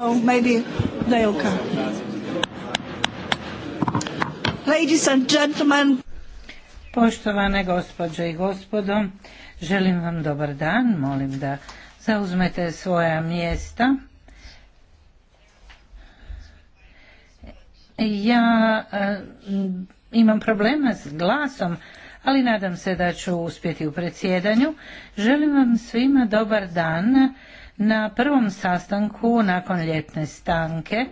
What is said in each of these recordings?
Oh, Poštovane gospođe i gospodo, želim vam dobar dan, molim da zauzmete svoja mjesta. Ja eh, imam problema s glasom, ali nadam se da ću uspjeti u predsjedanju. Želim vam svima dobar dan na prvom sastanku nakon ljetne stanke.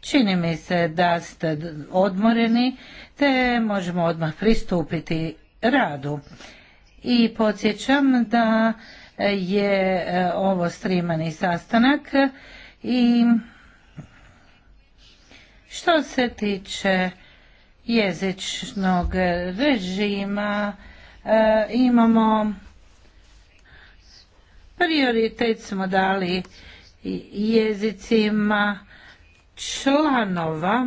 Čini mi se da ste odmoreni, te možemo odmah pristupiti radu. I podsjećam da je e, ovo streamani sastanak i što se tiče jezičnog režima e, imamo prioritet smo dali jezicima članova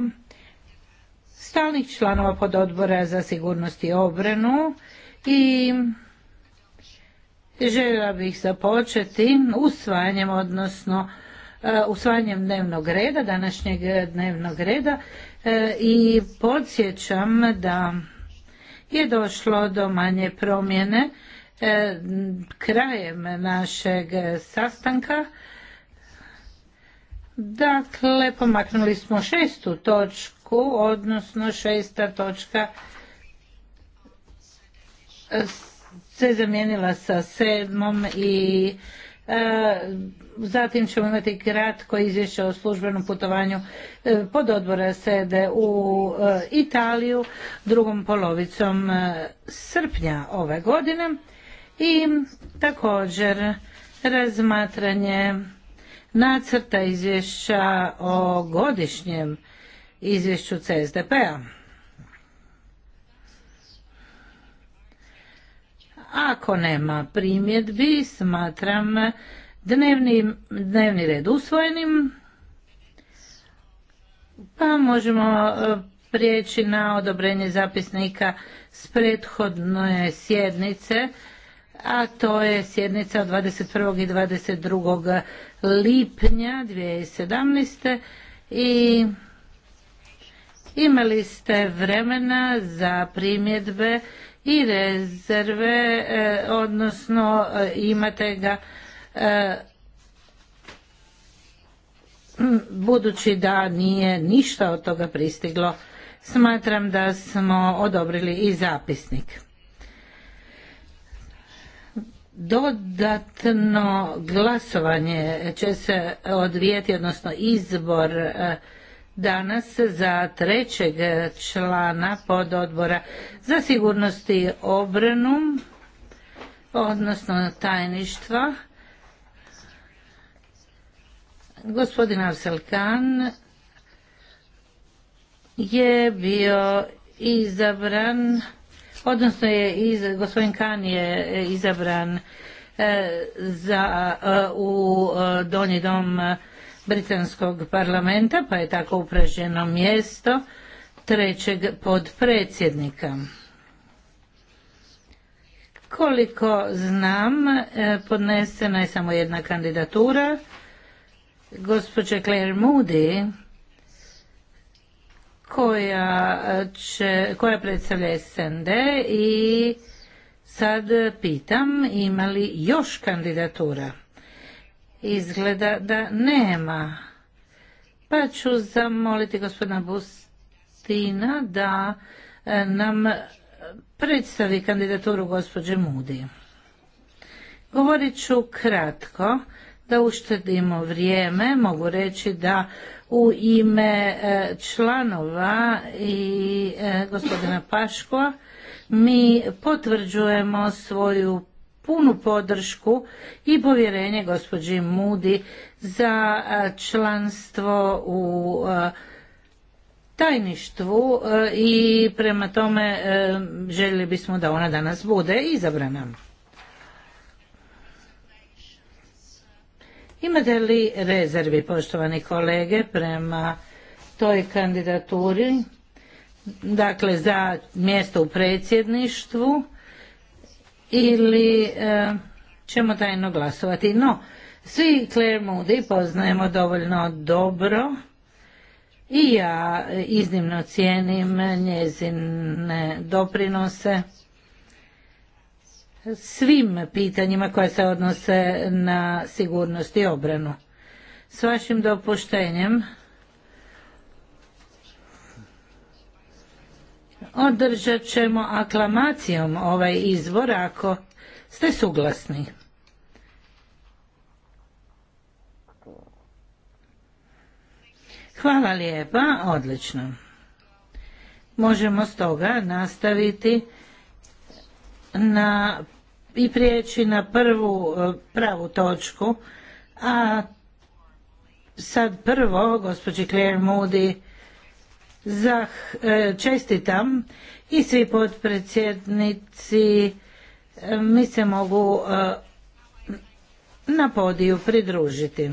stalnih članova pod odbora za sigurnost i obranu i željela bih započeti usvajanjem odnosno e, usvajanjem dnevnog reda, današnjeg dnevnog reda E, i podsjećam da je došlo do manje promjene e, krajem našeg sastanka. Dakle, pomaknuli smo šestu točku, odnosno šesta točka se zamijenila sa sedmom i e, Zatim ćemo imati kratko izvješće o službenom putovanju e, pod odbora sede u e, Italiju drugom polovicom e, srpnja ove godine i također razmatranje nacrta izvješća o godišnjem izvješću CSDP-a. Ako nema primjedbi, smatram dnevni, red usvojenim. Pa možemo e, prijeći na odobrenje zapisnika s prethodne sjednice, a to je sjednica od 21. i 22. lipnja 2017. I imali ste vremena za primjedbe i rezerve, e, odnosno e, imate ga E, budući da nije ništa od toga pristiglo, smatram da smo odobrili i zapisnik. Dodatno glasovanje će se odvijeti, odnosno izbor e, danas za trećeg člana pod odbora za sigurnost i obranu, odnosno tajništva. Gospodin Arsel je bio izabran, odnosno je iz, gospodin Kan je izabran e, za, e, u e, donji dom britanskog parlamenta, pa je tako upraženo mjesto trećeg podpredsjednika. Koliko znam, podnesena je samo jedna kandidatura gospođe Claire Moody koja, e, će, koja predstavlja SND i sad pitam ima li još kandidatura. Izgleda da nema. Pa ću zamoliti gospodina Bustina da e, nam predstavi kandidaturu gospođe Mudi. Govorit ću kratko da uštedimo vrijeme, mogu reći da u ime e, članova i e, gospodina Paškova mi potvrđujemo svoju punu podršku i povjerenje gospođi Mudi za e, članstvo u tajništvu i prema tome željeli bismo da ona danas bude izabrana. Imate li rezervi, poštovani kolege, prema toj kandidaturi? Dakle, za mjesto u predsjedništvu ili e, ćemo tajno glasovati. No, svi Claire Moody poznajemo dovoljno dobro i ja iznimno cijenim njezine doprinose svim pitanjima koja se odnose na sigurnost i obranu. S vašim dopuštenjem održat ćemo aklamacijom ovaj izvor ako ste suglasni. Hvala lijepa, odlično. Možemo stoga nastaviti na i prijeći na prvu e, pravu točku, a sad prvo gospođi Claire Moody zah, e, čestitam i svi potpredsjednici e, mi se mogu na podiju pridružiti.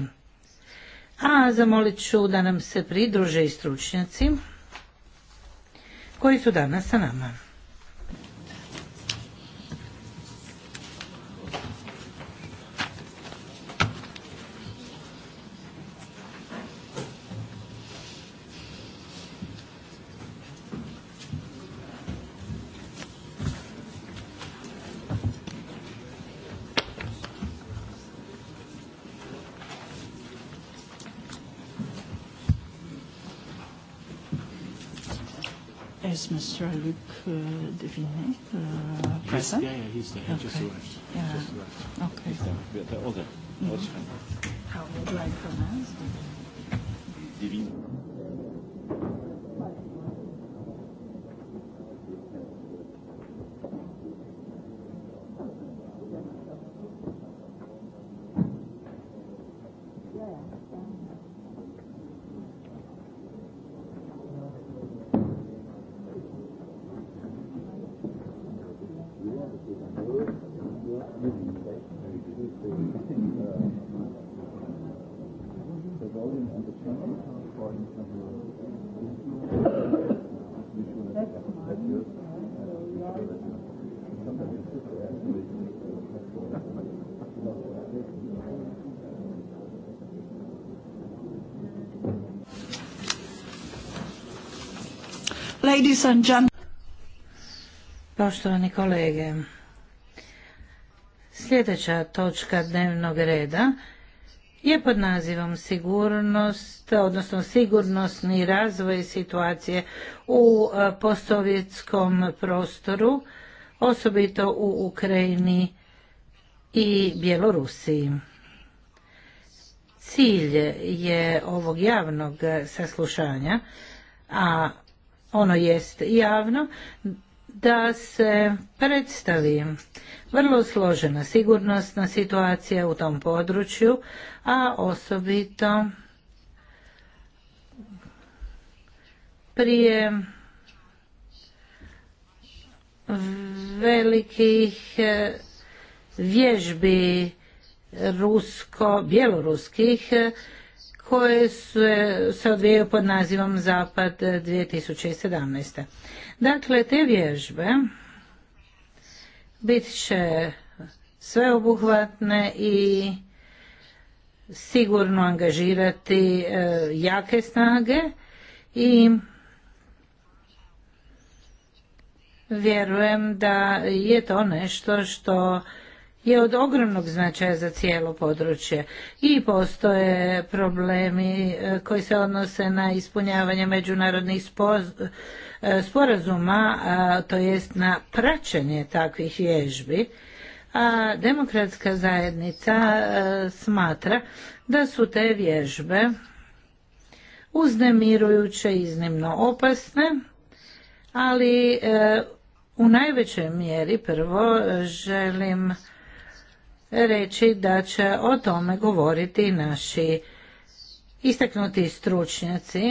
A zamolit ću da nam se pridruže i stručnjaci koji su danas sa nama. Devine uh, present? Yeah, yeah, he's there. He just arrived. Okay. He's there. all there. Mm -hmm. How do I pronounce Devine? Ladies Poštovani kolege, sljedeća točka dnevnog reda je pod nazivom sigurnost, odnosno sigurnosni razvoj situacije u e, postsovjetskom prostoru, osobito u Ukrajini i Bjelorusiji. Cilj je ovog javnog saslušanja, a ono jest javno, da se predstavi vrlo složena sigurnosna situacija u tom području, a osobito prije velikih e, vježbi rusko-bjeloruskih koje se, se odvijaju pod nazivom Zapad 2017. Dakle, te vježbe bit će sveobuhvatne i sigurno angažirati e, jake snage i vjerujem da je to nešto što je od ogromnog značaja za cijelo područje i postoje problemi e, koji se odnose na ispunjavanje međunarodnih e, sporazuma, to jest na praćenje takvih vježbi, a demokratska zajednica e, smatra da su te vježbe uznemirujuće, iznimno opasne, ali u najvećoj mjeri prvo želim reći da će o tome govoriti naši istaknuti stručnjaci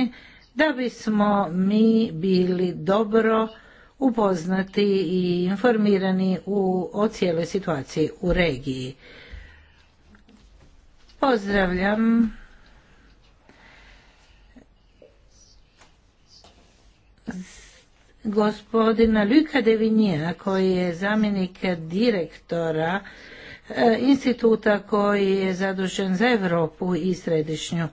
da bismo mi bili dobro upoznati i informirani u, o cijeloj situaciji u regiji. Pozdravljam gospodina Luka Devinija koji je zamjenik direktora E, instituta koji je zadužen za Europu i Središnju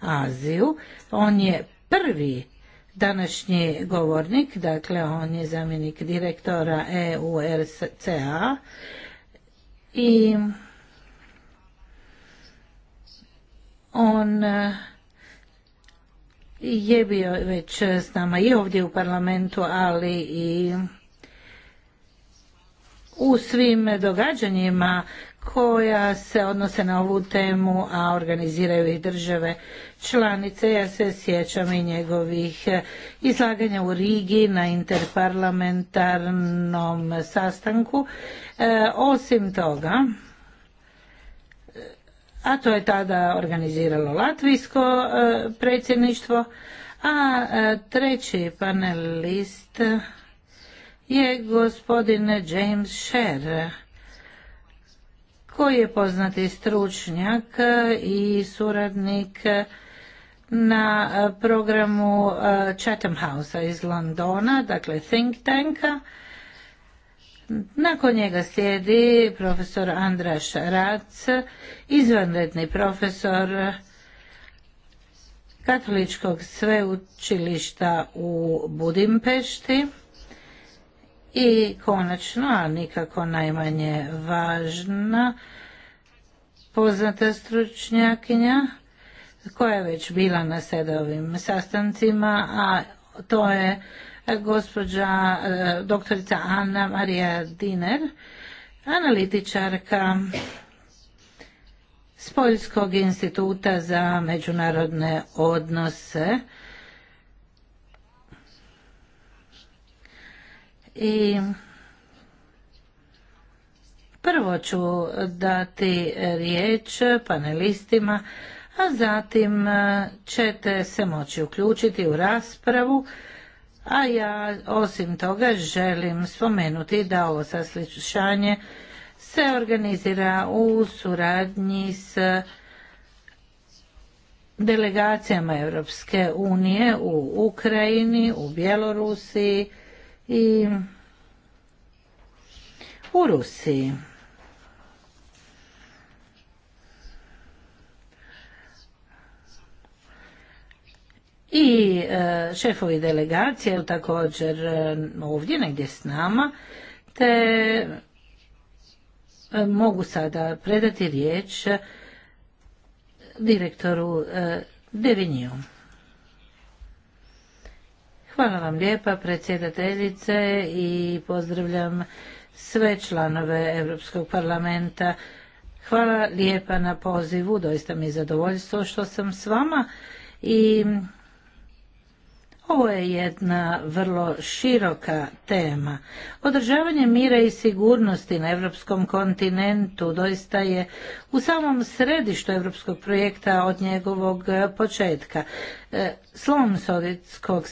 Aziju. On je prvi današnji govornik, dakle on je zamjenik direktora EURCA i on e, je bio već s nama i ovdje u parlamentu, ali i u svim događanjima koja se odnose na ovu temu, a organiziraju ih države članice. Ja se sjećam i njegovih izlaganja u Rigi na interparlamentarnom sastanku. E, osim toga, a to je tada organiziralo latvijsko e, predsjedništvo, a e, treći panelist je gospodin James Sher koji je poznati stručnjak i suradnik na programu e, Chatham House iz Londona, dakle think tanka. Nakon njega slijedi profesor Andraš Rac, izvanredni profesor Katoličkog sveučilišta u Budimpešti i konačno, a nikako najmanje važna, poznata stručnjakinja koja je već bila na sedovim sastancima, a to je gospođa e, doktorica Anna Marija Diner, analitičarka s Poljskog instituta za međunarodne odnose I prvo ću dati riječ panelistima, a zatim e, ćete se moći uključiti u raspravu. A ja osim toga želim spomenuti da ovo saslušanje se organizira u suradnji s delegacijama Europske unije u Ukrajini, u Bjelorusiji, i u Rusiji. I e, šefovi delegacije također e, ovdje negdje s nama, te e, mogu sada predati riječ direktoru Deviniju. Hvala vam lijepa predsjedateljice i pozdravljam sve članove Europskog parlamenta. Hvala lijepa na pozivu, doista mi je zadovoljstvo što sam s vama i ovo je jedna vrlo široka tema. Održavanje mira i sigurnosti na europskom kontinentu doista je u samom središtu europskog projekta od njegovog početka. E, Slom Sovjetskog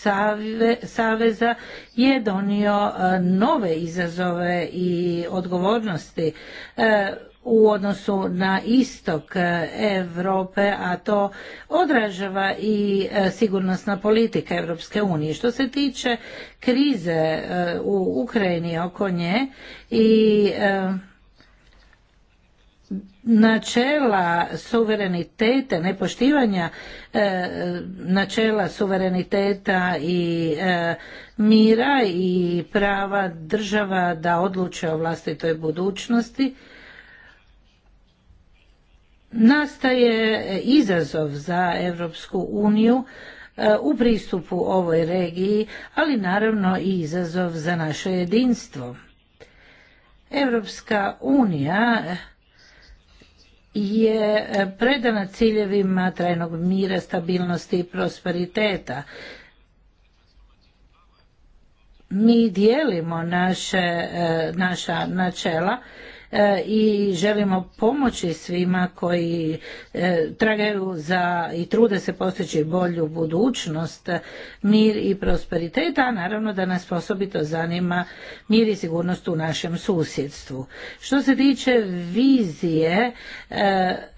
saveza je donio e, nove izazove i odgovornosti e, u odnosu na istok Europe, a to odražava i e, sigurnosna politika Europske unije. Što se tiče krize e, u Ukrajini oko nje i e, načela suvereniteta, nepoštivanja načela suvereniteta i mira i prava država da odluče o vlastitoj budućnosti nastaje izazov za Europsku uniju e, u pristupu ovoj regiji, ali naravno i izazov za naše jedinstvo. Europska unija je predana ciljevima trajnog mira, stabilnosti i prosperiteta. Mi dijelimo naše, e, naša načela E, i želimo pomoći svima koji e, tragaju za i trude se postići bolju budućnost, mir i prosperitet, a naravno da nas osobito zanima mir i sigurnost u našem susjedstvu. Što se tiče vizije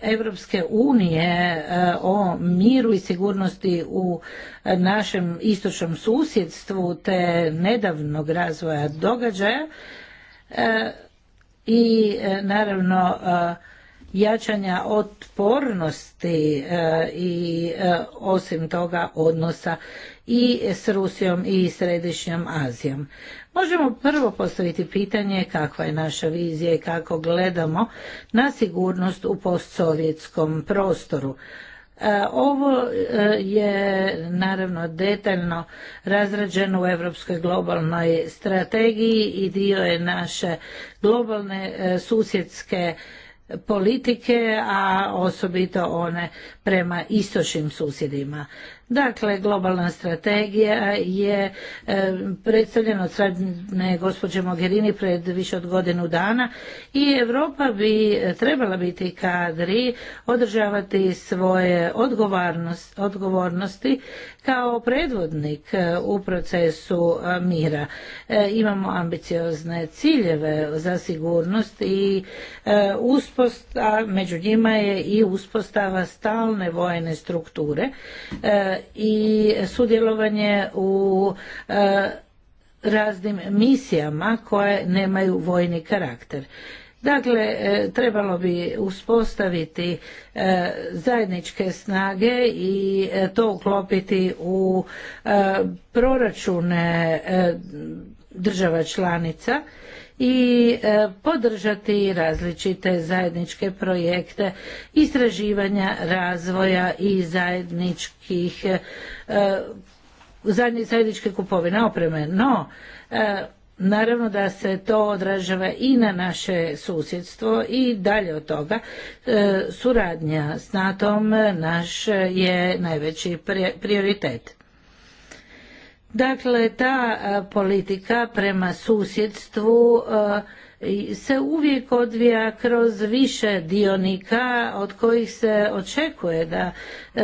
Europske unije e, o miru i sigurnosti u našem istočnom susjedstvu te nedavnog razvoja događaja, i e, naravno e, jačanja otpornosti e, i osim toga odnosa i s Rusijom i Središnjom Azijom. Možemo prvo postaviti pitanje kakva je naša vizija i kako gledamo na sigurnost u postsovjetskom prostoru. E, ovo e, je naravno detaljno razrađeno u Europskoj globalnoj strategiji i dio je naše globalne e, susjedske politike, a osobito one prema istočnim susjedima. Dakle, globalna strategija je e, predstavljena od sredne gospođe Mogherini pred više od godinu dana i Europa bi trebala biti kadri održavati svoje odgovornosti kao predvodnik e, u procesu e, mira. E, imamo ambiciozne ciljeve za sigurnost i uspostava, među njima je i uspostava stalne vojne strukture i sudjelovanje u raznim misijama koje nemaju vojni karakter. Dakle, e, trebalo bi uspostaviti e, zajedničke snage i e, to uklopiti u proračune država članica i podržati različite zajedničke projekte istraživanja, razvoja i zajedničkih zajedničke kupovine opreme. No, Naravno da se to odražava i na naše susjedstvo i dalje od toga. E, suradnja s NATO-om e, naš je najveći prioritet. Dakle, ta e, politika prema susjedstvu se uvijek odvija kroz više dionika od kojih se očekuje da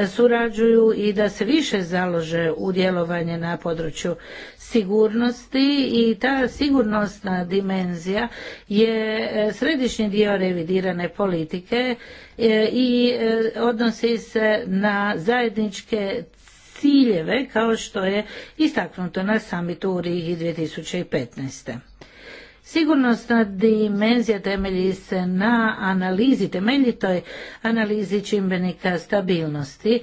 surađuju i da se više založe u djelovanje na području sigurnosti i ta sigurnosna dimenzija je e, središnji dio revidirane politike e, i e, odnosi se na zajedničke ciljeve kao što je istaknuto na samitu u Rigi 2015. Sigurnosna dimenzija temelji se na analizi, temeljitoj analizi čimbenika stabilnosti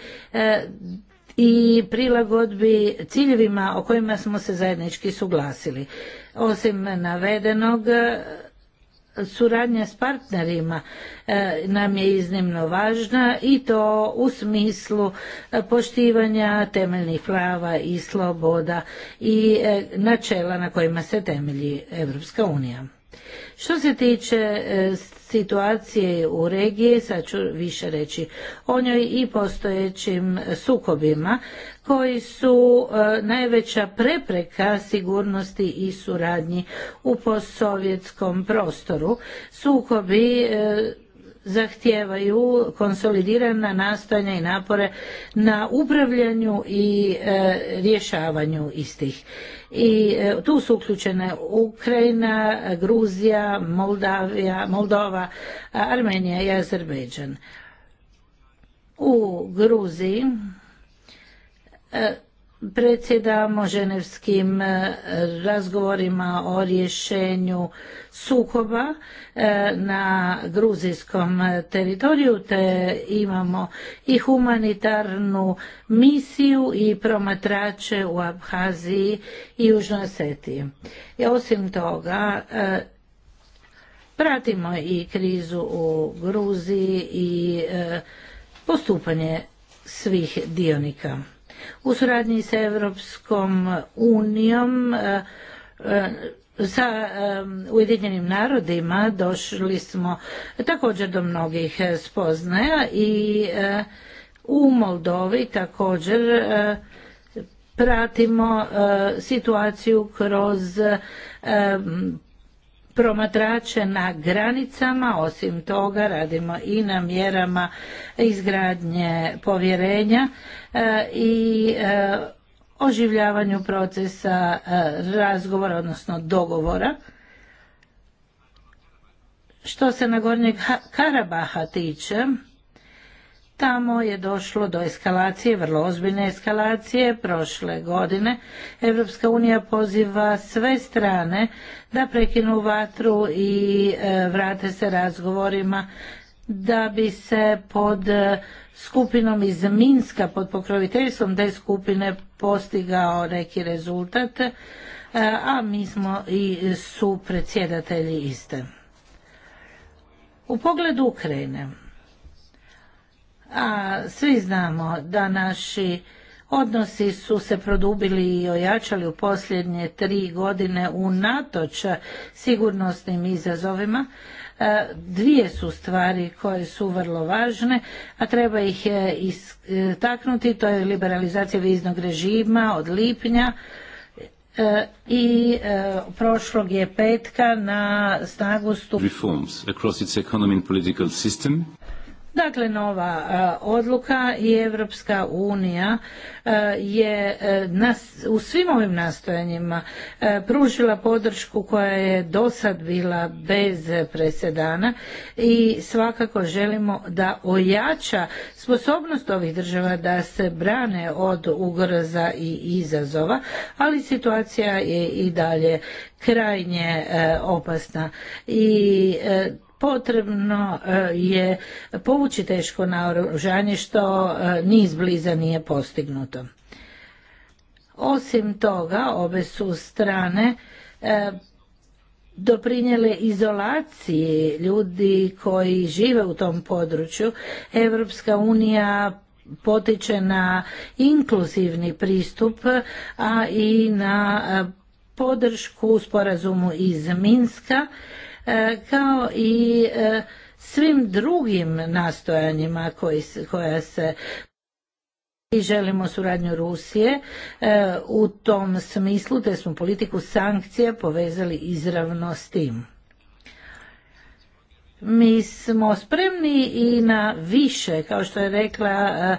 i prilagodbi ciljevima o kojima smo se zajednički suglasili. Osim navedenog, suradnja s partnerima e, nam je iznimno važna i to u smislu e, poštivanja temeljnih prava i sloboda i e, načela na kojima se temelji Europska unija. Što se tiče e, situacije u regiji, sad ću više reći o njoj i postojećim sukobima koji su e, najveća prepreka sigurnosti i suradnji u postsovjetskom prostoru. Sukobi e, zahtijevaju konsolidirana nastojanja i napore na upravljanju i e, rješavanju istih. I e, tu su uključene Ukrajina, Gruzija, Moldavija, Moldova, Armenija i Azerbejdžan. U Gruziji e, predsjedamo ženevskim e, razgovorima o rješenju sukoba e, na gruzijskom teritoriju te imamo i humanitarnu misiju i promatrače u Abhaziji i Južnoj Osetiji. I osim toga e, pratimo i krizu u Gruziji i postupanje svih dionika u suradnji sa Evropskom unijom eh, eh, sa eh, Ujedinjenim narodima došli smo također do mnogih spoznaja i u Moldovi također pratimo situaciju kroz promatrače na granicama, osim toga radimo i na mjerama izgradnje povjerenja e, i e, oživljavanju procesa e, razgovora, odnosno dogovora. Što se na Gornjeg Karabaha tiče, Tamo je došlo do eskalacije, vrlo ozbiljne eskalacije prošle godine. Europska unija poziva sve strane da prekinu vatru i e, vrate se razgovorima da bi se pod e, skupinom iz Minska, pod pokroviteljstvom te skupine postigao neki rezultat, e, a mi smo i su predsjedatelji iste. U pogledu Ukrajine, a svi znamo da naši Odnosi su se produbili i ojačali u posljednje tri godine unatoč sigurnosnim izazovima. E, dvije su stvari koje su vrlo važne, a treba ih e, istaknuti, e, to je liberalizacija viznog režima od lipnja i prošlog je petka na snagu political system Dakle, nova e, odluka i Evropska unija e, je e, u svim ovim nastojanjima pružila podršku koja je do sad bila bez presedana i svakako želimo da ojača sposobnost ovih država da se brane od ugroza i izazova, ali situacija je i dalje krajnje opasna i potrebno e, je povući teško naoružanje što e, niz bliza nije postignuto. Osim toga, ove su strane e, doprinjele izolaciji ljudi koji žive u tom području. Evropska unija potiče na inkluzivni pristup, a i na podršku sporazumu iz Minska E, kao i e, svim drugim nastojanjima koja se i želimo suradnju Rusije e, u tom smislu, te smo politiku sankcija povezali izravno s tim. Mi smo spremni i na više, kao što je rekla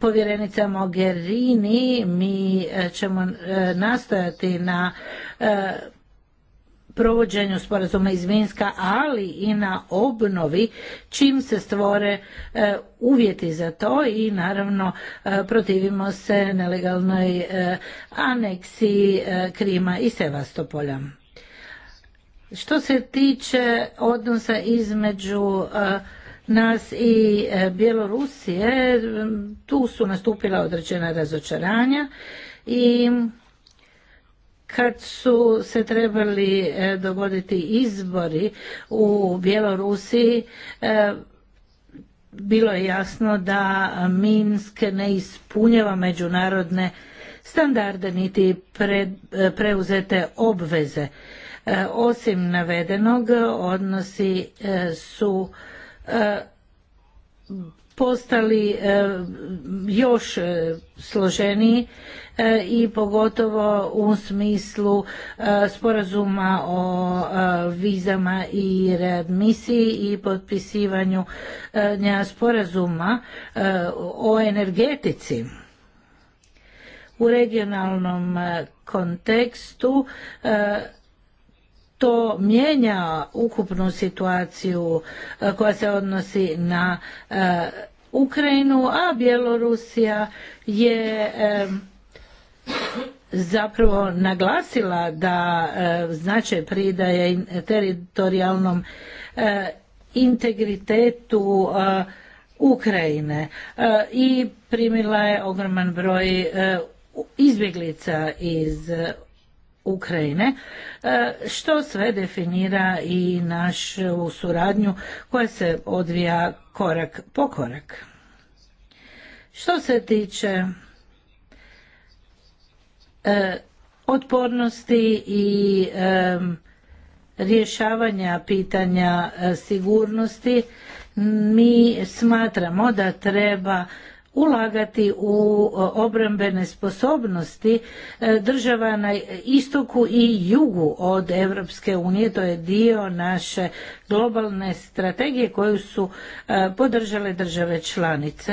povjerenica Mogherini, mi ćemo nastojati na provođenju sporazuma iz Minska, ali i na obnovi čim se stvore e, uvjeti za to i naravno e, protivimo se nelegalnoj e, aneksiji Krima i Sevastopolja. Što se tiče odnosa između nas i Bjelorusije, tu su nastupila određena razočaranja i kad su se trebali e, dogoditi izbori u Bjelorusiji e, bilo je jasno da Minsk ne ispunjava međunarodne standarde niti e, preuzete obveze. Osim navedenog, odnosi su postali e, još e, složeniji e, i pogotovo u smislu sporazuma o vizama i readmisiji i potpisivanju sporazuma o energetici. U regionalnom kontekstu to mijenja ukupnu situaciju e, koja se odnosi na e, Ukrajinu, a Bjelorusija je e, zapravo naglasila da značaj pridaje teritorijalnom integritetu Ukrajine i primila je ogroman broj izbjeglica iz Ukrajine, e, što sve definira i našu suradnju koja se odvija korak po korak. Što se tiče e, otpornosti i e, rješavanja pitanja sigurnosti, mi smatramo da treba ulagati u obrambene sposobnosti e, država na istoku i jugu od Europske unije. To je dio naše globalne strategije koju su e, podržale države članice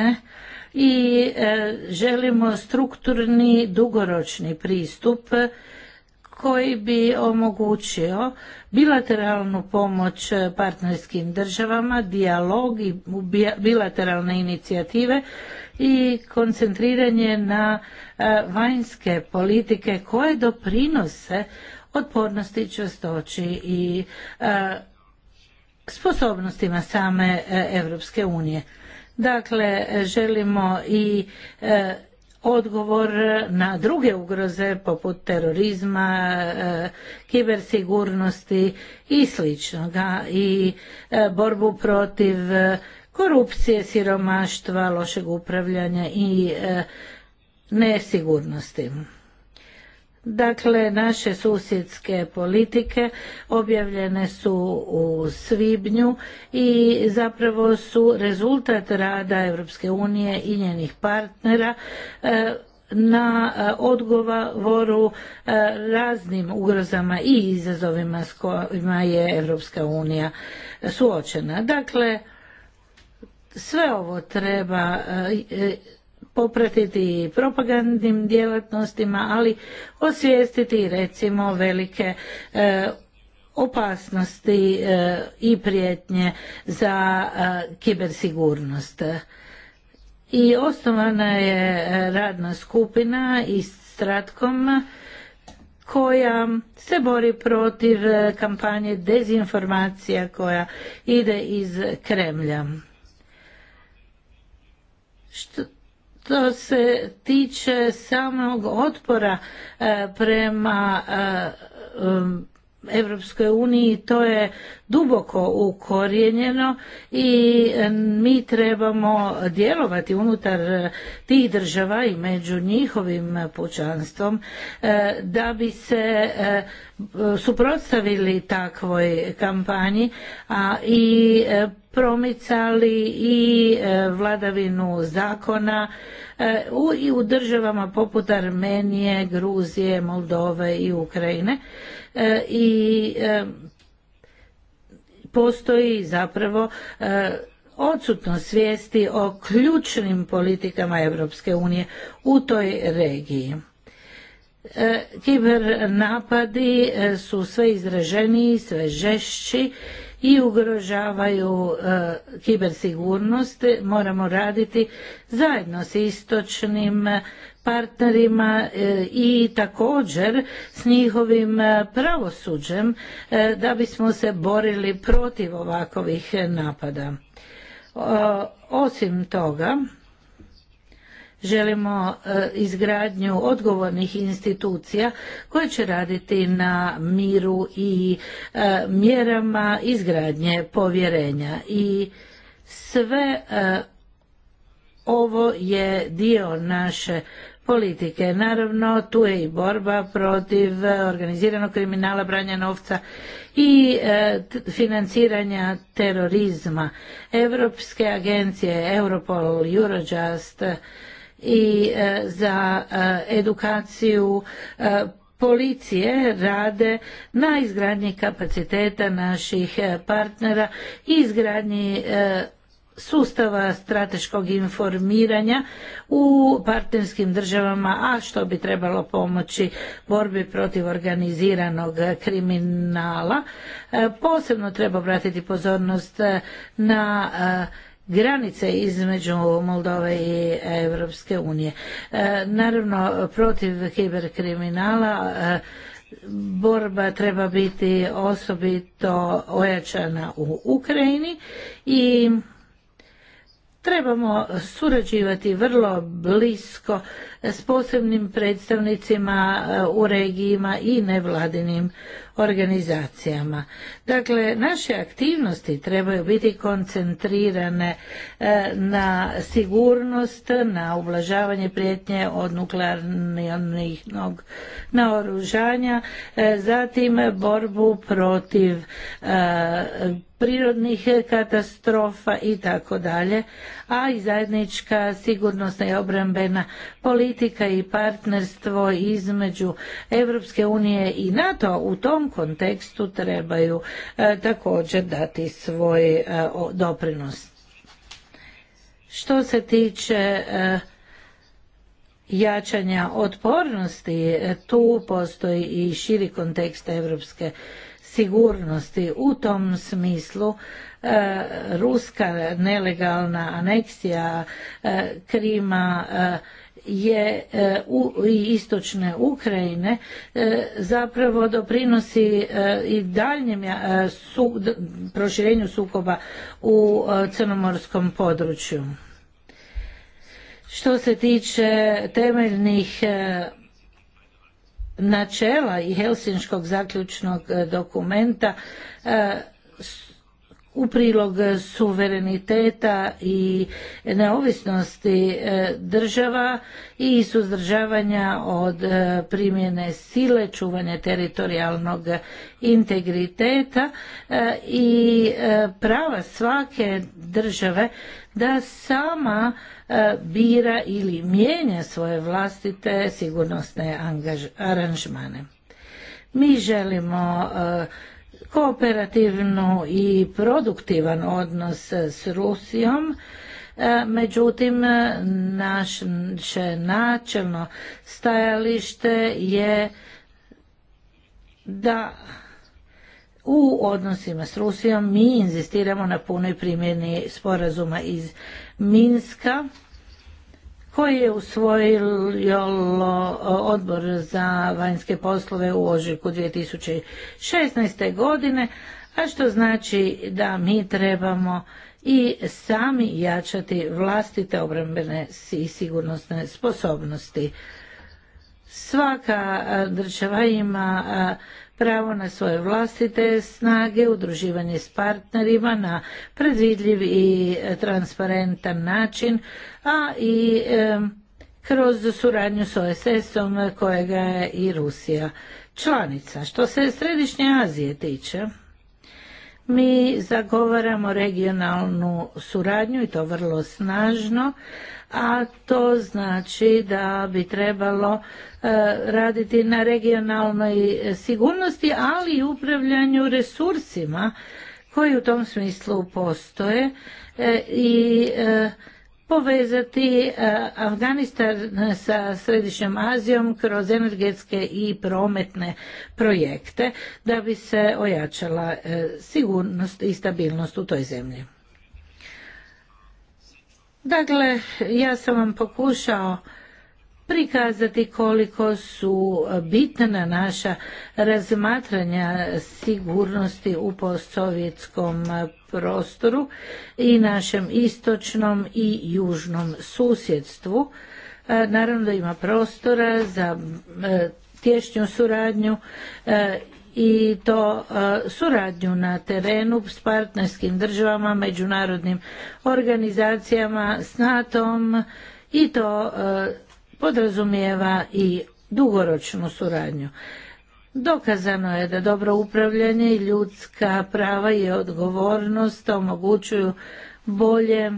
i e, želimo strukturni dugoročni pristup koji bi omogućio bilateralnu pomoć partnerskim državama, dijalog i bilateralne inicijative i koncentriranje na e, vanjske politike koje doprinose otpornosti, čvrstoći i e, sposobnostima same Europske unije. Dakle, želimo i e, odgovor na druge ugroze poput terorizma, kibersigurnosti i sličnoga i borbu protiv korupcije, siromaštva, lošeg upravljanja i e, nesigurnosti. Dakle, naše susjedske politike objavljene su u svibnju i zapravo su rezultat rada Europske unije i njenih partnera e, na e, odgovoru raznim ugrozama i izazovima s kojima je Europska unija suočena. Dakle, sve ovo treba e, e, popratiti propagandnim djelatnostima, ali osvijestiti recimo velike e, opasnosti i prijetnje za kibersigurnost. I osnovana je radna skupina i stratkom koja se bori protiv kampanje dezinformacija koja ide iz Kremlja. Što se tiče samog otpora e, prema e, um, Europskoj uniji to je duboko ukorijenjeno i e, mi trebamo djelovati unutar e, tih država i među njihovim pučanstvom e, da bi se suprotstavili takvoj kampanji a i promicali i vladavinu zakona i u državama poput Armenije, Gruzije, Moldove i Ukrajine E, i e, postoji zapravo e, odsutnost svijesti o ključnim politikama Europske unije u toj regiji. Kiber napadi su sve izraženiji, sve žešći i ugrožavaju kibersigurnost. Moramo raditi zajedno s istočnim partnerima e, i također s njihovim e, pravosuđem e, da bismo se borili protiv ovakvih napada. Osim toga, želimo izgradnju odgovornih institucija koje će raditi na miru i mjerama izgradnje povjerenja i sve ovo je dio naše politike. Naravno, tu je i borba protiv e, organiziranog kriminala, branja novca i e, financiranja terorizma. Europske agencije, Europol, Eurojust e, i za edukaciju policije rade na izgradnji kapaciteta naših partnera i izgradnji sustava strateškog informiranja u partnerskim državama, a što bi trebalo pomoći borbi protiv organiziranog kriminala. E, posebno treba obratiti pozornost e, na e, granice između Moldove i Europske unije. Naravno, protiv kiberkriminala borba treba biti osobito ojačana u Ukrajini i trebamo surađivati vrlo blisko s posebnim predstavnicima e, u regijima i nevladinim organizacijama. Dakle, naše aktivnosti trebaju biti koncentrirane e, na sigurnost, na ublažavanje prijetnje od nuklearnih naoružanja, e, zatim borbu protiv prirodnih katastrofa i tako dalje, a i zajednička sigurnosna i obrambena politika i partnerstvo između Europske unije i NATO u tom kontekstu trebaju e, također dati svoj e, doprinos. Što se tiče e, jačanja otpornosti, tu postoji i širi kontekst Europske unije sigurnosti. U tom smislu e, ruska nelegalna aneksija e, Krima e, je u, i istočne Ukrajine zapravo doprinosi i daljnjem proširenju sukoba u crnomorskom području. Što se tiče temeljnih načela i helsinškog zaključnog e, dokumenta e, u prilog suvereniteta i neovisnosti e, država i suzdržavanja od e, primjene sile, čuvanja teritorijalnog integriteta e, i prava svake države da sama bira ili mijenja svoje vlastite sigurnosne aranžmane. Mi želimo kooperativno i produktivan odnos s Rusijom. E, međutim, naše načelno stajalište je da u odnosima s Rusijom mi inzistiramo na punoj primjeni sporazuma iz Minska koji je usvojio odbor za vanjske poslove u ožujku 2016. godine, a što znači da mi trebamo i sami jačati vlastite obrambene i sigurnosne sposobnosti. Svaka država ima pravo na svoje vlastite snage, udruživanje s partnerima na predvidljiv i transparentan način, a i kroz suradnju s OSS-om kojega je i Rusija članica. Što se Središnje Azije tiče, mi zagovaramo regionalnu suradnju i to vrlo snažno, a to znači da bi trebalo e, raditi na regionalnoj sigurnosti, ali i upravljanju resursima koji u tom smislu postoje e, i e, povezati Afganistan sa Središnjom Azijom kroz energetske i prometne projekte da bi se ojačala sigurnost i stabilnost u toj zemlji. Dakle, ja sam vam pokušao prikazati koliko su bitna naša razmatranja sigurnosti u postsovjetskom prostoru i našem istočnom i južnom susjedstvu. E, naravno da ima prostora za e, tješnju suradnju e, i to e, suradnju na terenu s partnerskim državama, međunarodnim organizacijama, s NATO-om i to e, podrazumijeva i dugoročnu suradnju. Dokazano je da dobro upravljanje i ljudska prava i odgovornost omogućuju bolje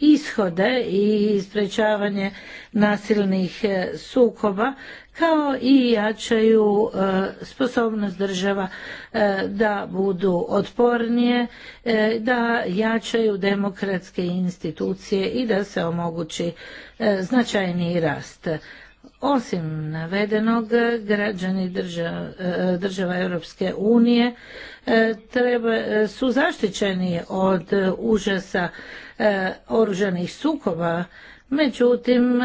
ishode i sprječavanje nasilnih e, sukoba kao i jačaju e, sposobnost država e, da budu otpornije, e, da jačaju demokratske institucije i da se omogući značajniji rast. Osim navedenog, građani država, Europske unije treba, su zaštićeni od užasa oružanih sukoba, međutim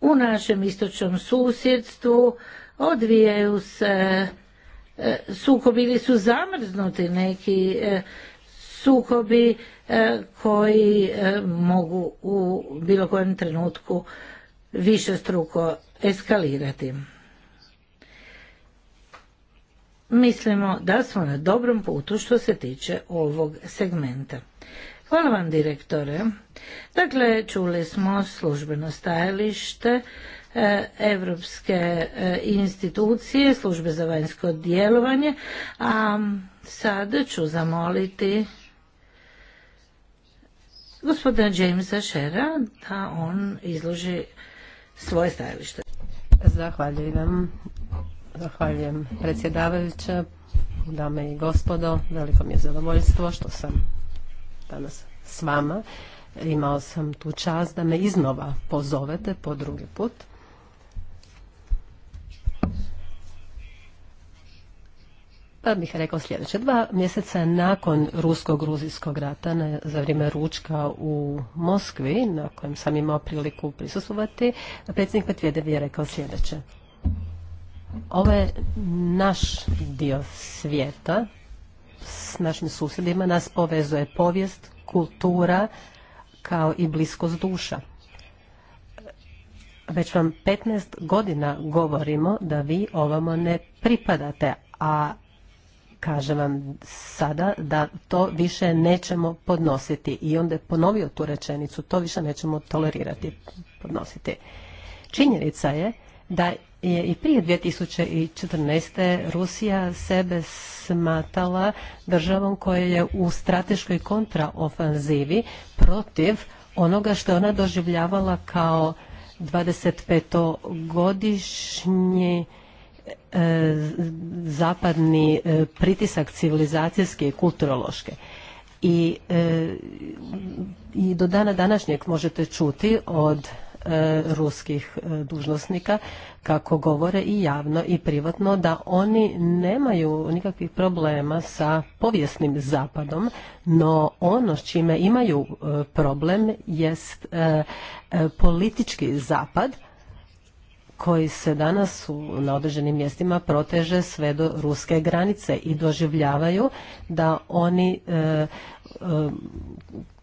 u našem istočnom susjedstvu odvijaju se e, sukobi ili su zamrznuti neki e, sukobi e, koji mogu u bilo kojem trenutku više struko eskalirati. Mislimo da smo na dobrom putu što se tiče ovog segmenta. Hvala vam direktore. Dakle, čuli smo službeno stajalište e, Evropske e, institucije, službe za vanjsko djelovanje, a sada ću zamoliti gospodina Jamesa Shera da on izloži svoje stajalište. Zahvaljujem. Zahvaljujem predsjedavajuća, dame i gospodo. Veliko mi je zadovoljstvo što sam danas s vama. Imao sam tu čast da me iznova pozovete po drugi put. Pa bih rekao sljedeće. Dva mjeseca nakon rusko-gruzijskog rata, na, za vrijeme ručka u Moskvi, na kojem sam imao priliku prisustvovati, predsjednik Petvjedevi je rekao sljedeće. Ovo je naš dio svijeta, s našim susjedima nas povezuje povijest, kultura kao i bliskost duša. Već vam 15 godina govorimo da vi ovamo ne pripadate, a kažem vam sada da to više nećemo podnositi. I onda je ponovio tu rečenicu, to više nećemo tolerirati, podnositi. Činjenica je da i prije 2014. Rusija sebe smatala državom koja je u strateškoj kontraofanzivi protiv onoga što je ona doživljavala kao 25-godišnji e, zapadni e, pritisak civilizacijske i kulturološke. I, e, I do dana današnjeg možete čuti od e, ruskih e, dužnosnika kako govore i javno i privatno da oni nemaju nikakvih problema sa povijesnim zapadom, no ono s čime imaju e, problem jest e, politički zapad koji se danas u, na određenim mjestima proteže sve do ruske granice i doživljavaju da oni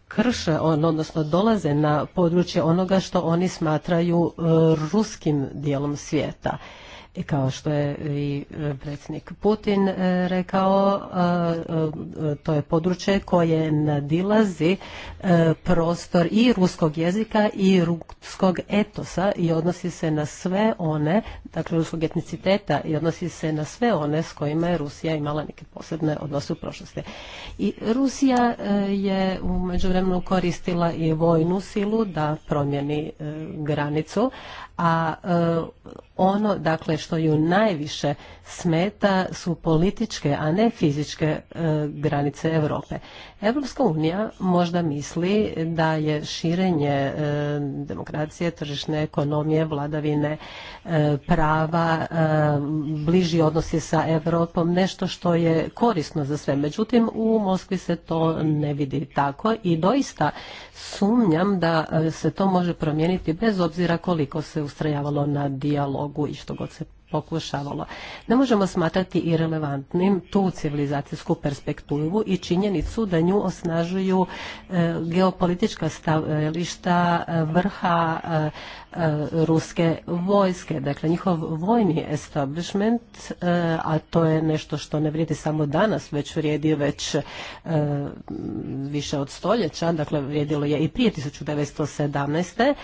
krše, on, odnosno dolaze na područje onoga što oni smatraju e, ruskim dijelom svijeta kao što je i e, predsjednik Putin e, rekao, e, to je područje koje nadilazi prostor i ruskog jezika i ruskog etosa i odnosi se na sve one, dakle ruskog etniciteta i odnosi se na sve one s kojima je Rusija imala neke posebne odnose u prošlosti. I Rusija je u međuvremenu koristila i vojnu silu da promijeni granicu, a ono dakle što ju najviše smeta su političke, a ne fizičke e, granice Europe. Europska unija možda misli da je širenje e, demokracije, tržišne ekonomije, vladavine e, prava, bliži odnosi sa Europom, nešto što je korisno za sve. Međutim, u Moskvi se to ne vidi tako i doista sumnjam da se to može promijeniti bez obzira koliko se ustrajavalo na dijalog dijalogu i što god se pokušavalo. Ne možemo smatrati irelevantnim tu civilizacijsku perspektivu i činjenicu da nju osnažuju e, geopolitička stavlišta e, e, vrha E, ruske vojske. Dakle, njihov vojni establishment, e, a to je nešto što ne vrijedi samo danas, već vrijedi već e, više od stoljeća, dakle vrijedilo je i prije 1917.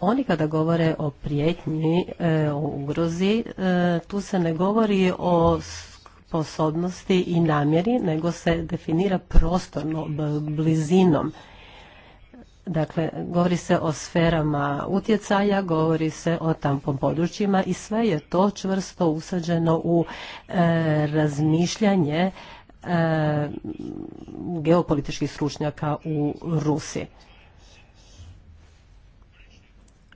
Oni kada govore o prijetnji, o ugrozi, tu se ne govori o sposobnosti i namjeri, nego se definira prostorno blizinom. Dakle, govori se o sferama utjecaja, govori se o tampom područjima i sve je to čvrsto usađeno u e, razmišljanje e, geopolitičkih stručnjaka u Rusiji.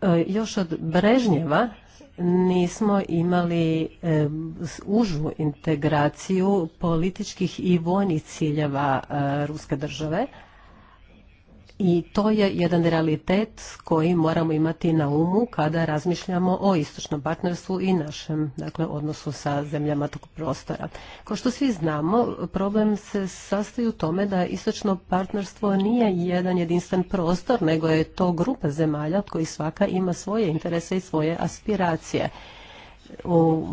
E, još od Brežnjeva nismo imali užu integraciju političkih i vojnih ciljeva Ruske države i to je jedan realitet koji moramo imati na umu kada razmišljamo o istočnom partnerstvu i našem dakle, odnosu sa zemljama tog prostora. Kao što svi znamo, problem se sastoji u tome da istočno partnerstvo nije jedan jedinstven prostor, nego je to grupa zemalja od svaka ima svoje interese i svoje aspiracije. U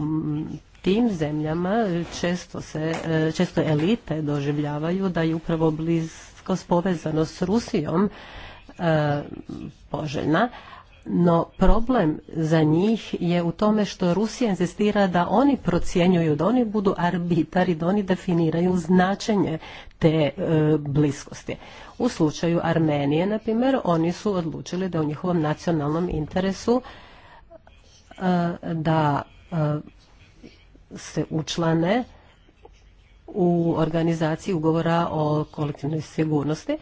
tim zemljama često, se, e, često elite doživljavaju da je upravo bliz kroz povezanost s Rusijom e, poželjna, no problem za njih je u tome što Rusija insistira da oni procjenjuju, da oni budu arbitari, da oni definiraju značenje te e, bliskosti. U slučaju Armenije, na primjer, oni su odlučili da u njihovom nacionalnom interesu e, da se učlane u organizaciji ugovora o kolektivnoj sigurnosti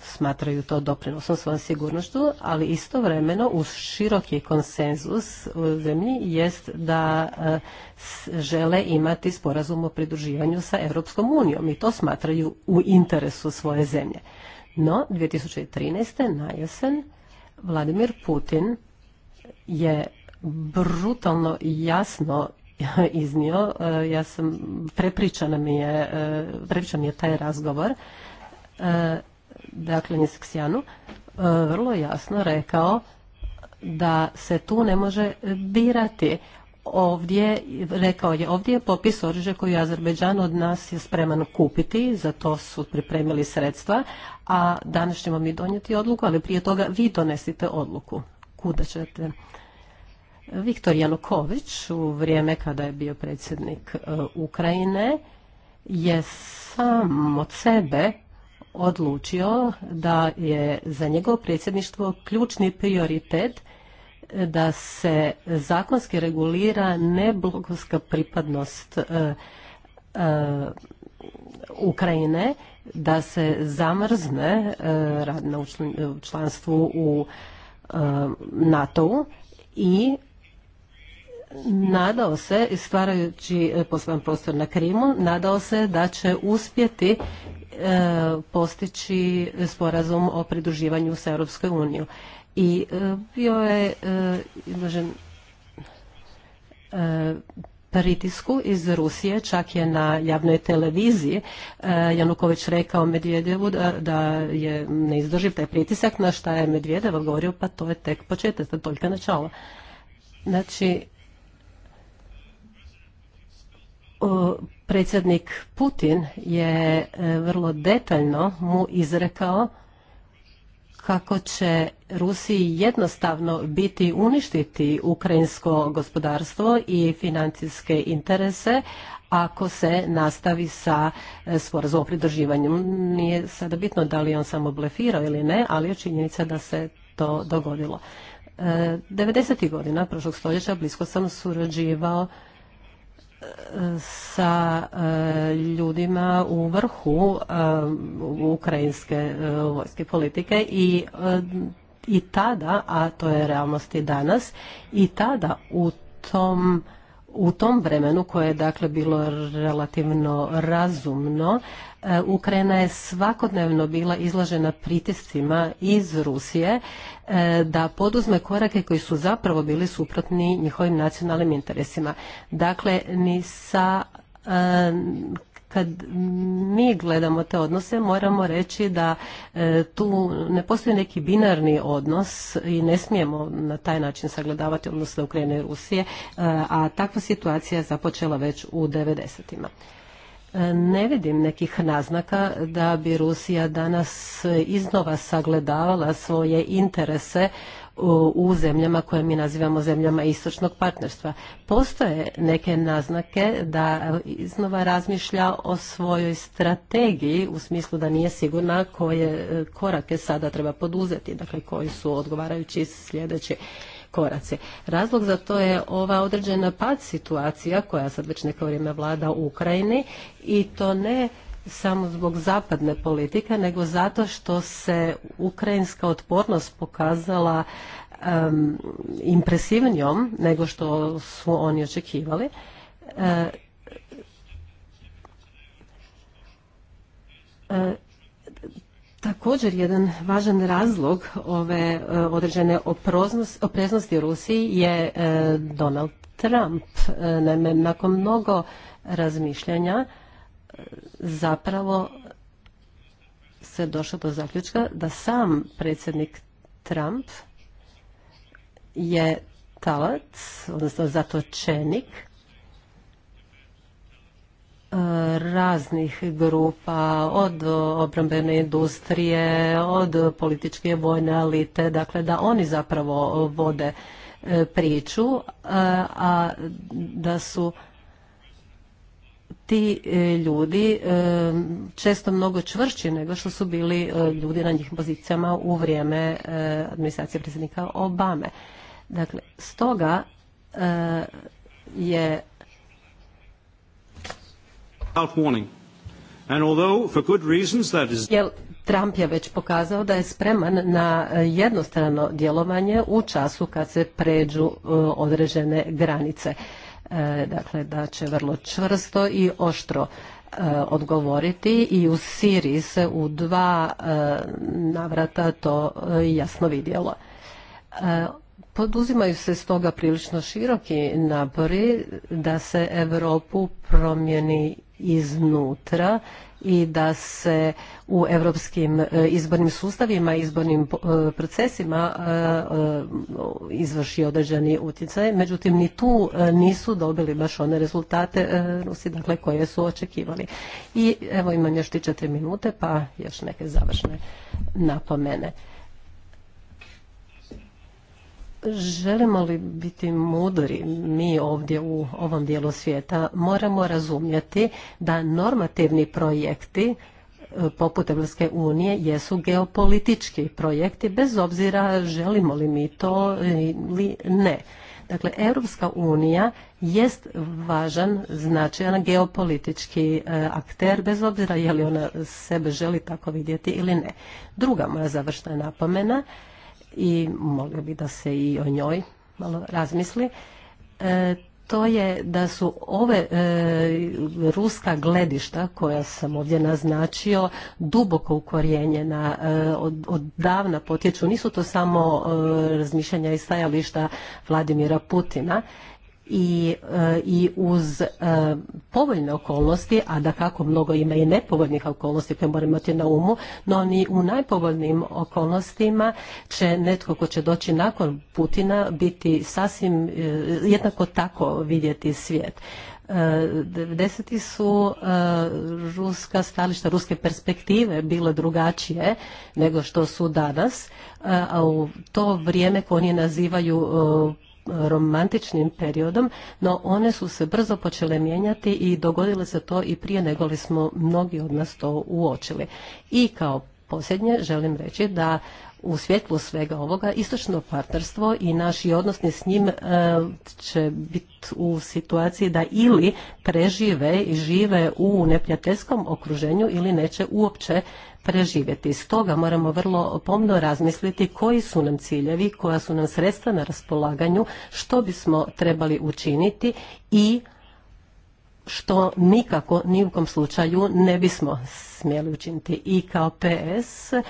smatraju to doprinosom svojom sigurnošću, ali istovremeno uz široki konsenzus u zemlji jest da žele imati sporazum o pridruživanju sa Europskom unijom i to smatraju u interesu svoje zemlje. No, 2013. na jesen Vladimir Putin je brutalno jasno iznio, e, ja sam, prepričana mi je, e, prepričan je taj razgovor, e, dakle Nisaksijanu, vrlo jasno rekao da se tu ne može birati. Ovdje, rekao je, ovdje je popis oružja koji Azerbeđan od nas je spreman kupiti, za to su pripremili sredstva, a danas ćemo mi donijeti odluku, ali prije toga vi donesite odluku. Kuda ćete Viktor Januković u vrijeme kada je bio predsjednik e, Ukrajine je sam od sebe odlučio da je za njegovo predsjedništvo ključni prioritet da se zakonski regulira neblogovska pripadnost e, e, Ukrajine, da se zamrzne rad na članstvu u NATO-u i nadao se, stvarajući e, poslovan prostor na Krimu, nadao se da će uspjeti e, postići sporazum o pridruživanju sa Europskoj uniju. I e, bio je izložen pritisku iz Rusije, čak je na javnoj televiziji Januković rekao Medvjedevu da, je neizdrživ taj pritisak, na šta je medvjedeva govorio, pa to je tek početak, to je toliko Znači, predsjednik Putin je e, vrlo detaljno mu izrekao kako će Rusiji jednostavno biti uništiti ukrajinsko gospodarstvo i financijske interese ako se nastavi sa e, sporazumom o Nije sada bitno da li je on samo blefirao ili ne, ali je činjenica da se to dogodilo. 90. E, godina prošlog stoljeća blisko sam surađivao sa e, ljudima u vrhu e, ukrajinske e, vojske politike i i tada, a to je realnost i danas, i tada u tom u tom vremenu koje je dakle bilo relativno razumno e, Ukrajina je svakodnevno bila izložena pritiscima iz Rusije e, da poduzme korake koji su zapravo bili suprotni njihovim nacionalnim interesima. Dakle, ni sa e, kad mi gledamo te odnose, moramo reći da e, tu ne postoji neki binarni odnos i ne smijemo na taj način sagledavati odnose Ukrajine i Rusije, e, a takva situacija je započela već u 90-ima. E, ne vidim nekih naznaka da bi Rusija danas iznova sagledavala svoje interese u zemljama koje mi nazivamo zemljama istočnog partnerstva. Postoje neke naznake da iznova razmišlja o svojoj strategiji u smislu da nije sigurna koje e, korake sada treba poduzeti, dakle koji su odgovarajući sljedeći koraci. Razlog za to je ova određena pad situacija koja sad već neko vrijeme vlada u Ukrajini i to ne samo zbog zapadne politike, nego zato što se ukrajinska otpornost pokazala um, impresivnijom nego što su oni očekivali. E, e, također jedan važan razlog ove e, određene opreznosti Rusiji je Donald Trump. Naime, nakon mnogo razmišljanja zapravo se došlo do zaključka da sam predsjednik Trump je talac, odnosno zatočenik eh, raznih grupa, od obrambene industrije, od političke vojne elite, dakle da oni zapravo vode eh, priču, eh, a da su ti e, ljudi e, često mnogo čvršći nego što su bili e, ljudi na njih pozicijama u vrijeme administracije predsjednika Obame. Dakle, stoga je Trump je već pokazao da je spreman na jednostrano djelovanje u času kad se pređu određene granice. E, dakle da će vrlo čvrsto i oštro e, odgovoriti i u Siriji se u dva e, navrata to jasno vidjelo. Poduzimaju se stoga prilično široki napori da se Europu promijeni iznutra i da se u europskim e, izbornim sustavima, izbornim e, procesima e, izvrši određeni utjecaj. Međutim, ni tu nisu dobili baš one rezultate Rusi dakle, koje su očekivali. I evo imam još ti četiri minute pa još neke završne napomene. Želimo li biti mudri mi ovdje u ovom dijelu svijeta, moramo razumjeti da normativni projekti e, poput Evropske unije jesu geopolitički projekti, bez obzira želimo li mi to ili ne. Dakle, Europska unija jest važan, značajan geopolitički e, akter, bez obzira je li ona sebe želi tako vidjeti ili ne. Druga moja završna napomena i molio bi da se i o njoj malo razmisli, e, to je da su ove e, ruska gledišta koja sam ovdje naznačio duboko ukorijenjena e, od, davna potječu nisu to samo razmišljanja i stajališta Vladimira Putina i, e, i uz e, povoljne okolnosti, a da kako mnogo ima i nepovoljnih okolnosti koje moramo imati na umu, no ni u najpovoljnim okolnostima će netko ko će doći nakon Putina biti sasvim e, jednako tako vidjeti svijet. 90. su ruska stališta, ruske perspektive bile drugačije nego što su danas, a u to vrijeme koje oni nazivaju romantičnim periodom, no one su se brzo počele mijenjati i dogodilo se to i prije nego li smo mnogi od nas to uočili. I kao posljednje želim reći da u svjetlu svega ovoga istočno partnerstvo i naši odnosni s njim e, će biti u situaciji da ili prežive i žive u neprijateljskom okruženju ili neće uopće preživjeti. Stoga moramo vrlo pomno razmisliti koji su nam ciljevi, koja su nam sredstva na raspolaganju, što bismo trebali učiniti i što nikako ni u kom slučaju ne bismo smjeli učiniti i kao PS e,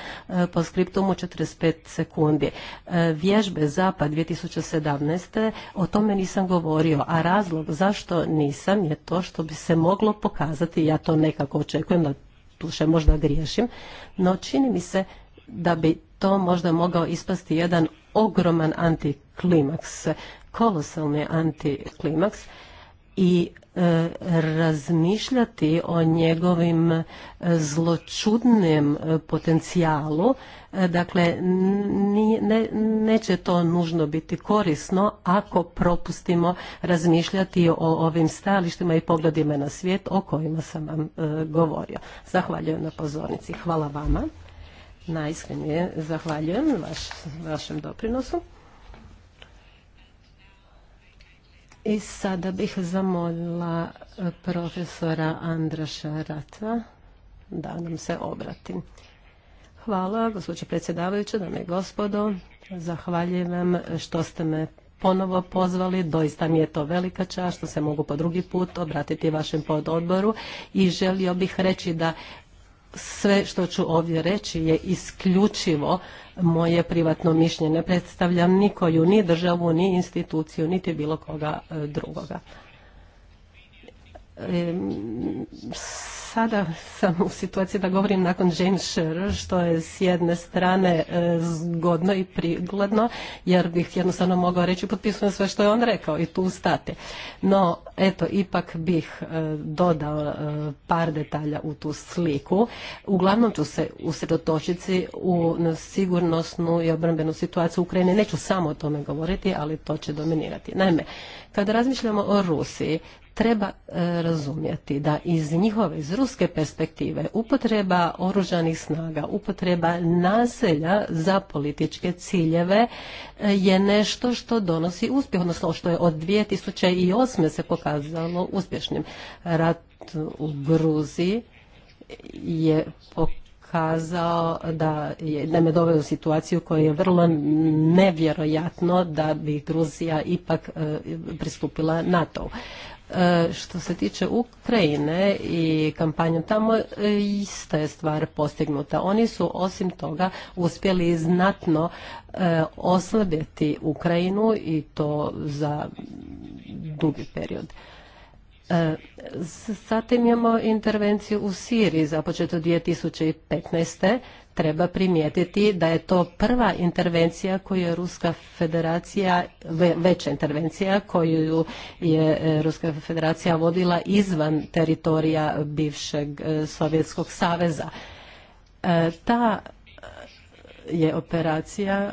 po skriptumu 45 sekundi. E, vježbe Zapad 2017. o tome nisam govorio, a razlog zašto nisam je to što bi se moglo pokazati, ja to nekako očekujem da tuše možda griješim, no čini mi se da bi to možda mogao ispasti jedan ogroman antiklimaks, kolosalni antiklimaks i razmišljati o njegovim e, zločudnim e, potencijalu, e, dakle neće to nužno biti korisno ako propustimo razmišljati o ovim stajalištima i pogledima na svijet o kojima sam vam govorio. Zahvaljujem na pozornici. Hvala vama. Najiskrenije zahvaljujem vašem doprinosu. I sada bih zamolila e, profesora Andraša Rata da nam se obrati. Hvala, gospođo predsjedavajuća, dame i gospodo. Zahvaljujem vam što ste me ponovo pozvali. Doista mi je to velika čast što se mogu po drugi put obratiti vašem pododboru i želio bih reći da sve što ću ovdje reći je isključivo moje privatno mišljenje. Ne predstavljam nikoju, ni državu, ni instituciju, niti bilo koga e, drugoga. Sada sam u situaciji da govorim nakon James Scherer, što je s jedne strane e, zgodno i prigledno, jer bih jednostavno mogao reći potpisujem sve što je on rekao i tu stati. No, eto, ipak bih e, dodao e, par detalja u tu sliku. Uglavnom ću se usredotočiti u sigurnosnu i obrambenu situaciju u Neću samo o tome govoriti, ali to će dominirati. Naime, kada razmišljamo o Rusiji, treba e, razumjeti da iz njihove, iz ruske perspektive upotreba oružanih snaga, upotreba naselja za političke ciljeve e, je nešto što donosi uspjeh, odnosno što je od 2008. se pokazalo uspješnim. Rat u Gruziji je pokazao da je da me doveo u situaciju koja je vrlo nevjerojatno da bi Gruzija ipak e, pristupila NATO. E, što se tiče Ukrajine i kampanje tamo, e, ista je stvar postignuta. Oni su osim toga uspjeli znatno e, oslabiti Ukrajinu i to za dugi period. Zatim imamo intervenciju u Siriji započeto 2015 treba primijetiti da je to prva intervencija koju je Ruska federacija, veća intervencija koju je e, Ruska federacija vodila izvan teritorija bivšeg e, Sovjetskog saveza. E, ta je operacija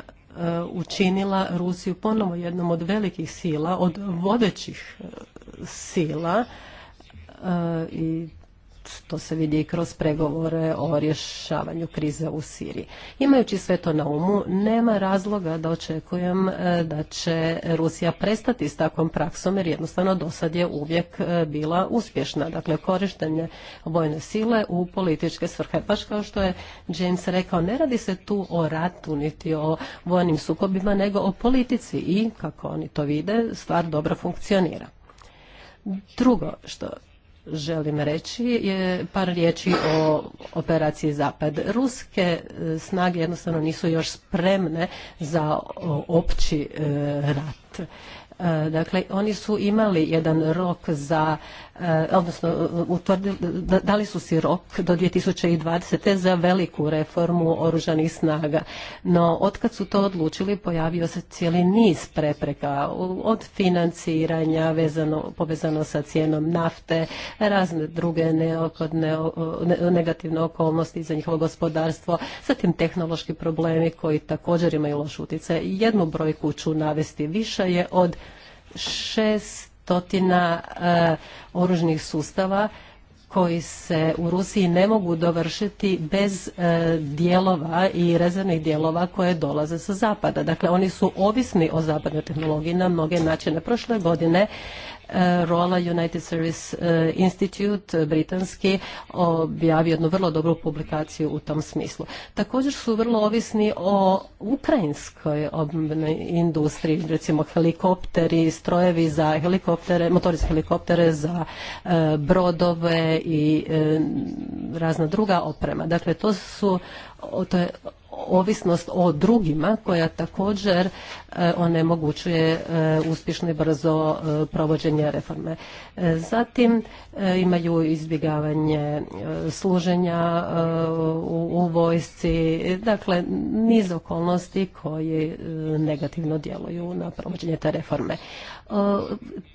učinila Rusiju ponovo jednom od velikih sila, od vodećih sila i to se vidi i kroz pregovore o rješavanju krize u Siriji. Imajući sve to na umu, nema razloga da očekujem e, da će Rusija prestati s takvom praksom, jer jednostavno sad je uvijek e, bila uspješna. Dakle, korištenje vojne sile u političke svrhe. Baš kao što je James rekao, ne radi se tu o ratu, niti o vojnim sukobima, nego o politici i, kako oni to vide, stvar dobro funkcionira. Drugo što želim reći je par riječi o operaciji Zapad. Ruske e, snage jednostavno nisu još spremne za opći e, rat. E, dakle, oni su imali jedan rok za E, odnosno e, utvrdili, dali su si rok do 2020. za veliku reformu oružanih snaga. No, otkad su to odlučili, pojavio se cijeli niz prepreka od financiranja povezano sa cijenom nafte, razne druge neokodne, negativne okolnosti za njihovo gospodarstvo, zatim tehnološki problemi koji također imaju loš utjecaj. Jednu brojku ću navesti, više je od šest stotina e, oružnih sustava koji se u Rusiji ne mogu dovršiti bez e, dijelova i rezervnih dijelova koje dolaze sa zapada. Dakle, oni su ovisni o zapadnoj tehnologiji na mnoge načine. Prošle godine E, rola United Service e, Institute e, britanski objavio jednu vrlo dobru publikaciju u tom smislu. Također su vrlo ovisni o ukrajinskoj industriji, recimo helikopteri, strojevi za helikoptere, motorice helikoptere za brodove i razna druga oprema. Dakle, to su to je ovisnost o drugima koja također e, onemogućuje e, uspješno i brzo e, provođenje reforme. Zatim imaju izbjegavanje služenja u vojsci, dakle niz okolnosti koji negativno djeluju na provođenje te reforme.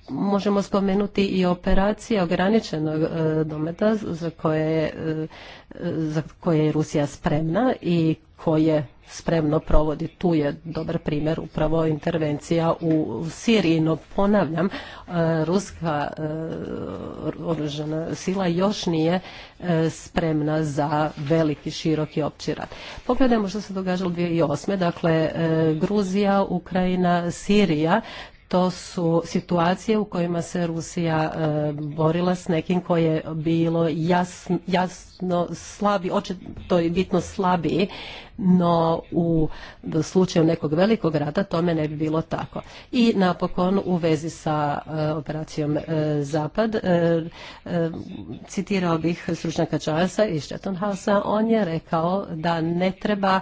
Možemo spomenuti i operacije ograničenog dometa za koje, za koje je Rusija spremna i koje spremno provodi. Tu je dobar primjer upravo intervencija u Siriji, no ponavljam, e, ruska e, oružana sila još nije e, spremna za veliki, široki opći rat. Pogledajmo što se događalo 2008. Dakle, Gruzija, Ukrajina, Sirija to su situacije u kojima se Rusija e, borila s nekim koje je bilo jasno, jasno slabi, očito je bitno slabiji, no u slučaju nekog velikog rata tome ne bi bilo tako. I napokon u vezi sa e, operacijom e, Zapad, citirao bih stručnjaka Charlesa iz Stettenhausa, on je rekao da ne treba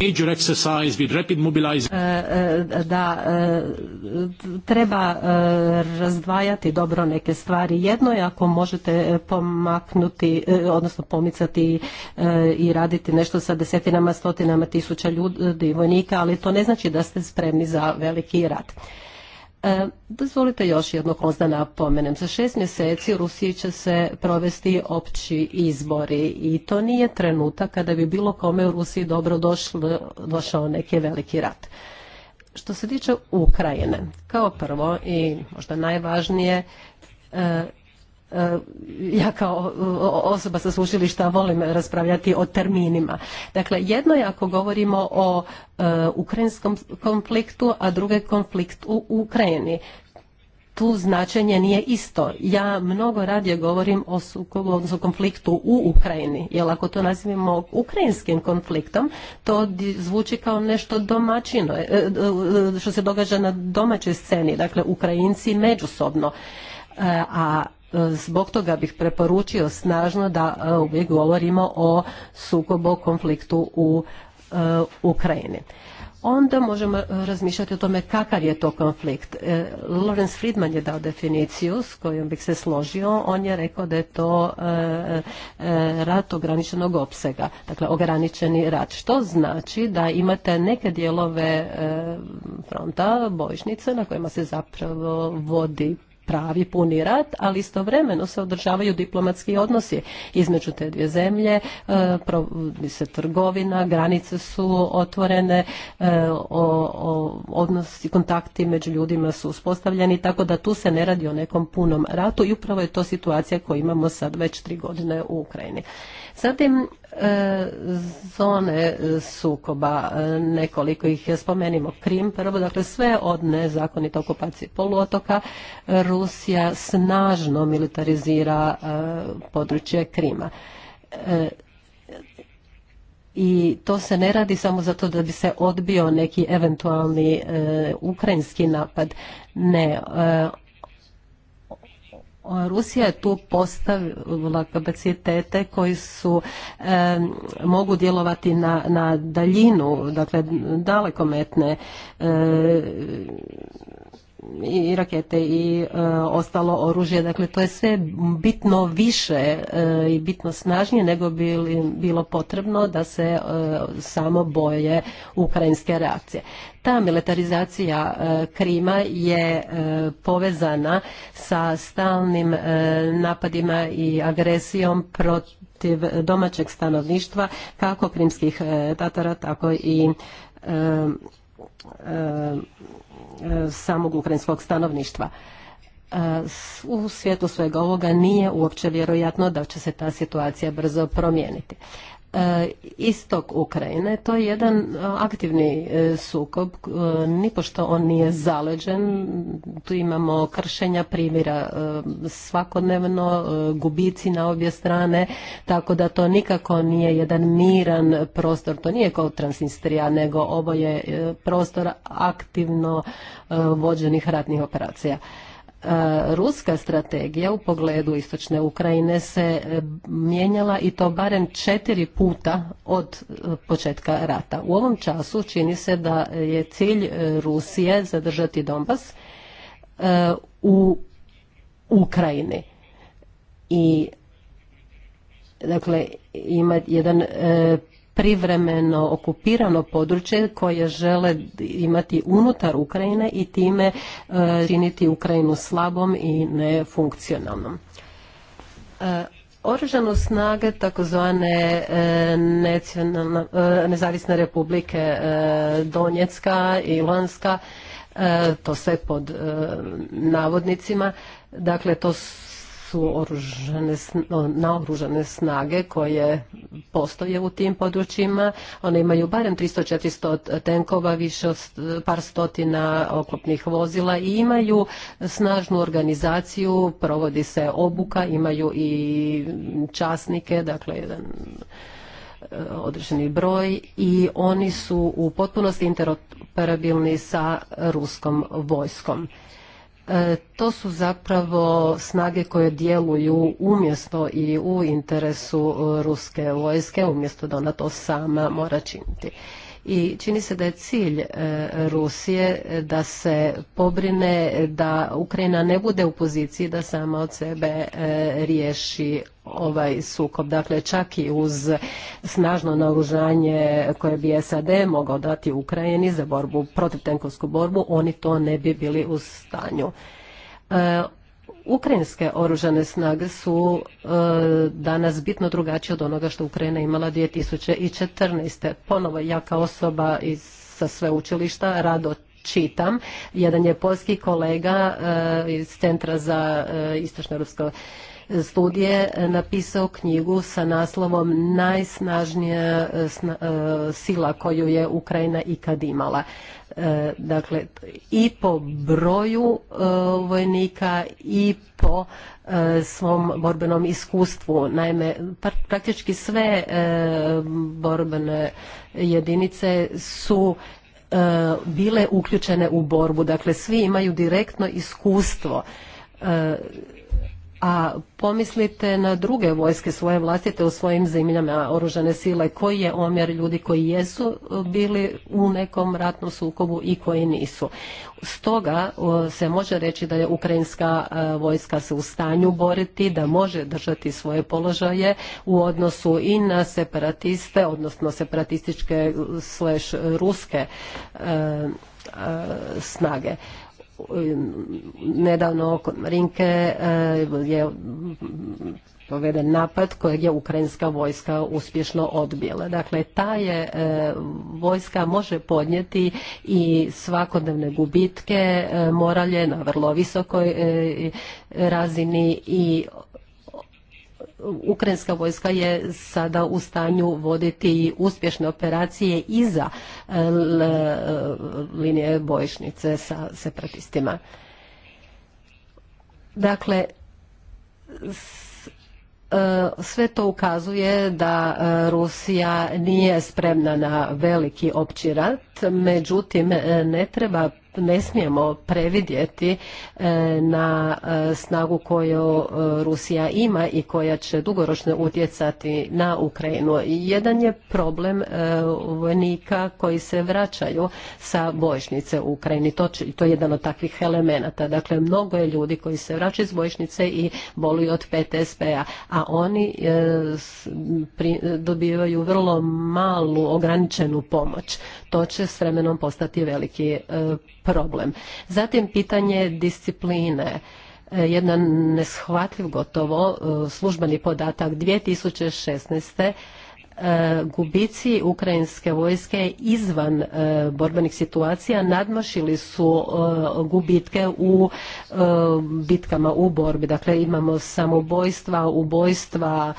E, e, da e, treba razdvajati dobro neke stvari. Jedno je ako možete pomaknuti, odnosno pomicati i raditi nešto sa desetinama, stotinama tisuća ljudi, vojnika, ali to ne znači da ste spremni za veliki rat. E, dozvolite još jedno ozda napomenem. Za šest mjeseci u Rusiji će se provesti opći izbori i to nije trenutak kada bi bilo kome u Rusiji dobro došao neki veliki rat. Što se tiče Ukrajine, kao prvo i možda najvažnije, e, E, ja kao osoba sa sveučilišta volim raspravljati o terminima. Dakle, jedno je ako govorimo o e, ukrajinskom konfliktu, a drugo je konflikt u Ukrajini. Tu značenje nije isto. Ja mnogo radije govorim o, sukobu, konfliktu u Ukrajini, jer ako to nazivimo ukrajinskim konfliktom, to zvuči kao nešto domaćino, e, što se događa na domaćoj sceni, dakle Ukrajinci međusobno. A Zbog toga bih preporučio snažno da e, uvijek govorimo o sukobu, konfliktu u e, Ukrajini onda možemo razmišljati o tome kakav je to konflikt. E, Lawrence Friedman je dao definiciju s kojom bih se složio. On je rekao da je to rat ograničenog opsega, dakle ograničeni rat. Što znači da imate neke dijelove fronta, bojišnice na kojima se zapravo vodi pravi puni rat, ali istovremeno se održavaju diplomatski odnosi između te dvije zemlje, e, provodi se trgovina, granice su otvorene, e, odnosi, kontakti među ljudima su uspostavljeni, tako da tu se ne radi o nekom punom ratu i upravo je to situacija koju imamo sad već tri godine u Ukrajini. Zatim, E, zone sukoba, e, nekoliko ih spomenimo Krim, prvo dakle sve od nezakonite okupacije poluotoka Rusija snažno militarizira e, područje Krima. I to se ne radi samo zato da bi se odbio neki eventualni ukrajinski napad. Ne, Rusija je tu postavila kapacitete koji su mogu djelovati na, na daljinu, dakle dalekometne e, i rakete i e, ostalo oružje. Dakle, to je sve bitno više e, i bitno snažnije nego bi bilo potrebno da se e, samo boje ukrajinske reakcije. Ta militarizacija Krima je povezana sa stalnim napadima i agresijom protiv domaćeg stanovništva, kako krimskih tatara, tako i samog ukrajinskog stanovništva. E, u svijetu svega ovoga nije uopće vjerojatno da će se ta situacija brzo promijeniti. E, istok Ukrajine. To je jedan e, aktivni e, sukob, nipošto on nije zaleđen. Tu imamo kršenja primjera svakodnevno, gubici na obje strane, tako da to nikako nije jedan miran prostor. To nije kao transnistrija nego ovo je prostor aktivno vođenih ratnih operacija. E, ruska strategija u pogledu istočne Ukrajine se e, mijenjala i to barem četiri puta od e, početka rata. U ovom času čini se da je cilj Rusije zadržati Donbas u Ukrajini. I dakle ima jedan privremeno okupirano područje koje žele imati unutar Ukrajine i time e, činiti Ukrajinu slabom i nefunkcionalnom. E, oružane snage takozvane e, nezavisne republike Donjecka i Luhanska, to sve pod navodnicima, dakle to su su naoružane snage koje postoje u tim područjima. One imaju barem 300-400 tenkova, više od par stotina oklopnih vozila i imaju snažnu organizaciju, provodi se obuka, imaju i časnike, dakle jedan e, određeni broj i oni su u potpunosti interoperabilni sa ruskom vojskom. E, to su zapravo snage koje djeluju umjesto i u interesu e, ruske vojske, umjesto da ona to sama mora činiti i čini se da je cilj e, Rusije da se pobrine da Ukrajina ne bude u poziciji da sama od sebe e, riješi ovaj sukob. Dakle, čak i uz snažno naoružanje koje bi SAD mogao dati Ukrajini za borbu, protiv tenkovsku borbu, oni to ne bi bili u stanju. E, Ukrajinske oružane snage su e, danas bitno drugačije od onoga što Ukrajina imala 2014. Ponovo ja kao osoba iz, sa sveučilišta rado čitam. Jedan je polski kolega e, iz Centra za e, istočno europsko studije e, napisao knjigu sa naslovom Najsnažnija e, e, sila koju je Ukrajina ikad imala. Dakle, i po broju vojnika i po svom borbenom iskustvu. Naime, praktički sve borbene jedinice su bile uključene u borbu. Dakle, svi imaju direktno iskustvo a pomislite na druge vojske svoje vlastite u svojim zemljama oružane sile, koji je omjer ljudi koji jesu e, bili u nekom ratnom sukobu i koji nisu. Stoga e, se može reći da je ukrajinska e, vojska se u stanju boriti, da može držati svoje položaje u odnosu i na separatiste, odnosno separatističke slash ruske snage nedavno oko Marinke eh, je poveden napad kojeg je ukrajinska vojska uspješno odbila. Dakle, ta je eh, vojska može podnijeti i svakodnevne gubitke eh, moralje na vrlo visokoj razini i ukrajinska vojska je sada u stanju voditi uspješne operacije iza e, e, linije bojišnice sa separatistima. Dakle, e, sve to ukazuje da Rusija nije spremna na veliki opći rat, međutim ne treba ne smijemo previdjeti e, na e, snagu koju e, Rusija ima i koja će dugoročno utjecati na Ukrajinu. Jedan je problem vojnika koji se vraćaju sa bojišnice u Ukrajini. To, to je jedan od takvih elemenata. Dakle, mnogo je ljudi koji se vraćaju iz bojišnice i boluju od PTSP-a, a oni dobivaju vrlo malu ograničenu pomoć. To će s vremenom postati veliki problem. Zatim pitanje discipline e, jedan neshvatljiv gotovo e, službeni podatak 2016. E, gubici ukrajinske vojske izvan e, borbenih situacija nadmašili su e, gubitke u bitkama u borbi. Dakle, imamo samobojstva, ubojstva,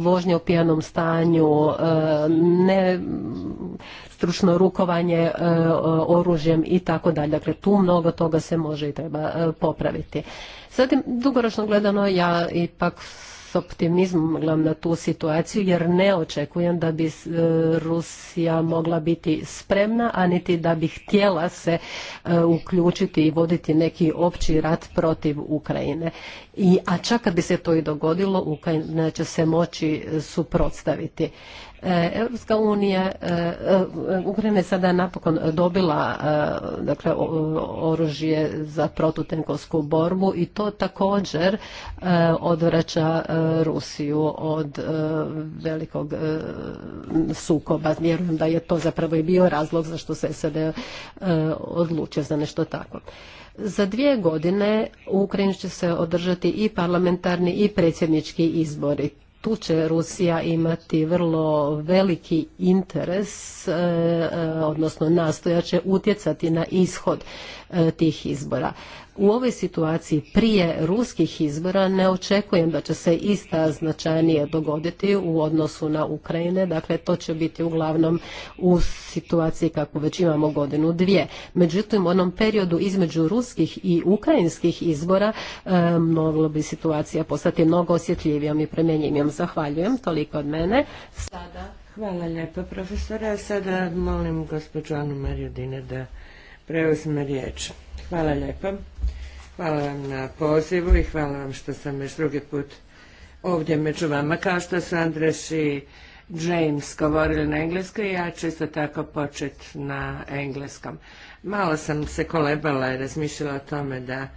vožnje u pijanom stanju, ne stručno rukovanje oružjem i tako dalje. Dakle, tu mnogo toga se može i treba popraviti. Zatim, dugoročno gledano, ja ipak s optimizmom gledam na tu situaciju jer ne očekujem da bi e, Rusija mogla biti spremna, a niti da bi htjela se e, uključiti i voditi neki opći rat protiv Ukrajine. I, a čak kad bi se to i dogodilo, Ukrajina će se moći e, suprotstaviti. E, Europska unija, e, Ukrajina je sada napokon dobila dakle, oružje za protutenkovsku borbu i to također odvraća Rusiju od velikog sukoba. Vjerujem da je to zapravo i bio razlog zašto se SAD odlučio za nešto tako. Za dvije godine u Ukrajini će se održati i parlamentarni i predsjednički izbori. Tu će Rusija imati vrlo veliki interes, e, e, odnosno nastojaće utjecati na ishod e, tih izbora. U ovoj situaciji prije ruskih izbora ne očekujem da će se ista značajnije dogoditi u odnosu na Ukrajine, dakle to će biti uglavnom u situaciji kako već imamo godinu dvije. Međutim, u onom periodu između ruskih i ukrajinskih izbora e, moglo bi situacija postati mnogo osjetljivijom i premjenjivijom. Zahvaljujem, toliko od mene. Sada... Hvala lijepa profesora. Sada molim gospođu Anu Mariju Dine da preuzme riječ. Hvala lijepa Hvala vam na pozivu i hvala vam što sam već drugi put ovdje među vama. Kao što su Andreš i James govorili na engleskoj, ja ću isto tako početi na engleskom. Malo sam se kolebala i razmišljala o tome da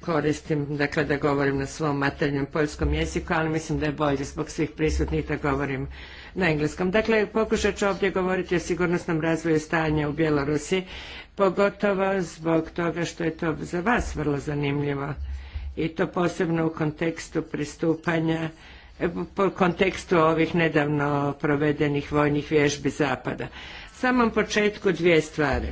koristim, dakle da govorim na svom maternjem poljskom jeziku, ali mislim da je bolje zbog svih prisutnih da govorim na engleskom. Dakle, pokušat ću ovdje govoriti o sigurnosnom razvoju stanja u Bjelorusiji pogotovo zbog toga što je to za vas vrlo zanimljivo i to posebno u kontekstu pristupanja po kontekstu ovih nedavno provedenih vojnih vježbi Zapada. Samom početku dvije stvari.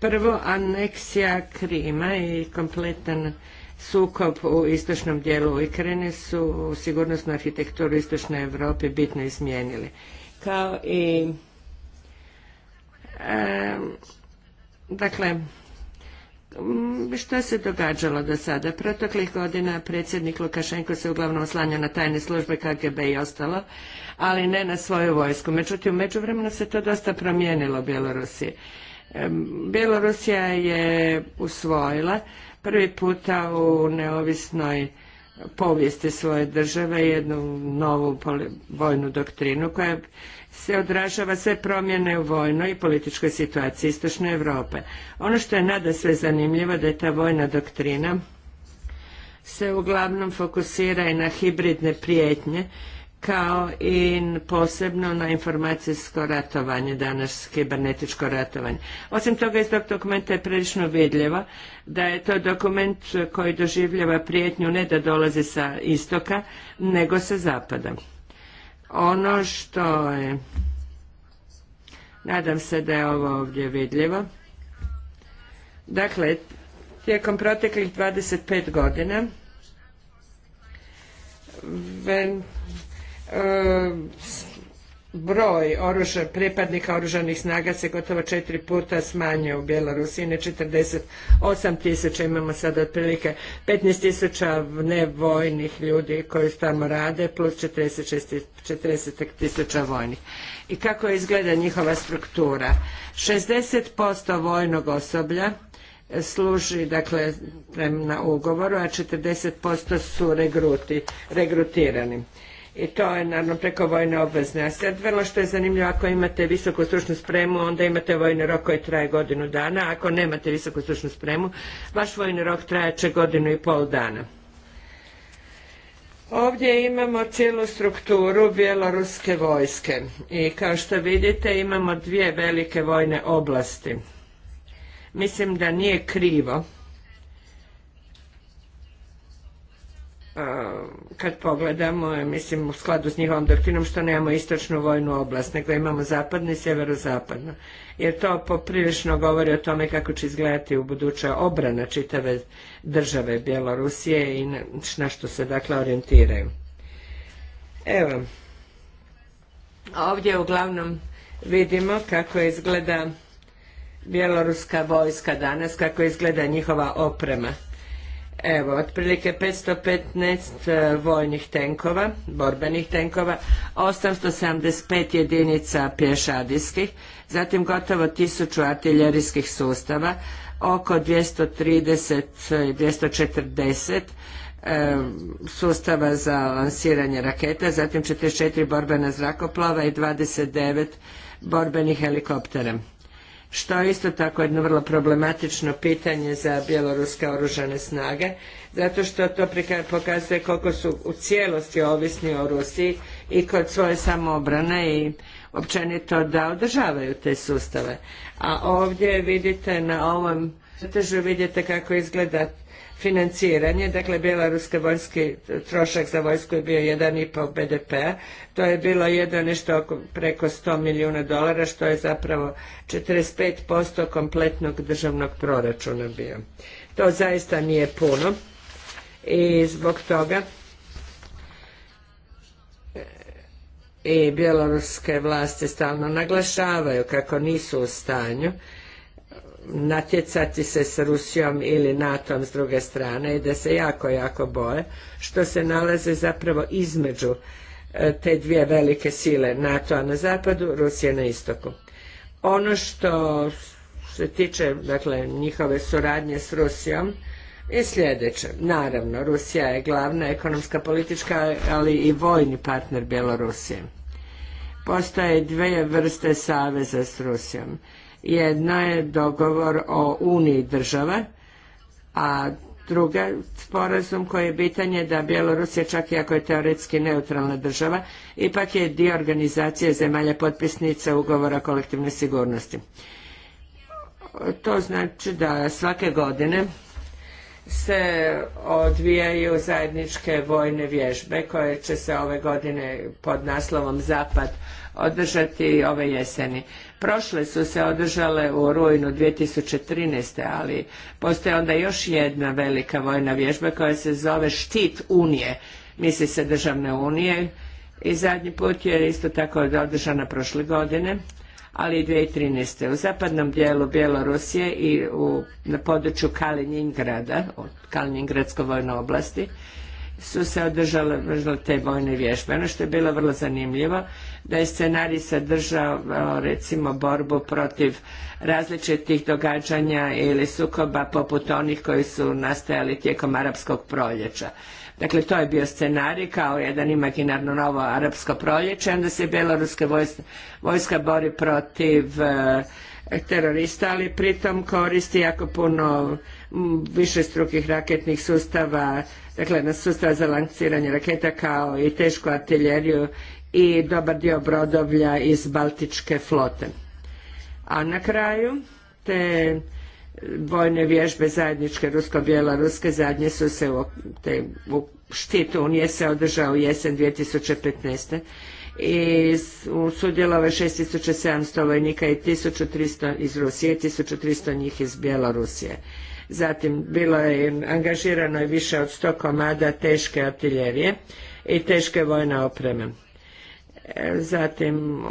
Prvo, aneksija Krima i kompletan sukob u istočnom dijelu Ukrajine su sigurnosnu arhitekturu istočne Europe bitno izmijenili. Kao i Dakle, što se događalo do sada? Proteklih godina predsjednik Lukašenko se uglavnom oslanjao na tajne službe KGB i ostalo, ali ne na svoju vojsku. Međutim, međuvremeno se to dosta promijenilo u Bjelorusiji. Bjelorusija je usvojila prvi puta u neovisnoj povijesti svoje države jednu novu vojnu doktrinu koja je se odražava sve promjene u vojnoj i političkoj situaciji Istočne Europe. Ono što je nada sve zanimljivo da je ta vojna doktrina se uglavnom fokusira i na hibridne prijetnje kao i posebno na informacijsko ratovanje, danas kibernetičko ratovanje. Osim toga iz tog dokumenta je prilično vidljivo da je to dokument koji doživljava prijetnju ne da dolazi sa istoka, nego sa zapada. Ono što je, nadam se da je ovo ovdje vidljivo, dakle, tijekom proteklih 25 godina ven, e, broj oružja, pripadnika oružanih snaga se gotovo četiri puta smanjio u Bjelorusiji, ne 48 tisuća, imamo sad otprilike 15 tisuća nevojnih ljudi koji tamo rade, plus 46, tisuća vojnih. I kako izgleda njihova struktura? 60% vojnog osoblja služi dakle na ugovoru, a 40% su regruti, regrutirani i to je naravno preko vojne obvezne. A sad vrlo što je zanimljivo, ako imate visoku stručnu spremu, onda imate vojni rok koji traje godinu dana, ako nemate visoku stručnu spremu, vaš vojni rok će godinu i pol dana. Ovdje imamo cijelu strukturu bjeloruske vojske i kao što vidite imamo dvije velike vojne oblasti. Mislim da nije krivo kad pogledamo, mislim u skladu s njihovom doktrinom, što nemamo istočnu vojnu oblast, nego imamo zapadnu i sjeverozapadnu. Jer to poprilično govori o tome kako će izgledati u buduće obrana čitave države Bjelorusije i na što se dakle orijentiraju. Evo, ovdje uglavnom vidimo kako izgleda bjeloruska vojska danas, kako izgleda njihova oprema Evo, otprilike 515 e, vojnih tenkova, borbenih tenkova, 875 jedinica pješadijskih, zatim gotovo 1000 artiljerijskih sustava, oko 230 i 240 e, sustava za lansiranje raketa, zatim 44 borbena zrakoplova i 29 borbenih helikoptera što je isto tako jedno vrlo problematično pitanje za bjeloruske oružane snage, zato što to pokazuje koliko su u cijelosti ovisni o Rusiji i kod svoje samoobrane i općenito da održavaju te sustave. A ovdje vidite na ovom težu vidite kako izgleda financiranje, dakle bjelaruske vojske, trošak za vojsku je bio 1,5 bdp to je bilo jedno nešto preko 100 milijuna dolara, što je zapravo 45% kompletnog državnog proračuna bio. To zaista nije puno i zbog toga i bjeloruske vlasti stalno naglašavaju kako nisu u stanju natjecati se s Rusijom ili NATO-om s druge strane i da se jako, jako boje što se nalaze zapravo između e, te dvije velike sile NATO-a na zapadu, Rusije na istoku. Ono što se tiče dakle, njihove suradnje s Rusijom je sljedeće. Naravno, Rusija je glavna ekonomska, politička, ali i vojni partner Bjelorusije. Postoje dvije vrste saveza s Rusijom jedna je dogovor o Uniji država, a druga sporazum koji je bitan je da Bjelorusija čak i ako je teoretski neutralna država, ipak je dio organizacije zemalja potpisnica ugovora kolektivne sigurnosti. To znači da svake godine se odvijaju zajedničke vojne vježbe koje će se ove godine pod naslovom Zapad održati ove jeseni. Prošle su se održale u rujnu 2013. ali postoji onda još jedna velika vojna vježba koja se zove Štit Unije. Misli se državne unije i zadnji put je isto tako održana prošle godine ali i 2013. U zapadnom dijelu Bjelorusije i na području Kaliningrada, Kaliningradsko vojne oblasti, su se održale te vojne vježbe. Ono što je bilo vrlo zanimljivo da je scenarij sadržao recimo borbu protiv različitih događanja ili sukoba poput onih koji su nastajali tijekom arapskog proljeća. Dakle, to je bio scenarij kao jedan imaginarno novo arapsko proljeće, onda se bjeloruska vojska, vojska bori protiv e, terorista, ali pritom koristi jako puno višestrukih raketnih sustava, dakle na sustav za lanciranje raketa kao i tešku artiljeriju i dobar dio brodovlja iz Baltičke flote. A na kraju te vojne vježbe zajedničke rusko-bjeloruske zadnje su se u, te, u Unije se održao jesen 2015. i u sudjelove 6700 vojnika i 1300 iz Rusije i 1300 njih iz Bjelorusije. Zatim bilo je angažirano i više od 100 komada teške artiljerije i teške vojne opreme. Zatim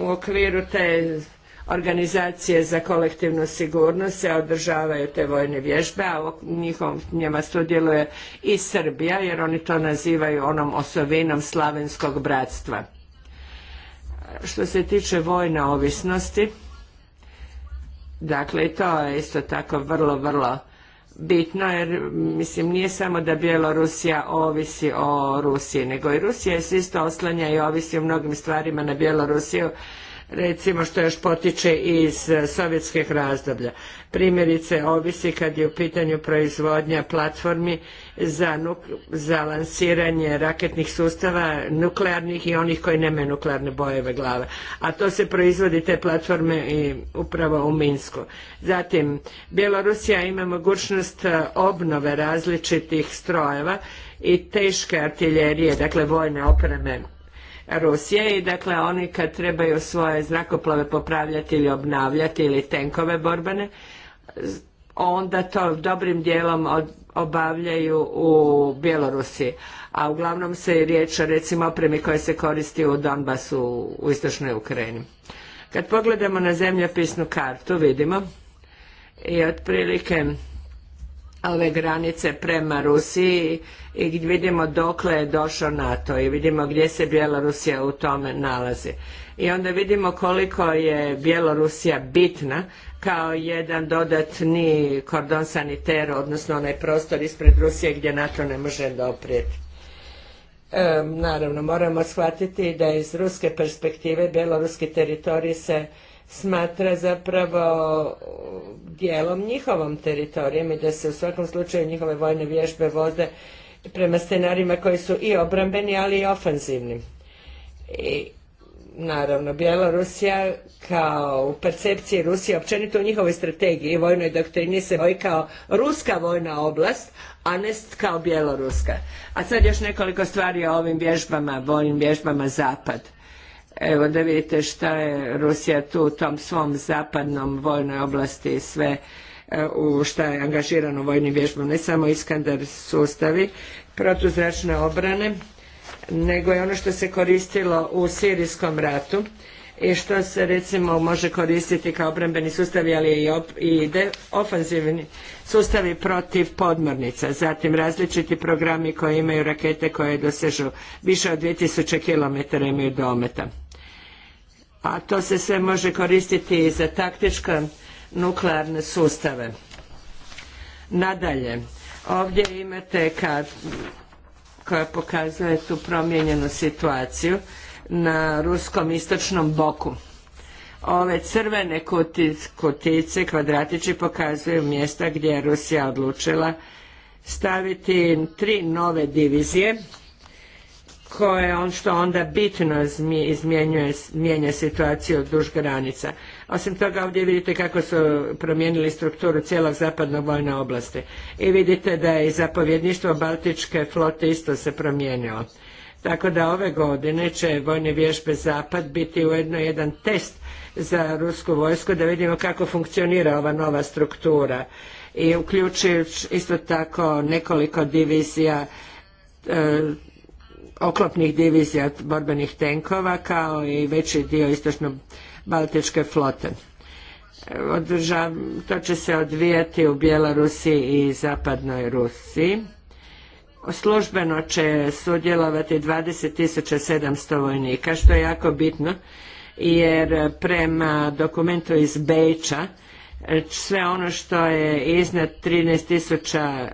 u okviru te organizacije za kolektivnu sigurnost se održavaju te vojne vježbe, a njihov, njima sudjeluje i Srbija jer oni to nazivaju onom osovinom slavenskog bratstva. Što se tiče vojne ovisnosti, dakle i to je isto tako vrlo, vrlo bitno jer mislim nije samo da Bjelorusija ovisi o Rusiji nego i Rusija se isto oslanja i ovisi o mnogim stvarima na Bjelorusiju recimo što još potiče iz e, sovjetskih razdoblja. Primjerice ovisi kad je u pitanju proizvodnja platformi za, za lansiranje raketnih sustava nuklearnih i onih koji nemaju nuklearne bojeve glave. A to se proizvodi te platforme i upravo u Minsku. Zatim, Bjelorusija ima mogućnost e, obnove različitih strojeva i teške artiljerije, dakle vojne opreme Rusije i dakle oni kad trebaju svoje zrakoplove popravljati ili obnavljati ili tenkove borbene, onda to dobrim dijelom obavljaju u Bjelorusiji. A uglavnom se je riječ o recimo opremi koja se koristi u Donbasu u istočnoj Ukrajini. Kad pogledamo na zemljopisnu kartu vidimo i otprilike ove granice prema Rusiji i vidimo dokle je došao NATO i vidimo gdje se Bjelorusija u tome nalazi. I onda vidimo koliko je Bjelorusija bitna kao jedan dodatni kordon sanitero, odnosno onaj prostor ispred Rusije gdje NATO ne može doprijeti. E, naravno, moramo shvatiti da iz ruske perspektive bjeloruski teritorij se smatra zapravo dijelom njihovom teritorijem i da se u svakom slučaju njihove vojne vježbe vode prema scenarijima koji su i obrambeni, ali i ofanzivni. I naravno, Bjelorusija kao u percepciji Rusije, općenito u njihovoj strategiji i vojnoj doktrini se boji kao ruska vojna oblast, a ne kao bjeloruska. A sad još nekoliko stvari o ovim vježbama, vojnim vježbama zapad. Evo da vidite šta je Rusija tu u tom svom zapadnom vojnoj oblasti sve e, u šta je angažirano vojnim vježbama, ne samo Iskandar sustavi protuzračne obrane, nego je ono što se koristilo u sirijskom ratu i što se recimo može koristiti kao obrambeni sustavi, ali i, ide i ofanzivni sustavi protiv podmornica. Zatim različiti programi koji imaju rakete koje dosežu više od 2000 km imaju dometa a to se sve može koristiti i za taktičke nuklearne sustave. Nadalje, ovdje imate kad koja pokazuje tu promijenjenu situaciju na ruskom istočnom boku. Ove crvene kutice, kvadratići pokazuju mjesta gdje je Rusija odlučila staviti tri nove divizije koje on što onda bitno izmjenjuje, mijenja situaciju duž granica. Osim toga ovdje vidite kako su promijenili strukturu cijelog zapadnog vojne oblasti. I vidite da je i zapovjedništvo Baltičke flote isto se promijenilo. Tako da ove godine će vojne vježbe Zapad biti ujedno jedan test za rusku vojsku da vidimo kako funkcionira ova nova struktura i uključujući isto tako nekoliko divizija e, oklopnih divizija borbenih tenkova kao i veći dio istočno-baltičke flote. to će se odvijati u Bjelorusiji i zapadnoj Rusiji. Službeno će sudjelovati 20.700 vojnika, što je jako bitno, jer prema dokumentu iz Beča sve ono što je iznad 13.000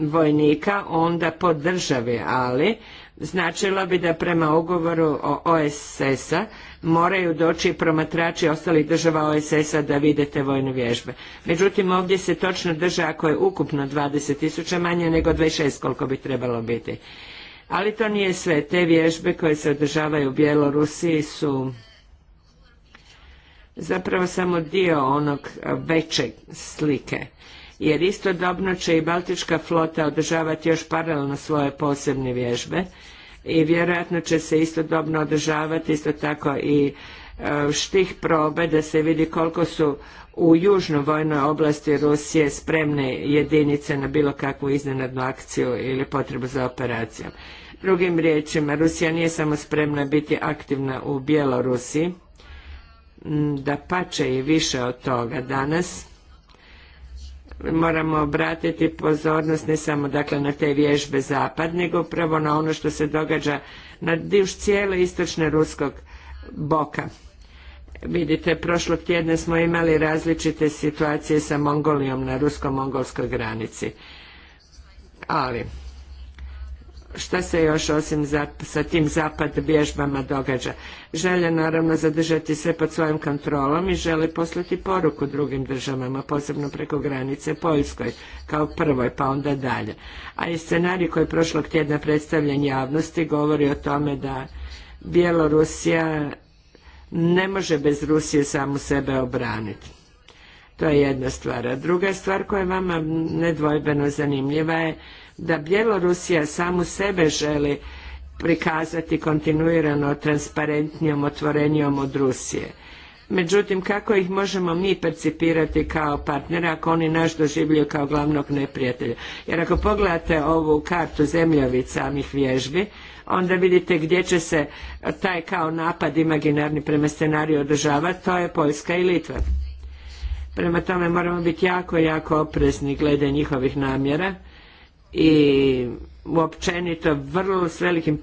vojnika onda po državi, ali značilo bi da prema ugovoru o OSS-a moraju doći promatrači ostalih država OSS-a da vide te vojne vježbe. Međutim, ovdje se točno drža ako je ukupno 20 tisuća manje nego 26 koliko bi trebalo biti. Ali to nije sve. Te vježbe koje se održavaju u Bjelorusiji su zapravo samo dio onog većeg slike jer istodobno će i Baltička flota održavati još paralelno svoje posebne vježbe i vjerojatno će se istodobno održavati isto tako i e, štih probe da se vidi koliko su u južnoj vojnoj oblasti Rusije spremne jedinice na bilo kakvu iznenadnu akciju ili potrebu za operacijom. Drugim riječima, Rusija nije samo spremna biti aktivna u Bjelorusiji, da pače i više od toga danas, moramo obratiti pozornost ne samo dakle na te vježbe zapad, nego upravo na ono što se događa na duž cijele istočne ruskog boka. Vidite, prošlog tjedna smo imali različite situacije sa Mongolijom na rusko-mongolskoj granici. Ali, šta se još osim za sa tim zapad vježbama događa. Žele naravno zadržati sve pod svojom kontrolom i žele poslati poruku drugim državama, posebno preko granice Poljskoj kao prvoj pa onda dalje. A i scenarij koji je prošlog tjedna predstavljen javnosti govori o tome da Bjelorusija ne može bez Rusije samu sebe obraniti. To je jedna stvar. A druga stvar koja je vama nedvojbeno zanimljiva je da Bjelorusija samu sebe želi prikazati kontinuirano transparentnijom, otvorenijom od Rusije. Međutim, kako ih možemo mi percipirati kao partnera ako oni naš doživljaju kao glavnog neprijatelja? Jer ako pogledate ovu kartu zemljovica samih vježbi, onda vidite gdje će se taj kao napad imaginarni prema scenariju održavati, to je Poljska i Litva. Prema tome moramo biti jako, jako oprezni glede njihovih namjera i uopćenito vrlo s velikim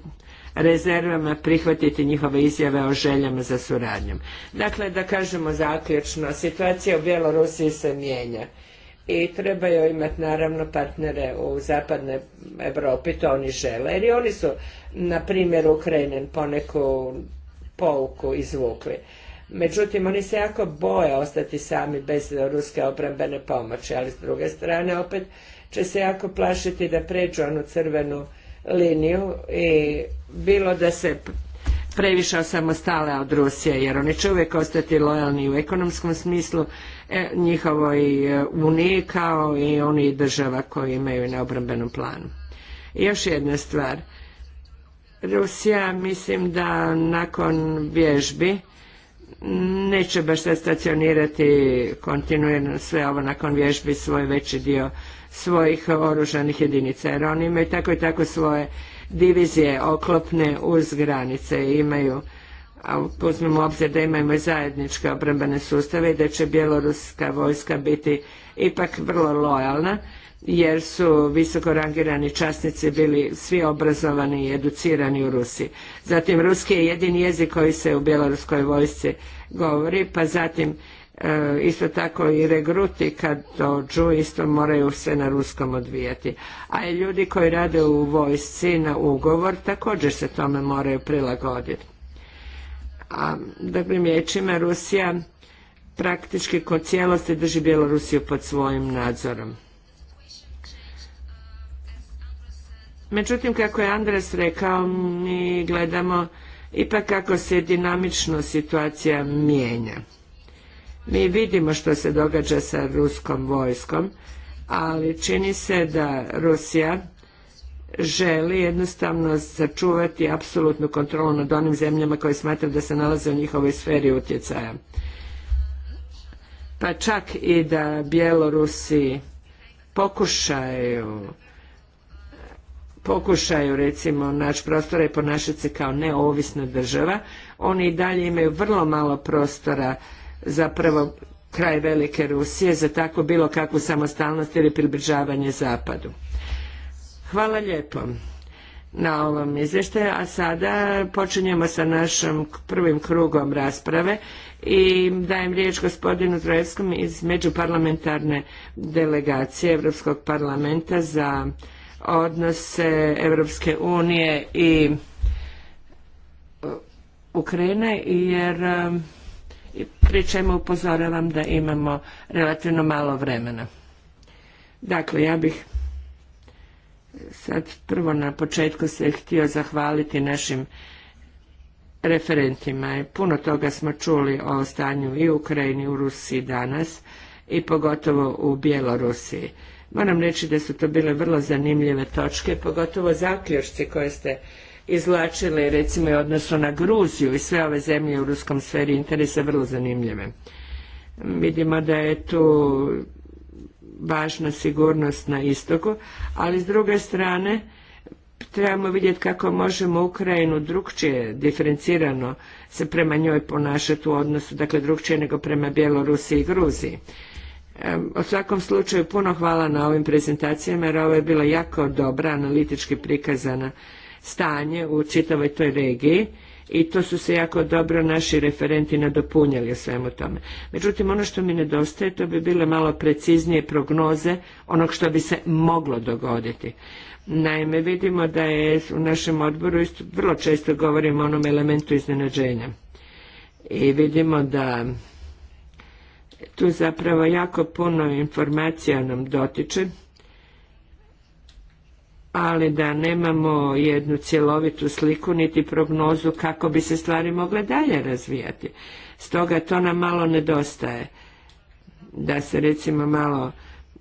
rezervama prihvatiti njihove izjave o željama za suradnjom. Dakle, da kažemo zaključno, situacija u Bjelorusiji se mijenja i trebaju imati naravno partnere u zapadnoj Europi, to oni žele, jer oni su na primjer Ukrajinen poneku pouku izvukli. Međutim, oni se jako boje ostati sami bez ruske obrambene pomoći, ali s druge strane opet će se jako plašiti da pređu onu crvenu liniju i bilo da se previše osamostale od Rusije, jer oni će uvijek ostati lojalni u ekonomskom smislu e, njihovoj e, uniji kao i oni država koji imaju na obrambenom planu. I još jedna stvar. Rusija mislim da nakon vježbi neće baš sad stacionirati kontinuirno sve ovo nakon vježbi svoj veći dio svojih oružanih jedinica jer oni imaju tako i tako svoje divizije oklopne uz granice i imaju a uzmemo obzir da imaju zajedničke obrambene sustave i da će bjeloruska vojska biti ipak vrlo lojalna jer su visoko rangirani časnici bili svi obrazovani i educirani u Rusiji. Zatim ruski je jedini jezik koji se u bjeloruskoj vojsci govori, pa zatim E, isto tako i regruti kad dođu isto moraju se na ruskom odvijati. A i ljudi koji rade u vojsci na ugovor također se tome moraju prilagoditi. A dobrim riječima Rusija praktički kod cijelosti drži Bjelorusiju pod svojim nadzorom. Međutim, kako je Andres rekao, mi gledamo ipak kako se dinamično situacija mijenja. Mi vidimo što se događa sa ruskom vojskom, ali čini se da Rusija želi jednostavno sačuvati apsolutnu kontrolu nad onim zemljama koje smatra da se nalaze u njihovoj sferi utjecaja. Pa čak i da Bjelorusi pokušaju pokušaju recimo naći prostora i ponašati se kao neovisna država, oni i dalje imaju vrlo malo prostora zapravo kraj Velike Rusije za tako bilo kakvu samostalnost ili približavanje Zapadu. Hvala lijepo na ovom izvještaju, a sada počinjemo sa našom prvim krugom rasprave i dajem riječ gospodinu Trojevskom iz međuparlamentarne delegacije Europskog parlamenta za odnose Europske unije i Ukrajine, jer pri čemu upozoravam da imamo relativno malo vremena. Dakle, ja bih sad prvo na početku se htio zahvaliti našim referentima. Puno toga smo čuli o stanju i u Ukrajini, i u Rusiji danas i pogotovo u Bjelorusiji. Moram reći da su to bile vrlo zanimljive točke, pogotovo zaključci koje ste izvlačili recimo i odnosu na Gruziju i sve ove zemlje u ruskom sferi interesa vrlo zanimljive. Vidimo da je tu važna sigurnost na istoku, ali s druge strane trebamo vidjeti kako možemo Ukrajinu drukčije diferencirano se prema njoj ponašati u odnosu, dakle drukčije nego prema Bjelorusiji i Gruziji. U svakom slučaju puno hvala na ovim prezentacijama jer ovo je bila jako dobra analitički prikazana stanje u čitavoj toj regiji i to su se jako dobro naši referenti nadopunjali o svemu tome. Međutim, ono što mi nedostaje, to bi bile malo preciznije prognoze onog što bi se moglo dogoditi. Naime, vidimo da je u našem odboru isto vrlo često govorimo o onom elementu iznenađenja. I vidimo da tu zapravo jako puno informacija nam dotiče ali da nemamo jednu cjelovitu sliku niti prognozu kako bi se stvari mogle dalje razvijati. Stoga to nam malo nedostaje. Da se recimo malo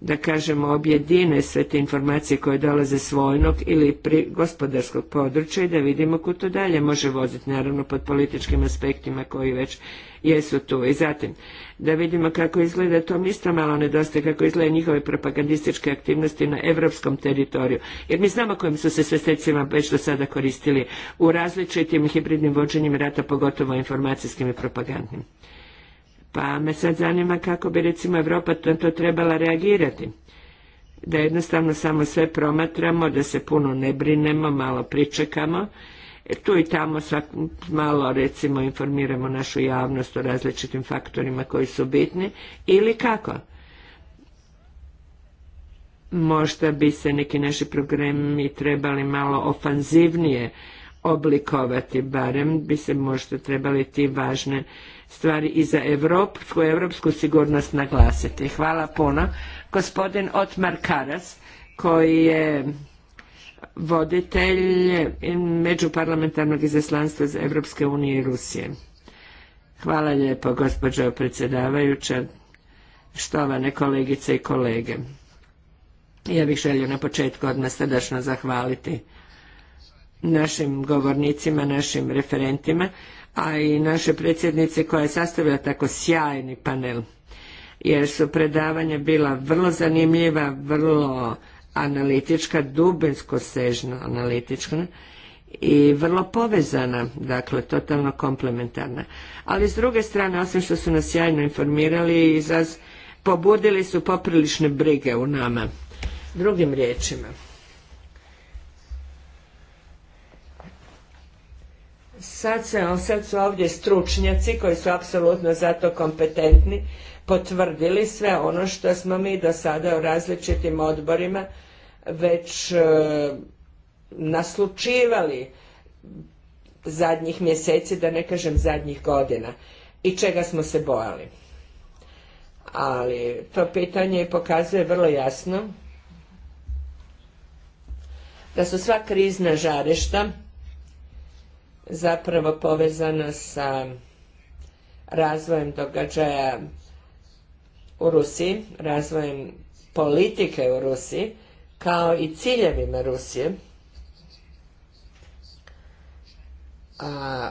da kažemo objedine sve te informacije koje dolaze s vojnog ili pri gospodarskog područja i da vidimo ko to dalje može voziti, naravno pod političkim aspektima koji već jesu tu. I zatim, da vidimo kako izgleda, to mi isto malo nedostaje, kako izgleda njihove propagandističke aktivnosti na evropskom teritoriju. Jer mi znamo kojim su se svestecima već do sada koristili u različitim hibridnim vođenjima rata, pogotovo informacijskim i propagandnim. Pa me sad zanima kako bi recimo Europa na to trebala reagirati. Da jednostavno samo sve promatramo, da se puno ne brinemo, malo pričekamo. E, tu i tamo malo recimo informiramo našu javnost o različitim faktorima koji su bitni ili kako. Možda bi se neki naši programi trebali malo ofanzivnije oblikovati, barem bi se možda trebali ti važne stvari i za Evropsku, evropsku sigurnost naglasiti. Hvala puno. Gospodin Otmar Karas, koji je voditelj međuparlamentarnog izaslanstva za Evropske unije i Rusije. Hvala lijepo, gospođo predsjedavajuća, štovane kolegice i kolege. Ja bih želio na početku odmah srdačno zahvaliti našim govornicima, našim referentima a i naše predsjednice koja je sastavila tako sjajni panel jer su predavanja bila vrlo zanimljiva, vrlo analitička, dubinsko sežna analitička i vrlo povezana, dakle totalno komplementarna. Ali s druge strane, osim što su nas sjajno informirali, izaz, pobudili su poprilične brige u nama. Drugim riječima, Sad, se, su ovdje stručnjaci koji su apsolutno za to kompetentni potvrdili sve ono što smo mi do sada u različitim odborima već e, naslučivali zadnjih mjeseci, da ne kažem zadnjih godina i čega smo se bojali. Ali to pitanje pokazuje vrlo jasno da su sva krizna žarišta zapravo povezana sa razvojem događaja u Rusiji, razvojem politike u Rusiji, kao i ciljevima Rusije. A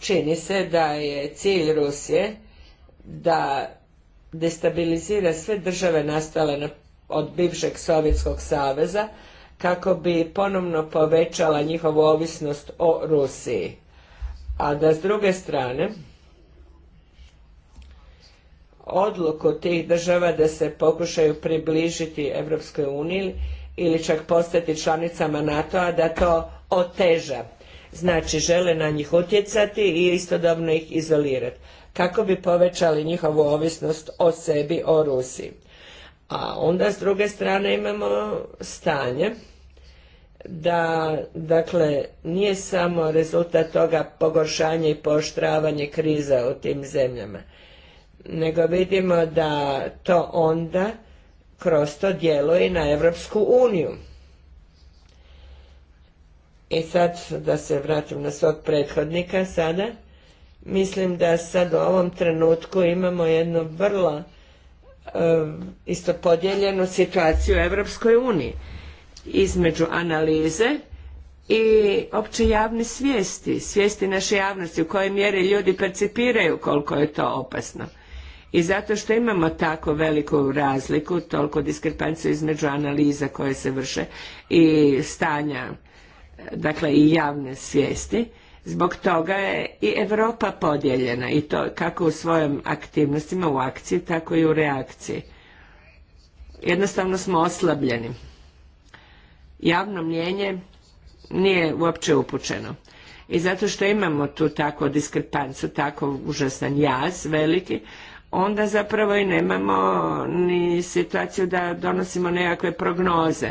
čini se da je cilj Rusije da destabilizira sve države nastale od bivšeg Sovjetskog saveza, kako bi ponovno povećala njihovu ovisnost o Rusiji. A da s druge strane, odluku tih država da se pokušaju približiti Europskoj uniji ili čak postati članicama NATO-a da to oteža. Znači žele na njih utjecati i istodobno ih izolirati kako bi povećali njihovu ovisnost o sebi, o Rusiji. A onda s druge strane imamo stanje da dakle nije samo rezultat toga pogoršanje i pooštravanje kriza u tim zemljama, nego vidimo da to onda kroz to djeluje na Europsku uniju. I sad da se vratim na svog prethodnika sada, mislim da sad u ovom trenutku imamo jednu vrlo e, isto podijeljenu situaciju u Evropskoj uniji između analize i opće javne svijesti, svijesti naše javnosti u kojoj mjeri ljudi percipiraju koliko je to opasno. I zato što imamo tako veliku razliku, toliko diskrepanciju između analiza koje se vrše i stanja, dakle i javne svijesti, zbog toga je i Europa podijeljena i to kako u svojim aktivnostima u akciji, tako i u reakciji. Jednostavno smo oslabljeni javno mljenje nije uopće upućeno. I zato što imamo tu tako diskrepancu, tako užasan jaz veliki, onda zapravo i nemamo ni situaciju da donosimo nekakve prognoze.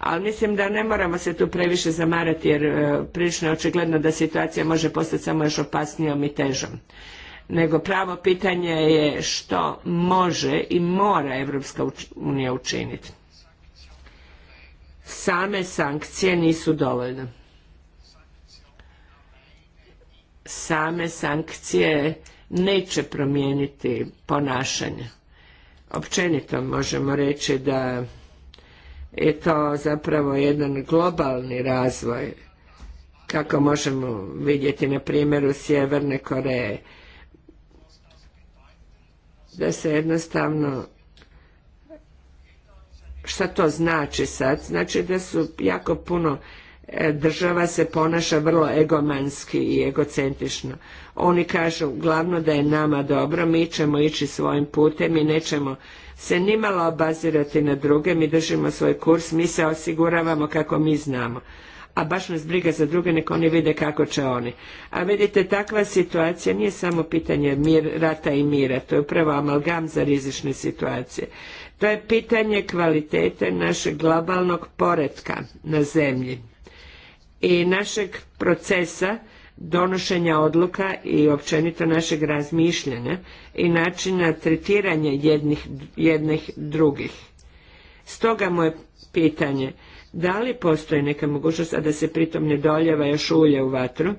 Ali mislim da ne moramo se tu previše zamarati jer e, prilično je očigledno da situacija može postati samo još opasnijom i težom. Nego pravo pitanje je što može i mora Evropska unija učiniti same sankcije nisu dovoljne. Same sankcije neće promijeniti ponašanje. Općenito možemo reći da je to zapravo jedan globalni razvoj kako možemo vidjeti na primjeru Sjeverne Koreje da se jednostavno Šta to znači sad? Znači da su jako puno e, država se ponaša vrlo egomanski i egocentrično. Oni kažu glavno da je nama dobro, mi ćemo ići svojim putem i nećemo se nimalo obazirati na druge, mi držimo svoj kurs, mi se osiguravamo kako mi znamo. A baš nas briga za druge, nek oni vide kako će oni. A vidite, takva situacija nije samo pitanje rata i mira, to je upravo amalgam za rizične situacije. To je pitanje kvalitete našeg globalnog poretka na zemlji i našeg procesa donošenja odluka i općenito našeg razmišljanja i načina tretiranja jednih, jednih drugih. Stoga moje pitanje, da li postoji neka mogućnost, a da se pritom ne doljeva još ulje u vatru,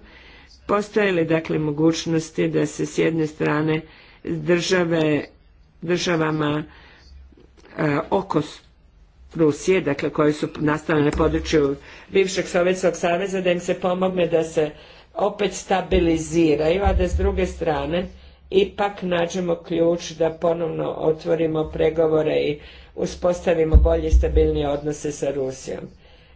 postoje li dakle mogućnosti da se s jedne strane države, državama E, oko Rusije, dakle koje su nastale na području bivšeg Sovjetskog saveza, da im se pomogne da se opet stabiliziraju, a da s druge strane ipak nađemo ključ da ponovno otvorimo pregovore i uspostavimo bolje i stabilnije odnose sa Rusijom.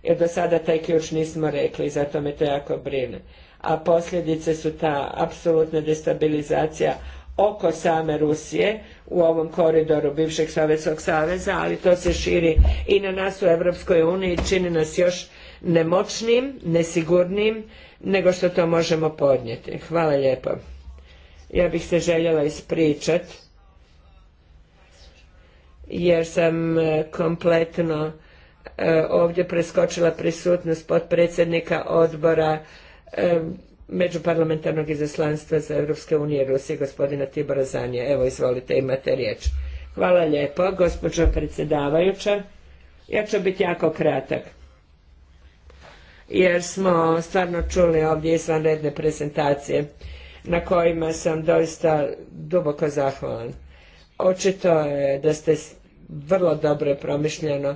Jer do sada taj ključ nismo rekli i zato me to jako brine. A posljedice su ta apsolutna destabilizacija oko same Rusije u ovom koridoru bivšeg Sovjetskog saveza, ali to se širi i na nas u Europskoj uniji, čini nas još nemoćnim, nesigurnim, nego što to možemo podnijeti. Hvala lijepo. Ja bih se željela ispričat jer sam e, kompletno e, ovdje preskočila prisutnost potpredsjednika odbora e, međuparlamentarnog izaslanstva za Europske unije Rusije, gospodina Tibora Zanje. Evo, izvolite, imate riječ. Hvala lijepo, gospođo predsjedavajuća. Ja ću biti jako kratak. Jer smo stvarno čuli ovdje izvanredne prezentacije na kojima sam doista duboko zahvalan. Očito je da ste vrlo dobro promišljeno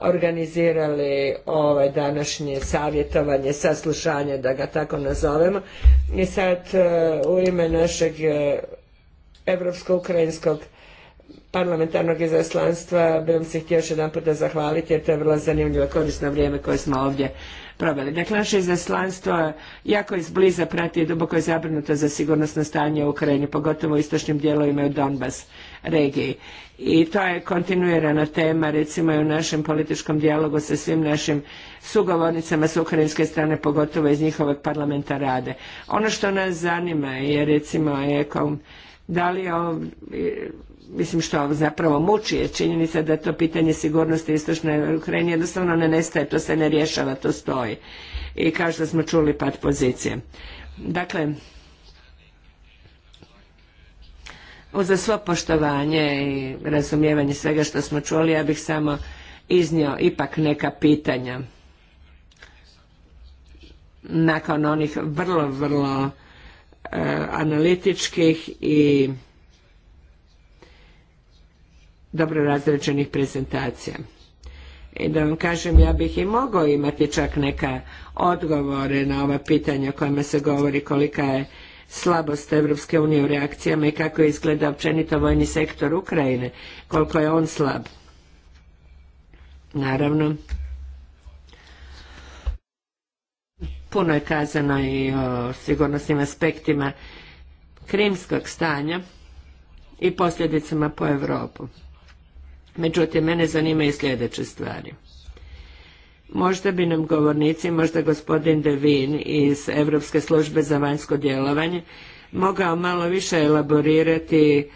organizirali ove današnje savjetovanje, saslušanje, da ga tako nazovemo. I sad e, u ime našeg e, Evropsko-Ukrajinskog parlamentarnog izaslanstva bi vam se htio još jedan zahvaliti jer to je vrlo zanimljivo korisno vrijeme koje smo ovdje proveli. Dakle, naše izaslanstvo jako izbliza prati i duboko je zabrinuto za sigurnosno stanje u Ukrajini, pogotovo u istočnim dijelovima i u Donbas regiji i to je kontinuirana tema recimo i u našem političkom dijalogu sa svim našim sugovornicama s ukrajinske strane, pogotovo iz njihovog parlamenta rade. Ono što nas zanima je recimo je da li ovo, mislim što zapravo muči je činjenica da to pitanje sigurnosti istočne Ukrajine jednostavno ne nestaje, to se ne rješava, to stoji. I kao što smo čuli pad pozicije. Dakle, Za svo poštovanje i razumijevanje svega što smo čuli, ja bih samo iznio ipak neka pitanja. Nakon onih vrlo, vrlo e, analitičkih i dobro razređenih prezentacija. I da vam kažem, ja bih i mogao imati čak neka odgovore na ova pitanja o kojima se govori kolika je slabost Evropske unije u reakcijama i kako izgleda općenito vojni sektor Ukrajine, koliko je on slab. Naravno, puno je kazano i o sigurnosnim aspektima krimskog stanja i posljedicama po Europu. Međutim, mene zanimaju sljedeće stvari – Možda bi nam govornici, možda gospodin Devin iz Europske službe za vanjsko djelovanje mogao malo više elaborirati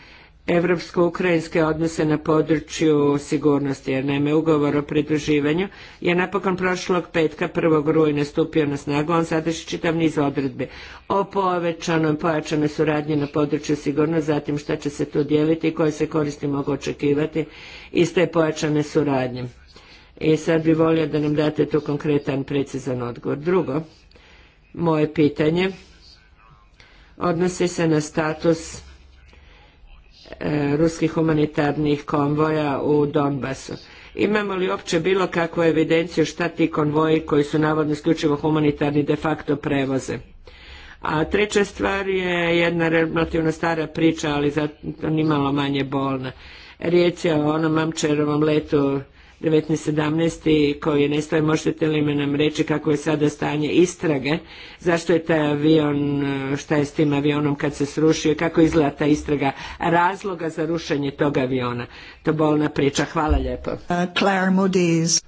evropsko-ukrajinske odnose na području sigurnosti, jer naime ugovor o pridruživanju je napokon prošlog petka 1. rujna stupio na snagu, on sadrži čitav niz odredbe o povećanom pojačanoj suradnji na području sigurnosti, zatim šta će se tu dijeliti i koje se koristi mogu očekivati iz te pojačane suradnje. I e, sad bi volio da nam date tu konkretan, precizan odgovor. Drugo, moje pitanje odnosi se na status e, ruskih humanitarnih konvoja u Donbasu. Imamo li uopće bilo kakvu evidenciju šta ti konvoji koji su navodno isključivo humanitarni de facto prevoze? A treća stvar je jedna relativno stara priča, ali zato nimalo manje bolna. Riječ je o onom mamčerovom letu 1917 koji je nestao. Možete li nam reći kako je sada stanje istrage? Zašto je taj avion, e, šta je s tim avionom kad se srušio? Kako izgleda ta istraga razloga za rušenje tog aviona? To bolna priča. Hvala lijepo. Uh,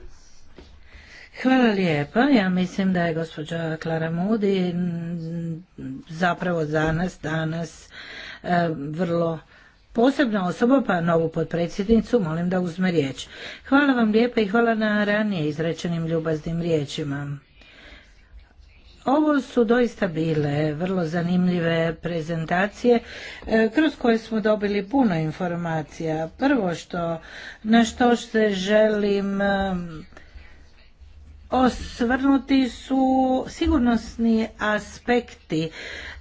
Hvala lijepo, Ja mislim da je gospođa Klara Moody zapravo za nas danas e, vrlo posebna osoba, pa novu potpredsjednicu, molim da uzme riječ. Hvala vam lijepa i hvala na ranije izrečenim ljubaznim riječima. Ovo su doista bile vrlo zanimljive prezentacije e, kroz koje smo dobili puno informacija. Prvo što na što se želim e, osvrnuti su sigurnosni aspekti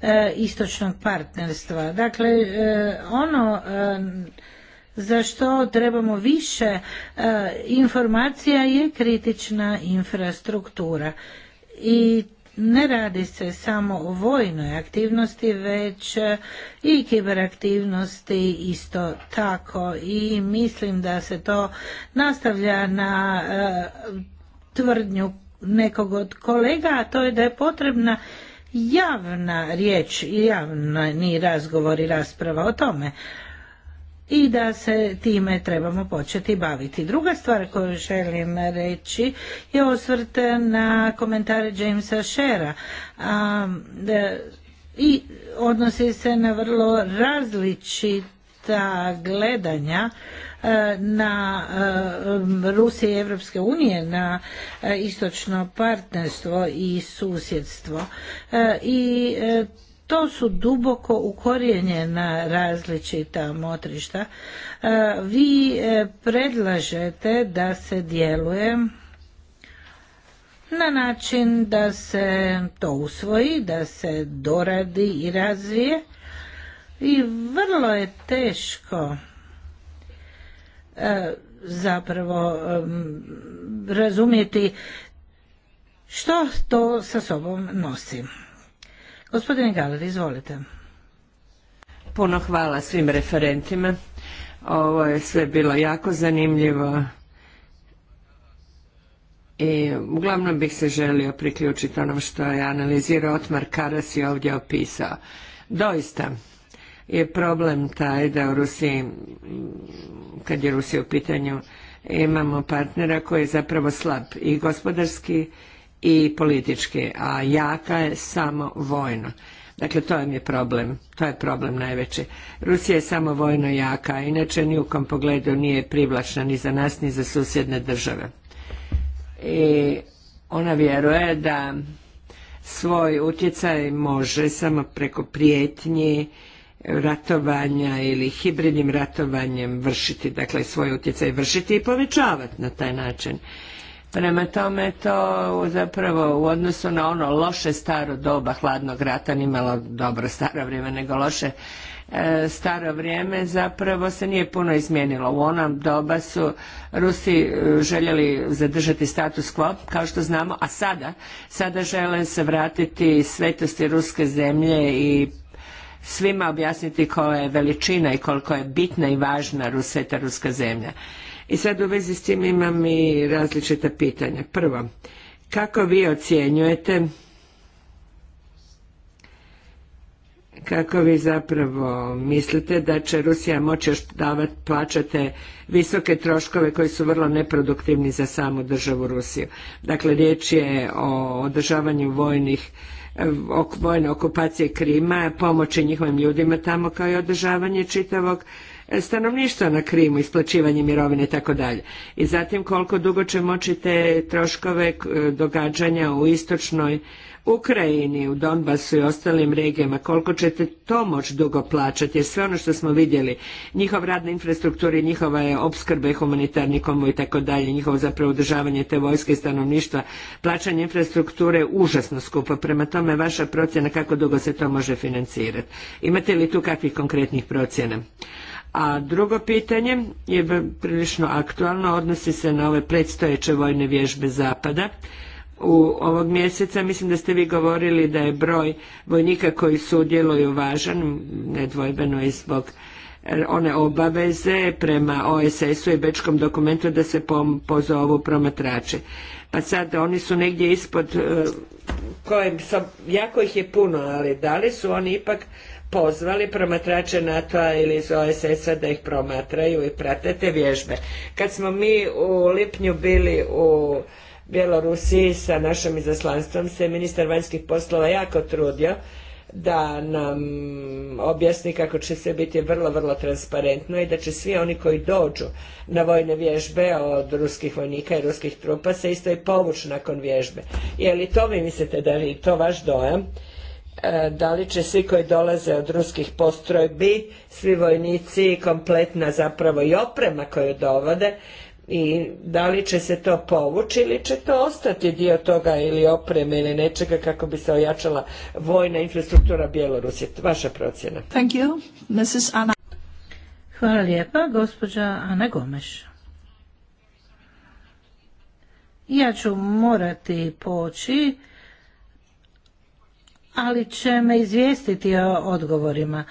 e, istočnog partnerstva. Dakle, e, ono e, za što trebamo više informacija je kritična infrastruktura. I ne radi se samo o vojnoj aktivnosti, već i kiberaktivnosti isto tako. I mislim da se to nastavlja na tvrdnju nekog od kolega, a to je da je potrebna javna riječ i javni razgovor i rasprava o tome i da se time trebamo početi baviti. Druga stvar koju želim reći je osvrt na komentare Jamesa Shera e, i odnosi se na vrlo različita gledanja na e, Rusije i Evropske unije, na e, istočno partnerstvo i susjedstvo. E, I to su duboko ukorijenjena različita motrišta. Vi predlažete da se djeluje na način da se to usvoji, da se doradi i razvije i vrlo je teško E, zapravo razumjeti što to sa sobom nosi. Gospodine Galer, izvolite. Puno hvala svim referentima. Ovo je sve bilo jako zanimljivo. I uglavnom bih se želio priključiti onom što je analizirao Otmar Karas i ovdje opisao. Doista, je problem taj da u Rusiji, kad je Rusija u pitanju, imamo partnera koji je zapravo slab i gospodarski i politički, a jaka je samo vojno. Dakle, to je je problem. To je problem najveći. Rusija je samo vojno jaka, inače ni u kom pogledu nije privlačna ni za nas, ni za susjedne države. I ona vjeruje da svoj utjecaj može samo preko prijetnji ratovanja ili hibridnim ratovanjem vršiti, dakle svoj utjecaj vršiti i povećavati na taj način. Prema tome to zapravo u odnosu na ono loše staro doba hladnog rata, malo dobro staro vrijeme nego loše e, staro vrijeme zapravo se nije puno izmijenilo. U onom doba su Rusi e, željeli zadržati status quo, kao što znamo, a sada, sada žele se vratiti svetosti ruske zemlje i svima objasniti koja je veličina i koliko je bitna i važna ruseta ruska zemlja. I sad u vezi s tim imam i različita pitanja. Prvo, kako vi ocjenjujete kako vi zapravo mislite da će Rusija moći još davati, visoke troškove koji su vrlo neproduktivni za samu državu Rusiju. Dakle, riječ je o održavanju vojnih vojne okupacije Krima, pomoći njihovim ljudima tamo kao i održavanje čitavog e, stanovništva na Krimu, isplaćivanje mirovine i tako dalje. I zatim koliko dugo će moći te troškove e, događanja u istočnoj Ukrajini, u Donbasu i ostalim regijama, koliko ćete to moći dugo plaćati, jer sve ono što smo vidjeli, njihov rad na infrastrukturi, njihova je obskrbe i humanitarni komu i tako dalje, njihovo zapravo održavanje te vojske i stanovništva, plaćanje infrastrukture je užasno skupo. Prema tome, vaša procjena kako dugo se to može financirati. Imate li tu kakvih konkretnih procjena? A drugo pitanje je prilično aktualno, odnosi se na ove predstojeće vojne vježbe Zapada u ovog mjeseca. Mislim da ste vi govorili da je broj vojnika koji sudjeluju važan, nedvojbeno i zbog eh, one obaveze prema OSS-u i Bečkom dokumentu da se pozovu promatrače. Pa sad oni su negdje ispod eh, kojem jako ih je puno, ali da li su oni ipak pozvali promatrače NATO-a ili iz OSS-a da ih promatraju i prate vježbe. Kad smo mi u lipnju bili u Bjelorusiji sa našim izaslanstvom se ministar vanjskih poslova jako trudio da nam objasni kako će se biti vrlo, vrlo transparentno i da će svi oni koji dođu na vojne vježbe od ruskih vojnika i ruskih trupa se isto i povući nakon vježbe. Je li to vi mislite da je to vaš dojam? E, da li će svi koji dolaze od ruskih postrojbi, svi vojnici, kompletna zapravo i oprema koju dovode, i da li će se to povući ili će to ostati dio toga ili opreme ili nečega kako bi se ojačala vojna infrastruktura Bjelorusije. Vaša procjena. Thank Hvala lijepa, gospođa Ana Gomeš. Ja ću morati poći, ali će me izvijestiti o odgovorima.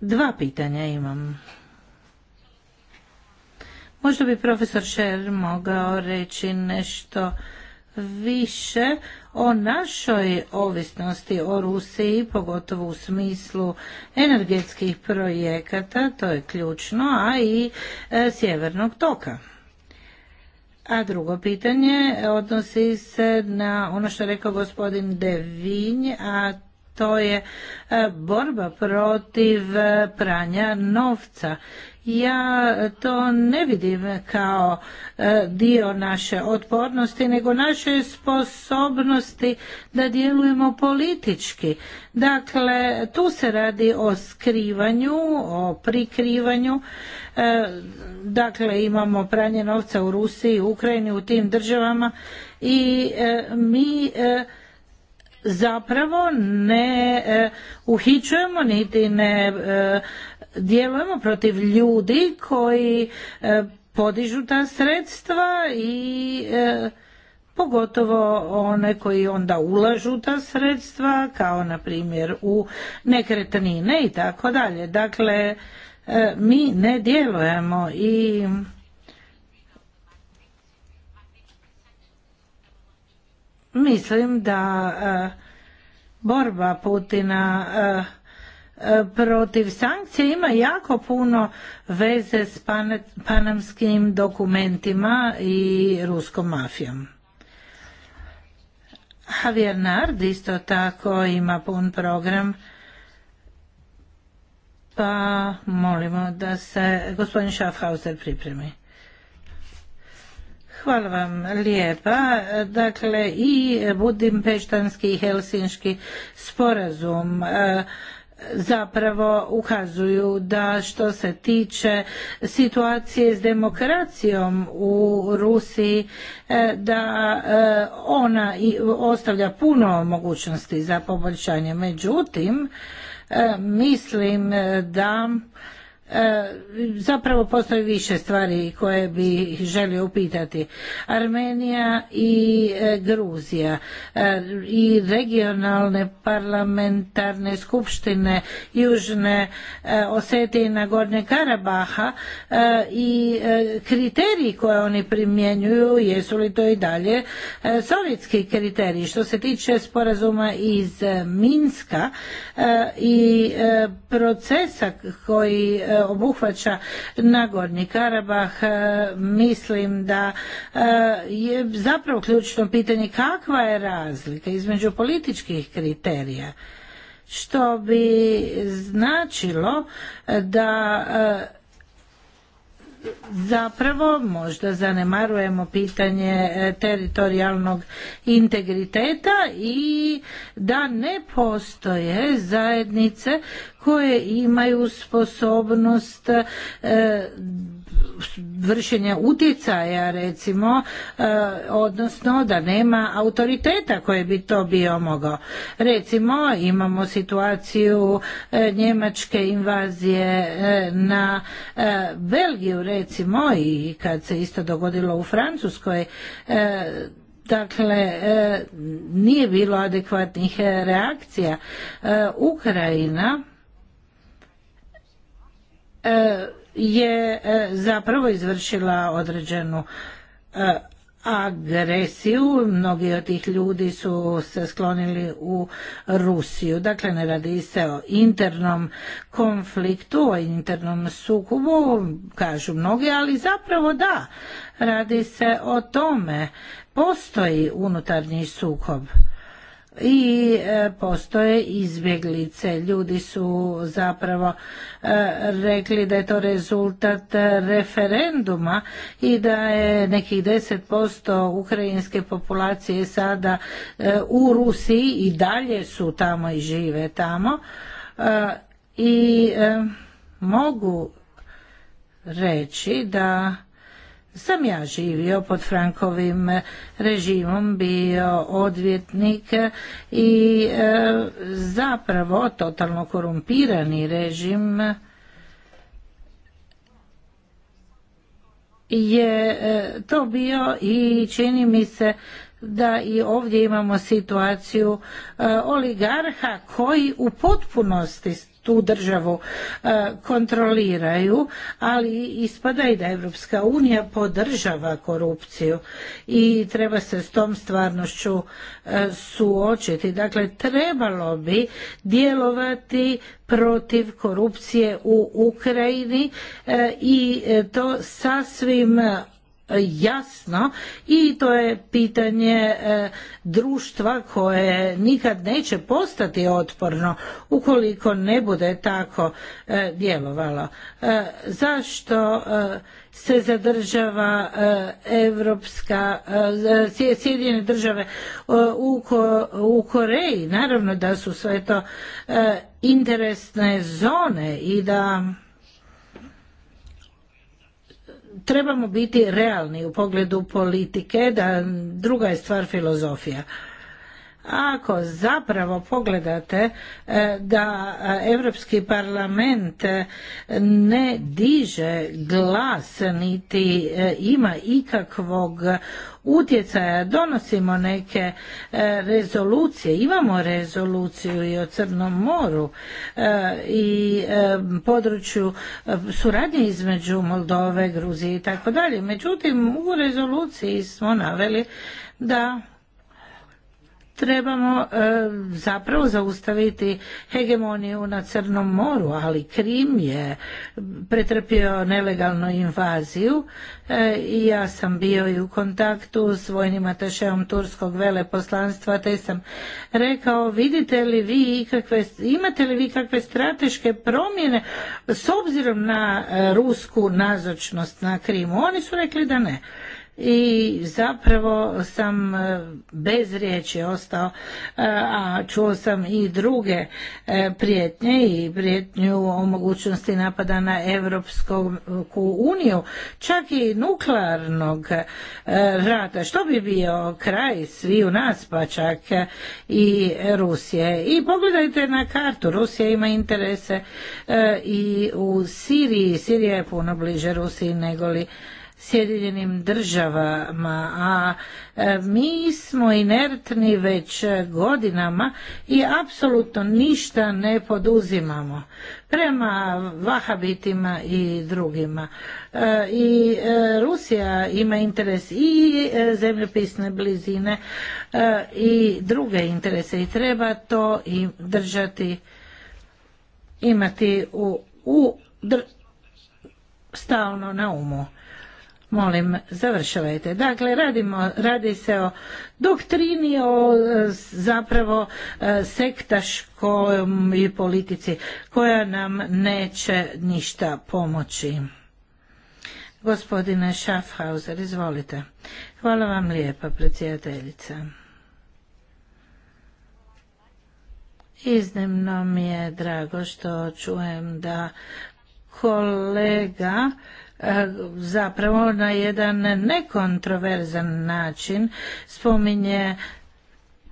Dva pitanja imam. Možda bi profesor Šer mogao reći nešto više o našoj ovisnosti o Rusiji, pogotovo u smislu energetskih projekata, to je ključno, a i e, sjevernog toka. A drugo pitanje odnosi se na ono što je rekao gospodin Devinj, a to je e, borba protiv e, pranja novca ja to ne vidim kao e, dio naše otpornosti, nego naše sposobnosti da djelujemo politički. Dakle, tu se radi o skrivanju, o prikrivanju. E, dakle, imamo pranje novca u Rusiji, Ukrajini, u tim državama i e, mi zapravo ne uhićujemo niti ne djelujemo protiv ljudi koji e, podižu ta sredstva i e, pogotovo one koji onda ulažu ta sredstva kao na primjer u nekretnine i tako dalje dakle e, mi ne djelujemo i mislim da borba Putina protiv sankcija ima jako puno veze s panamskim dokumentima i ruskom mafijom. Javier Nard isto tako ima pun program pa molimo da se gospodin Schaffhauser pripremi. Hvala vam lijepa. Dakle, i Budimpeštanski i Helsinški sporazum e, zapravo ukazuju da što se tiče situacije s demokracijom u Rusiji e, da e, ona ostavlja puno mogućnosti za poboljšanje međutim e, mislim da E, zapravo postoji više stvari koje bi želio upitati. Armenija i e, Gruzija e, i regionalne parlamentarne skupštine Južne Osetije na Gornje Karabaha i kriteriji koje oni primjenjuju jesu li to i dalje sovjetski kriteriji. Što se tiče sporazuma iz Minska i procesa koji obuhvaća Nagorni Karabah, e, mislim da e, je zapravo ključno pitanje kakva je razlika između političkih kriterija što bi značilo da e, zapravo možda zanemarujemo pitanje e, teritorijalnog integriteta i da ne postoje zajednice koje imaju sposobnost e, vršenja utjecaja recimo e, odnosno da nema autoriteta koji bi to bio mogao recimo imamo situaciju e, njemačke invazije e, na Belgiju recimo i kad se isto dogodilo u Francuskoj dakle nije bilo adekvatnih reakcija Ukrajina je e, zapravo izvršila određenu e, agresiju. Mnogi od tih ljudi su se sklonili u Rusiju. Dakle, ne radi se o internom konfliktu, o internom sukobu, kažu mnogi, ali zapravo da. Radi se o tome. Postoji unutarnji sukob i e, postoje izbjeglice. Ljudi su zapravo e, rekli da je to rezultat referenduma i da je nekih 10% ukrajinske populacije sada e, u Rusiji i dalje su tamo i žive tamo i mogu reći da sam ja živio pod Frankovim režimom, bio odvjetnik i e, zapravo totalno korumpirani režim je e, to bio i čini mi se da i ovdje imamo situaciju e, oligarha koji u potpunosti tu državu e, kontroliraju, ali ispada i da Evropska unija podržava korupciju i treba se s tom stvarnošću e, suočiti. Dakle, trebalo bi djelovati protiv korupcije u Ukrajini e, i to sasvim jasno i to je pitanje e, društva koje nikad neće postati otporno ukoliko ne bude tako e, djelovalo. E, zašto se zadržava Evropska, Sjedinjene države u Koreji? Naravno da su sve to interesne zone i da trebamo biti realni u pogledu politike, da druga je stvar filozofija. Ako zapravo pogledate e, da Europski parlament e, ne diže glas niti e, ima ikakvog utjecaja, donosimo neke rezolucije, imamo rezoluciju i o Crnom moru i području suradnje između Moldove, Gruzije i tako dalje. Međutim, u rezoluciji smo naveli da trebamo e, zapravo zaustaviti hegemoniju na Crnom moru, ali Krim je pretrpio nelegalnu invaziju e, i ja sam bio i u kontaktu s vojnim atašeom turskog veleposlanstva te sam rekao vidite li vi ikakve, imate li vi kakve strateške promjene s obzirom na e, rusku nazočnost na Krimu? Oni su rekli da ne i zapravo sam e, bez riječi ostao, e, a čuo sam i druge e, prijetnje i prijetnju o mogućnosti napada na Evropsku uniju, čak i nuklearnog rata. Što bi bio kraj svi u nas, pa čak i Rusije. I pogledajte na kartu, Rusija ima interese i u Siriji, Sirija je puno bliže Rusiji nego li Sjedinjenim državama, a e, mi smo inertni već godinama i apsolutno ništa ne poduzimamo prema vahabitima i drugima. E, I e, Rusija ima interes i zemljopisne blizine i druge interese i treba to i držati imati u, stalno na umu. Molim, završavajte. Dakle, radimo, radi se o doktrini, o e, zapravo i e, politici koja nam neće ništa pomoći. Gospodine Schaffhauser, izvolite. Hvala vam lijepa, predsjedateljica. Iznimno mi je drago što čujem da kolega E, zapravo na jedan nekontroverzan način spominje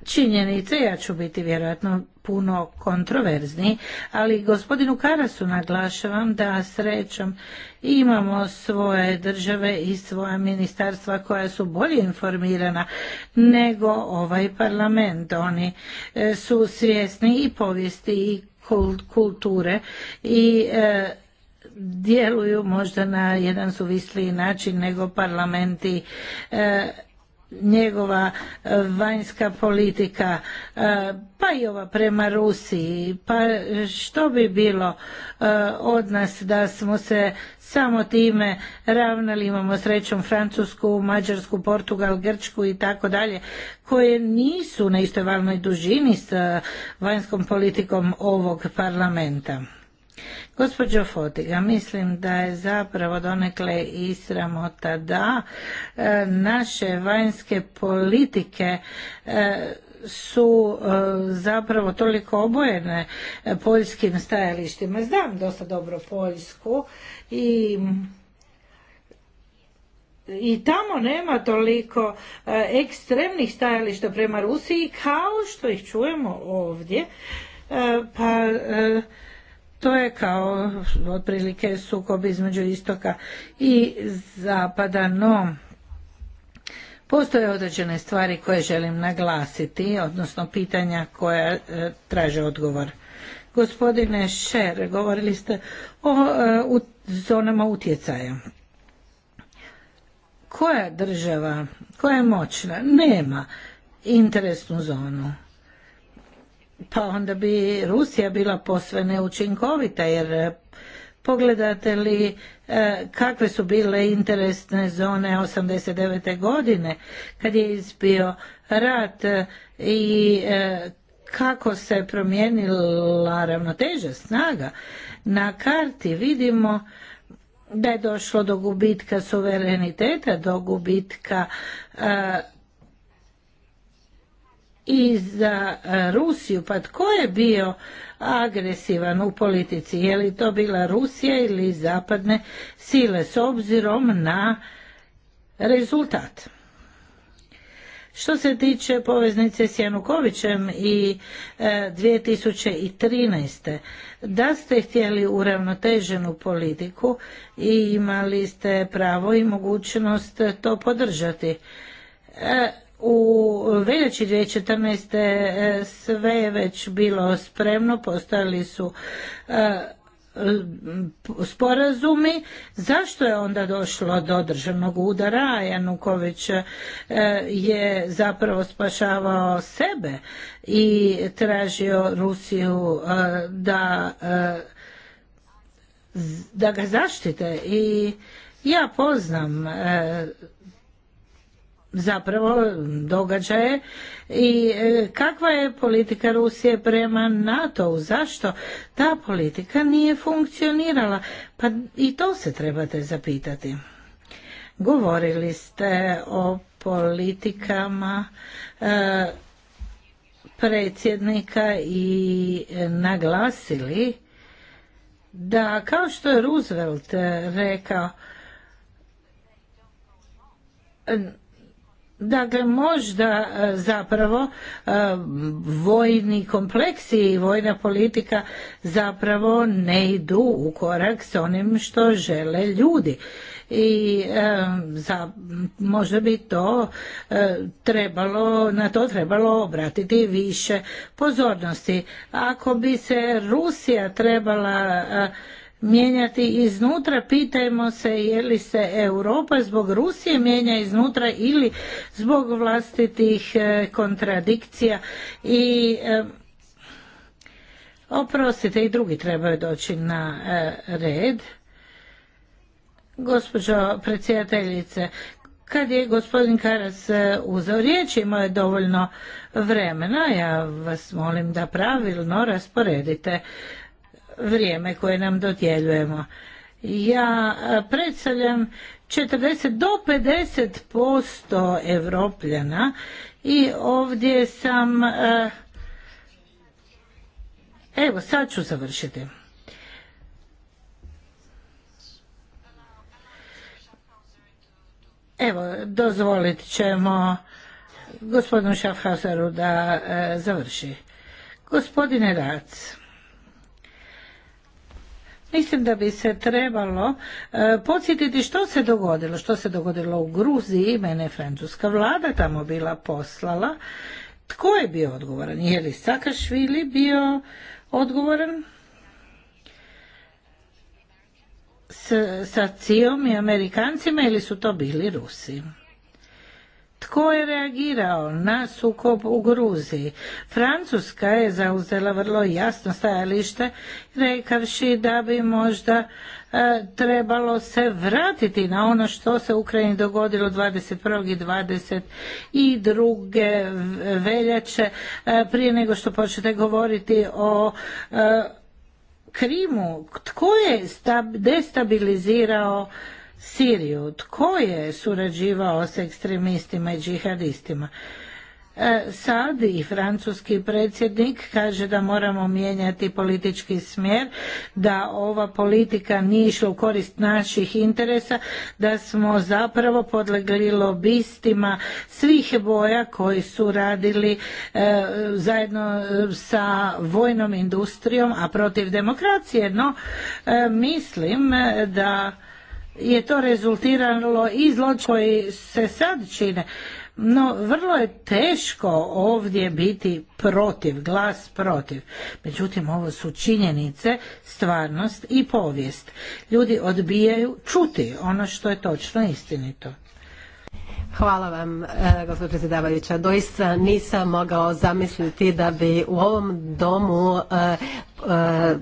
činjenice, ja ću biti vjerojatno puno kontroverzni, ali gospodinu Karasu naglašavam da srećom imamo svoje države i svoja ministarstva koja su bolje informirana nego ovaj parlament. Oni e, su svjesni i povijesti i kulture i e, djeluju možda na jedan suvisliji način nego parlamenti e, njegova e, vanjska politika, e, pa i ova prema Rusiji, pa što bi bilo od nas da smo se samo time ravnali, imamo srećom Francusku, Mađarsku, Portugal, Grčku i tako dalje, koje nisu na istoj valnoj dužini sa vanjskom politikom ovog parlamenta. Gospođo Fotiga, mislim da je zapravo donekle i sramota da e, naše vanjske politike e, su e, zapravo toliko obojene poljskim stajalištima. Znam dosta dobro Poljsku i i tamo nema toliko ekstremnih stajališta prema Rusiji kao što ih čujemo ovdje. Pa to je kao otprilike sukob između istoka i zapada, no postoje određene stvari koje želim naglasiti, odnosno pitanja koja e, traže odgovor. Gospodine Šer, govorili ste o e, zonama utjecaja. Koja država, koja je moćna, nema interesnu zonu pa onda bi Rusija bila posve neučinkovita jer e, pogledate li e, kakve su bile interesne zone 89. godine kad je izbio rat e, i kako se promijenila ravnoteža snaga na karti vidimo da je došlo do gubitka suvereniteta, do gubitka i za e, Rusiju. Pa tko je bio agresivan u politici? Je li to bila Rusija ili zapadne sile s obzirom na rezultat? Što se tiče poveznice s Janukovićem i 2013. E, da ste htjeli uravnoteženu politiku i imali ste pravo i mogućnost to podržati. E, u veljači 2014. E, sve je već bilo spremno, postojali su e, e, sporazumi zašto je onda došlo do državnog udara Januković je zapravo spašavao sebe i tražio Rusiju da da ga zaštite i ja poznam zapravo događaje i e, kakva je politika Rusije prema NATO-u, zašto ta politika nije funkcionirala, pa i to se trebate zapitati. Govorili ste o politikama e, predsjednika i naglasili da kao što je Roosevelt e, rekao Dakle, možda e, zapravo e, vojni kompleksi i vojna politika zapravo ne idu u korak s onim što žele ljudi. I e, možda bi to trebalo, na to trebalo obratiti više pozornosti. Ako bi se Rusija trebala mijenjati iznutra. Pitajmo se je li se Europa zbog Rusije mijenja iznutra ili zbog vlastitih e, kontradikcija i e, oprostite i drugi trebaju doći na e, red. Gospođo predsjedateljice, kad je gospodin Karas uzeo riječ, imao je dovoljno vremena, ja vas molim da pravilno rasporedite vrijeme koje nam dodjeljujemo. Ja e, predstavljam 40 do 50% evropljana i ovdje sam... E, evo, sad ću završiti. Evo, dozvolit ćemo gospodinu Schaffhauseru da e, završi. Gospodine Rac, Mislim da bi se trebalo e, podsjetiti što se dogodilo. Što se dogodilo u Gruziji, mene francuska vlada tamo bila poslala. Tko je bio odgovoran? Je li Sakašvili bio odgovoran? sa Cijom i Amerikancima ili su to bili Rusi? Tko je reagirao na sukob u Gruziji? Francuska je zauzela vrlo jasno stajalište rekavši da bi možda e, trebalo se vratiti na ono što se Ukrajini dogodilo 21. i 22. veljače e, prije nego što počete govoriti o e, Krimu. Tko je destabilizirao Siriju? Tko je surađivao s ekstremistima i džihadistima? E, Sad i francuski predsjednik kaže da moramo mijenjati politički smjer, da ova politika nije išla u korist naših interesa, da smo zapravo podlegli lobistima svih boja koji su radili e, zajedno e, sa vojnom industrijom, a protiv demokracije. No, mislim da je to rezultiralo i koji se sad čine. No, vrlo je teško ovdje biti protiv, glas protiv. Međutim, ovo su činjenice, stvarnost i povijest. Ljudi odbijaju čuti ono što je točno istinito. Hvala vam, e, gospođo predsjedavajuća. Doista nisam mogao zamisliti da bi u ovom domu e, E,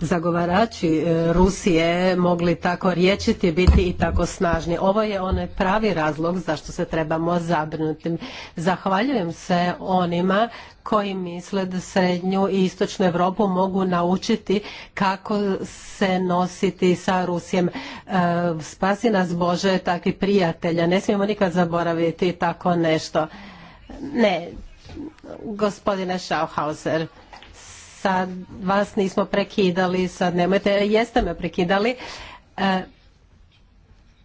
zagovarači e, Rusije mogli tako riječiti, biti i tako snažni. Ovo je onaj pravi razlog zašto se trebamo zabrinuti. Zahvaljujem se onima koji misle da srednju i istočnu Europu mogu naučiti kako se nositi sa Rusijem. E, spasi nas Bože takvi prijatelja. Ne smijemo nikad zaboraviti tako nešto. Ne, gospodine Schauhauser sad vas nismo prekidali, sad nemojte, jeste me prekidali. E,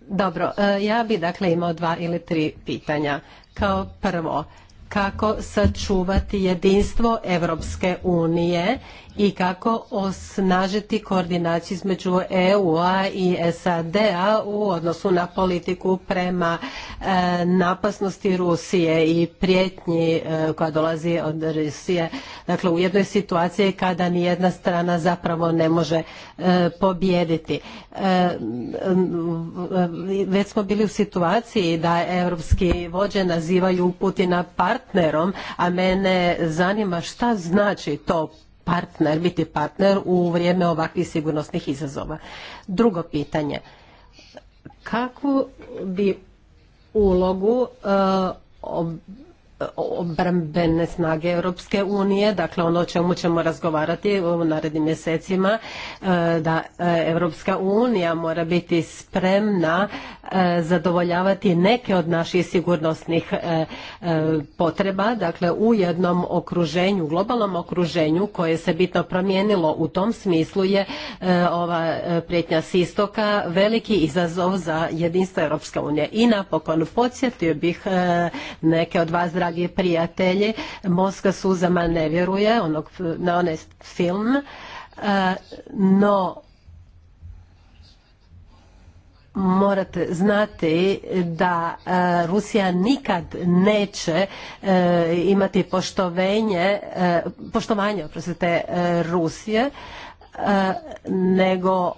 dobro, e, ja bi dakle imao dva ili tri pitanja. Kao prvo, kako sačuvati jedinstvo Europske unije i kako osnažiti koordinaciju između EU-a i SAD-a u odnosu na politiku prema e, napasnosti Rusije i prijetnji e, koja dolazi od Rusije. Dakle, u jednoj situaciji kada ni jedna strana zapravo ne može e, pobijediti. Već smo bili u situaciji da europski vođe nazivaju Putina partnerom, a mene zanima šta znači to partner, biti partner u vrijeme ovakvih sigurnosnih izazova. Drugo pitanje, Kako bi ulogu e, obrambene snage Europske unije, dakle ono o čemu ćemo razgovarati u narednim mjesecima, e, da e, Europska unija mora biti spremna e, zadovoljavati neke od naših sigurnosnih potreba, dakle u jednom okruženju, globalnom okruženju koje se bitno promijenilo u tom smislu je ova prijetnja s istoka veliki izazov za jedinstvo Europske unije. I napokon podsjetio bih neke od vas, dragi dragi prijatelji, Moska suzama ne vjeruje onog, na onaj film, e, no morate znati da e, Rusija nikad neće e, imati poštovenje, poštovanje oprostite, Rusije, nego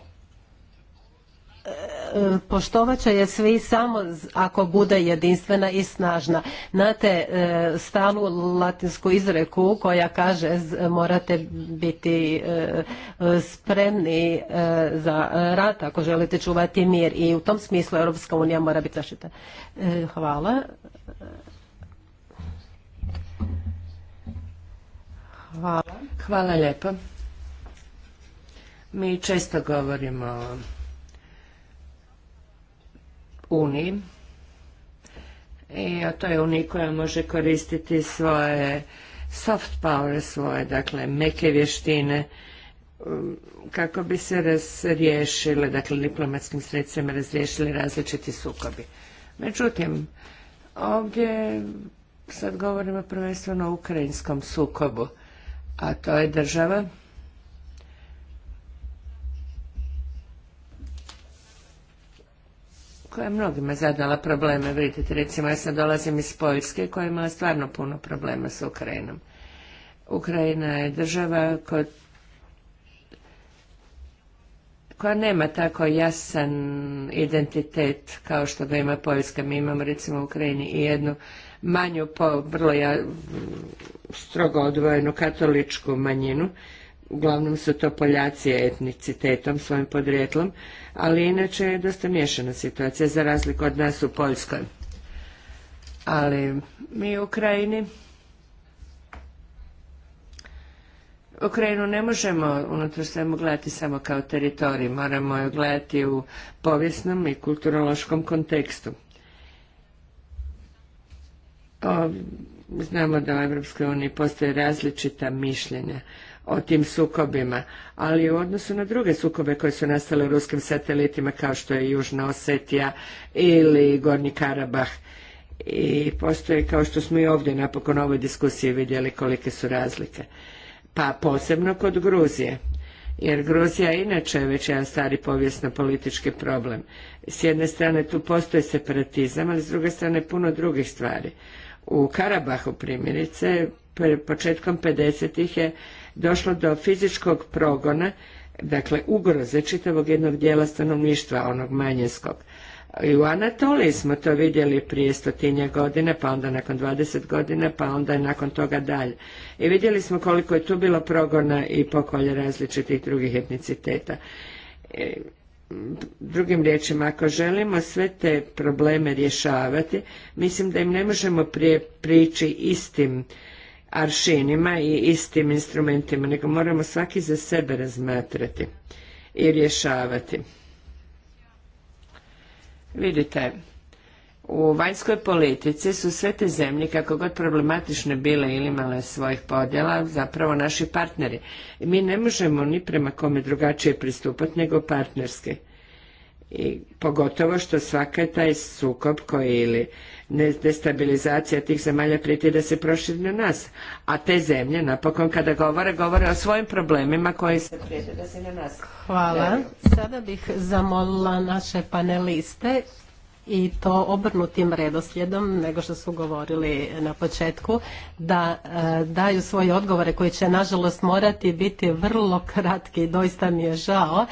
poštovat će je svi samo ako bude jedinstvena i snažna. Znate e, stalu latinsku izreku koja kaže morate biti e, spremni e, za rat ako želite čuvati mir i u tom smislu Europska unija mora biti zaštita. Hvala. Hvala. Hvala lijepo. Mi često govorimo o uniji i to je Uniji koja može koristiti svoje soft power, svoje dakle meke vještine um, kako bi se razriješile, dakle diplomatskim sredstvima razriješili različiti sukobi. Međutim, ovdje sad govorimo prvenstveno o ukrajinskom sukobu, a to je država koja je mnogima zadala probleme. Vidite, recimo ja sad dolazim iz Poljske koja je imala stvarno puno problema s Ukrajinom. Ukrajina je država koja nema tako jasan identitet kao što ga ima Poljska. Mi imamo recimo u Ukrajini i jednu manju, po, vrlo strogo odvojenu katoličku manjinu. Uglavnom su to Poljaci etnicitetom, svojim podrijetlom ali inače je dosta miješana situacija za razliku od nas u Poljskoj. Ali mi u Ukrajini Ukrajinu ne možemo unutar svemu gledati samo kao teritorij, moramo ju gledati u povijesnom i kulturološkom kontekstu. znamo da u Europskoj uniji postoje različita mišljenja o tim sukobima, ali u odnosu na druge sukobe koje su nastale u ruskim satelitima kao što je Južna Osetija ili Gornji Karabah i postoje kao što smo i ovdje napokon ove ovoj diskusiji vidjeli kolike su razlike. Pa posebno kod Gruzije jer Gruzija inače je već jedan stari povijesno politički problem. S jedne strane tu postoji separatizam, ali s druge strane puno drugih stvari. U Karabahu primjerice, početkom 50-ih je došlo do fizičkog progona, dakle ugroze čitavog jednog dijela stanovništva, onog manjinskog. I u Anatoliji smo to vidjeli prije stotinja godina, pa onda nakon 20 godina, pa onda nakon toga dalje. I vidjeli smo koliko je tu bilo progona i pokolja različitih drugih etniciteta. E, drugim riječima, ako želimo sve te probleme rješavati, mislim da im ne možemo prije istim aršinima i istim instrumentima, nego moramo svaki za sebe razmatrati i rješavati. Vidite, u vanjskoj politici su sve te zemlje, kako god problematične bile ili imale svojih podjela, zapravo naši partneri. mi ne možemo ni prema kome drugačije pristupati nego partnerski. I pogotovo što svaka taj sukob koji ili destabilizacija tih zemalja prijeti da se proširi na nas. A te zemlje napokon kada govore, govore o svojim problemima koji se prijeti da se na nas. Hvala. Sada bih zamolila naše paneliste i to obrnutim redoslijedom nego što su govorili na početku, da e, daju svoje odgovore koji će nažalost morati biti vrlo kratki, doista mi je žao, e,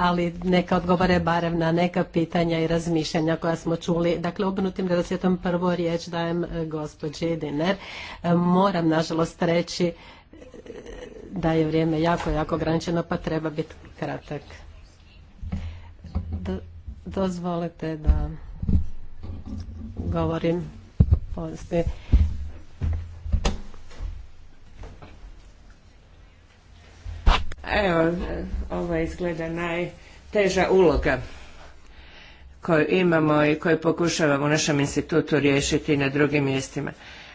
ali neka odgovore barem na neka pitanja i razmišljanja koja smo čuli. Dakle, obrnutim redoslijedom prvo riječ dajem e, gospođi Diner. Moram nažalost reći da je vrijeme jako, jako ograničeno, pa treba biti kratak. Da, Dozvolite da govorim poslije. Evo, ovo izgleda najteža uloga koju imamo i koju pokušavamo u našem institutu riješiti na drugim mjestima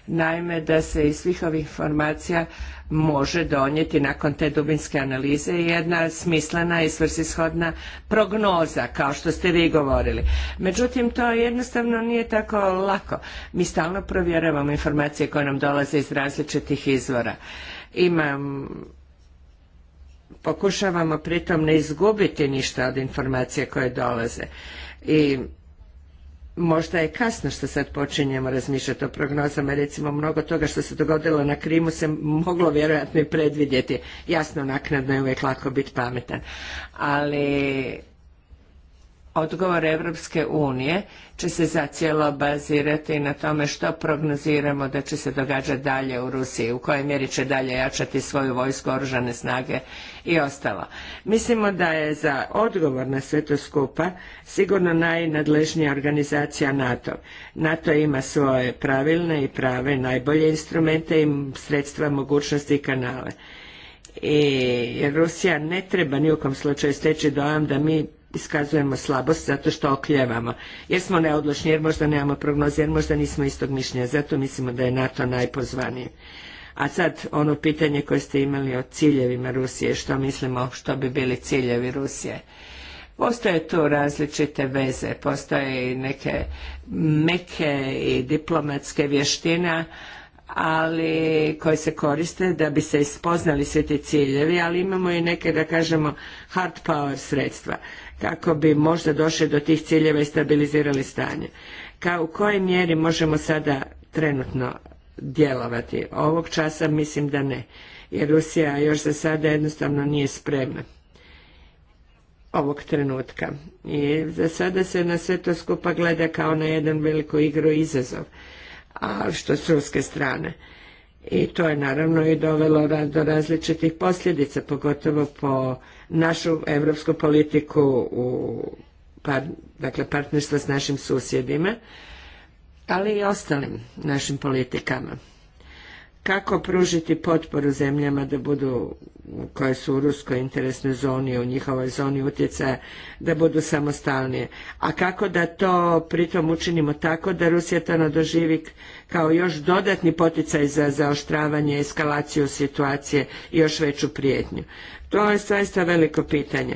naime da se iz svih ovih informacija može donijeti nakon te dubinske analize jedna smislena i svrsishodna prognoza kao što ste vi govorili. Međutim, to jednostavno nije tako lako. Mi stalno provjeravamo informacije koje nam dolaze iz različitih izvora. Imam pokušavamo pritom ne izgubiti ništa od informacija koje dolaze. I možda je kasno što sad počinjemo razmišljati o prognozama. Recimo, mnogo toga što se dogodilo na Krimu se moglo vjerojatno i predvidjeti. Jasno, naknadno je uvijek lako biti pametan. Ali odgovor Evropske unije će se zacijelo bazirati na tome što prognoziramo da će se događati dalje u Rusiji, u kojoj mjeri će dalje jačati svoju vojsku, oružane snage i ostalo. Mislimo da je za odgovor na sve to skupa sigurno najnadležnija organizacija NATO. NATO ima svoje pravilne i prave najbolje instrumente i sredstva, mogućnosti i kanale. I Rusija ne treba ni u kom slučaju steći dojam da mi iskazujemo slabost zato što okljevamo. Jer smo neodlučni, jer možda nemamo prognoze, jer možda nismo istog mišljenja. Zato mislimo da je NATO najpozvaniji. A sad ono pitanje koje ste imali o ciljevima Rusije, što mislimo što bi bili ciljevi Rusije. Postoje tu različite veze, postoje i neke meke i diplomatske vještine, ali koje se koriste da bi se ispoznali svi ti ciljevi, ali imamo i neke da kažemo hard power sredstva kako bi možda došli do tih ciljeva i stabilizirali stanje. Kao u kojoj mjeri možemo sada trenutno djelovati. Ovog časa mislim da ne, jer Rusija još za sada jednostavno nije spremna ovog trenutka. I za sada se na sve to skupa gleda kao na jedan veliko igro izazov, a što s ruske strane. I to je naravno i dovelo do različitih posljedica, pogotovo po našu europsku politiku u dakle partnerstva s našim susjedima ali i ostalim našim politikama. Kako pružiti potporu zemljama da budu koje su u ruskoj interesnoj zoni, u njihovoj zoni utjecaja, da budu samostalnije. A kako da to pritom učinimo tako da Rusija to nadoživi kao još dodatni poticaj za zaoštravanje, eskalaciju situacije i još veću prijetnju. To je zaista veliko pitanje.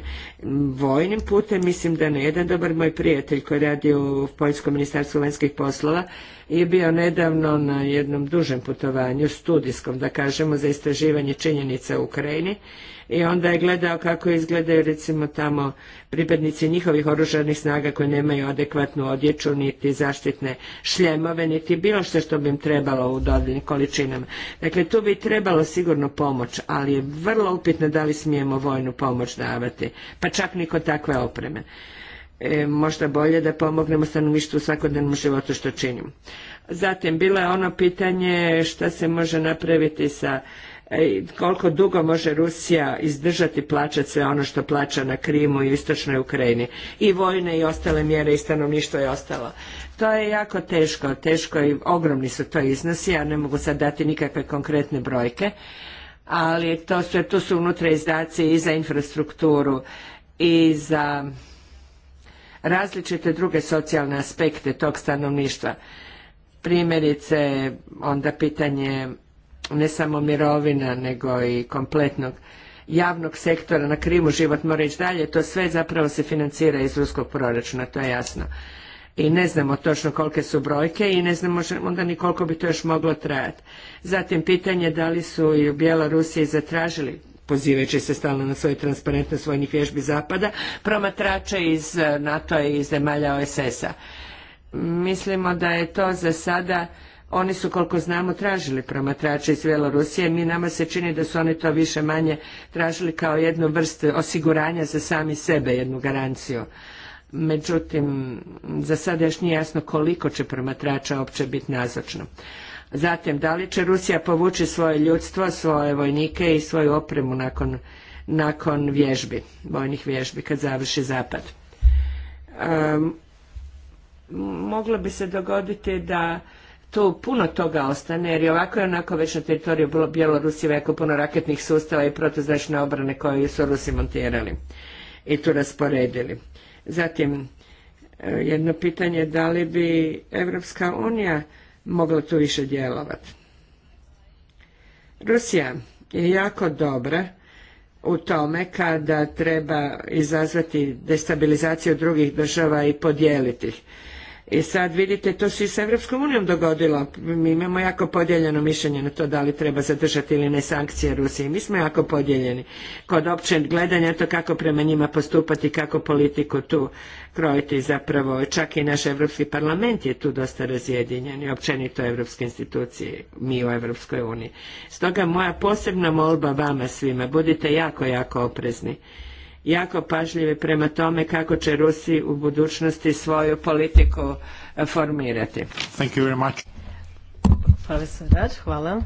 Vojnim putem mislim da ne jedan dobar moj prijatelj koji radi u Poljskom ministarstvu vanjskih poslova je bio nedavno na jednom dužem putovanju, studijskom da kažemo, za istraživanje činjenica u Ukrajini Ukrajini i onda je gledao kako izgledaju recimo tamo pripadnici njihovih oružanih snaga koji nemaju adekvatnu odjeću, niti zaštitne šljemove, niti bilo što što bi im trebalo u dovoljnim količinama. Dakle, tu bi trebalo sigurno pomoć, ali je vrlo upitno da li smijemo vojnu pomoć davati, pa čak ni takve opreme. E, možda bolje da pomognemo stanovništvu u svakodnevnom životu što činimo. Zatim, bilo je ono pitanje šta se može napraviti sa koliko dugo može Rusija izdržati plaćati sve ono što plaća na Krimu i istočnoj Ukrajini i vojne i ostale mjere i stanovništvo je ostalo. To je jako teško, teško i ogromni su to iznosi, ja ne mogu sad dati nikakve konkretne brojke, ali to sve tu su unutra izdaci i za infrastrukturu i za različite druge socijalne aspekte tog stanovništva. Primjerice, onda pitanje ne samo mirovina nego i kompletnog javnog sektora na krimu život mora ići dalje, to sve zapravo se financira iz ruskog proračuna, to je jasno. I ne znamo točno kolike su brojke i ne znamo onda ni koliko bi to još moglo trajati. Zatim pitanje da li su i u Bjelorusiji zatražili pozivajući se stalno na svoju transparentnost vojnih vježbi Zapada, promatrače iz eh, NATO-a i iz zemalja OSS-a. Mislimo da je to za sada oni su, koliko znamo, tražili promatrače iz velorusije Mi nama se čini da su oni to više manje tražili kao jednu vrstu osiguranja za sami sebe, jednu garanciju. Međutim, za sada još nije jasno koliko će promatrača opće biti nazočno. Zatim, da li će Rusija povući svoje ljudstvo, svoje vojnike i svoju opremu nakon, nakon vježbi, vojnih vježbi kad završi zapad? moglo bi se dogoditi da tu puno toga ostane, jer i ovako i onako već na teritoriju Bjelorusije jako puno raketnih sustava i protuzračne obrane koje su Rusi montirali i tu rasporedili. Zatim, e, jedno pitanje da li bi Evropska unija mogla tu više djelovati. Rusija je jako dobra u tome kada treba izazvati destabilizaciju drugih država i podijeliti ih i sad vidite, to se i s Evropskom unijom dogodilo. Mi imamo jako podijeljeno mišljenje na to da li treba zadržati ili ne sankcije Rusije. Mi smo jako podijeljeni kod opće gledanja to kako prema njima postupati, kako politiku tu krojiti zapravo. Čak i naš Europski parlament je tu dosta razjedinjen i općenito Europske institucije, mi u Evropskoj uniji. Stoga moja posebna molba vama svima, budite jako, jako oprezni jako pažljivi prema tome kako će Rusi u budućnosti svoju politiku e, formirati. Thank you very much. Hvala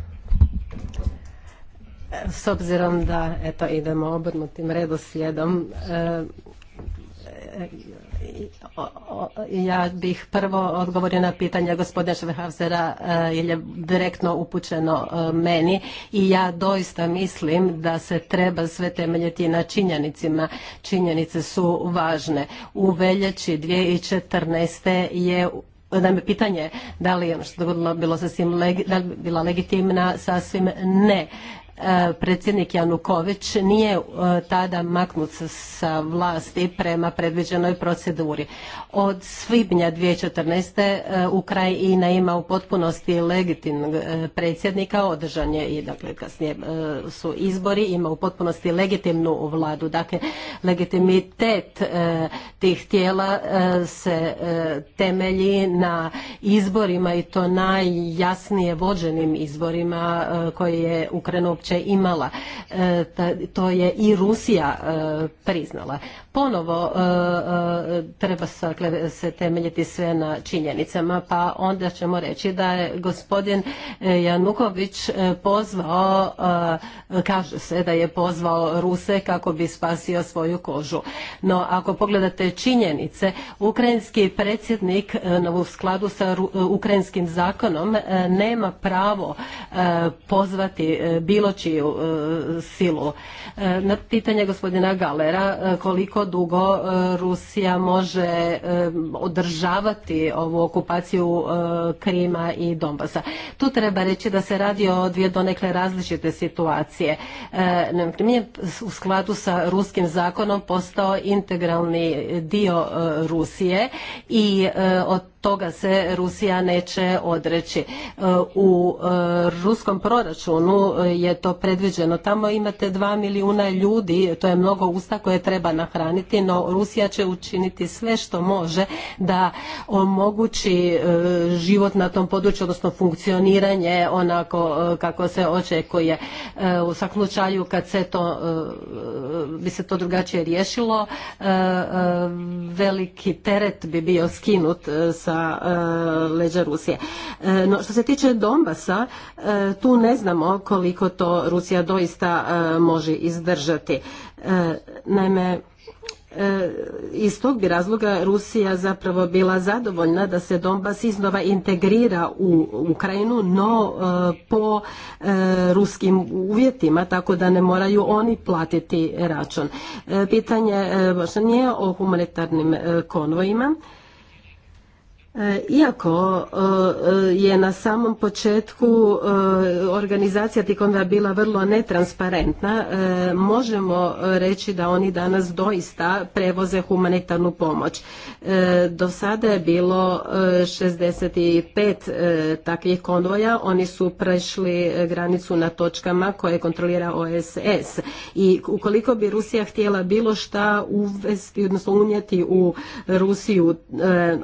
e, S obzirom da eto idemo obrnutim redoslijedom, e, e ja bih prvo odgovorio na pitanje gospodina Švehavzera e, jer je direktno upućeno e, meni i ja doista mislim da se treba sve temeljiti na činjenicima. Činjenice su važne. U veljači 2014. je pitanje da li je ono bilo sasvim, da li bila legitimna, sasvim ne. E, predsjednik Januković nije e, tada maknut sa vlasti prema predviđenoj proceduri. Od svibnja 2014. E, Ukrajina ima u potpunosti legitimnog predsjednika, održan je i dakle kasnije su izbori, ima u potpunosti legitimnu vladu. Dakle, legitimitet tih tijela se temelji na izborima i to najjasnije vođenim izborima koje je Ukrajina uopće imala. E, to je i Rusija e, priznala ponovo e, e, treba dakle, se temeljiti sve na činjenicama, pa onda ćemo reći da je gospodin e, Januković pozvao, kaže se da je pozvao Ruse kako bi spasio svoju kožu. No, ako pogledate činjenice, ukrajinski predsjednik u skladu sa ukrajinskim zakonom nema pravo pozvati bilo čiju silu. Na pitanje gospodina Galera koliko dugo e, Rusija može e, održavati ovu okupaciju e, Krima i Donbasa. Tu treba reći da se radi o dvije donekle različite situacije. Krim je u skladu sa ruskim zakonom postao integralni dio Rusije i od toga se Rusija neće odreći. E, u e, ruskom proračunu e, je to predviđeno. Tamo imate dva milijuna ljudi, to je mnogo usta koje treba nahraniti, no Rusija će učiniti sve što može da omogući život na tom području, odnosno funkcioniranje onako kako se očekuje. U svakom slučaju kad se to, bi se to drugačije riješilo, veliki teret bi bio skinut s sa e, leđa Rusije. E, no, što se tiče Donbasa, e, tu ne znamo koliko to Rusija doista može izdržati. Naime, iz tog bi razloga Rusija zapravo bila zadovoljna da se Donbas iznova integrira u Ukrajinu, no po ruskim uvjetima, tako da ne moraju oni platiti račun. Pitanje nije o humanitarnim konvojima. E, iako e, e, je na samom početku organizacija Tikonda bila vrlo netransparentna, možemo reći da oni danas doista prevoze humanitarnu pomoć. Do sada je bilo 65 takvih konvoja, oni su prešli granicu na točkama koje kontrolira OSS i ukoliko bi Rusija htjela bilo šta uvesti, odnosno unijeti u Rusiju,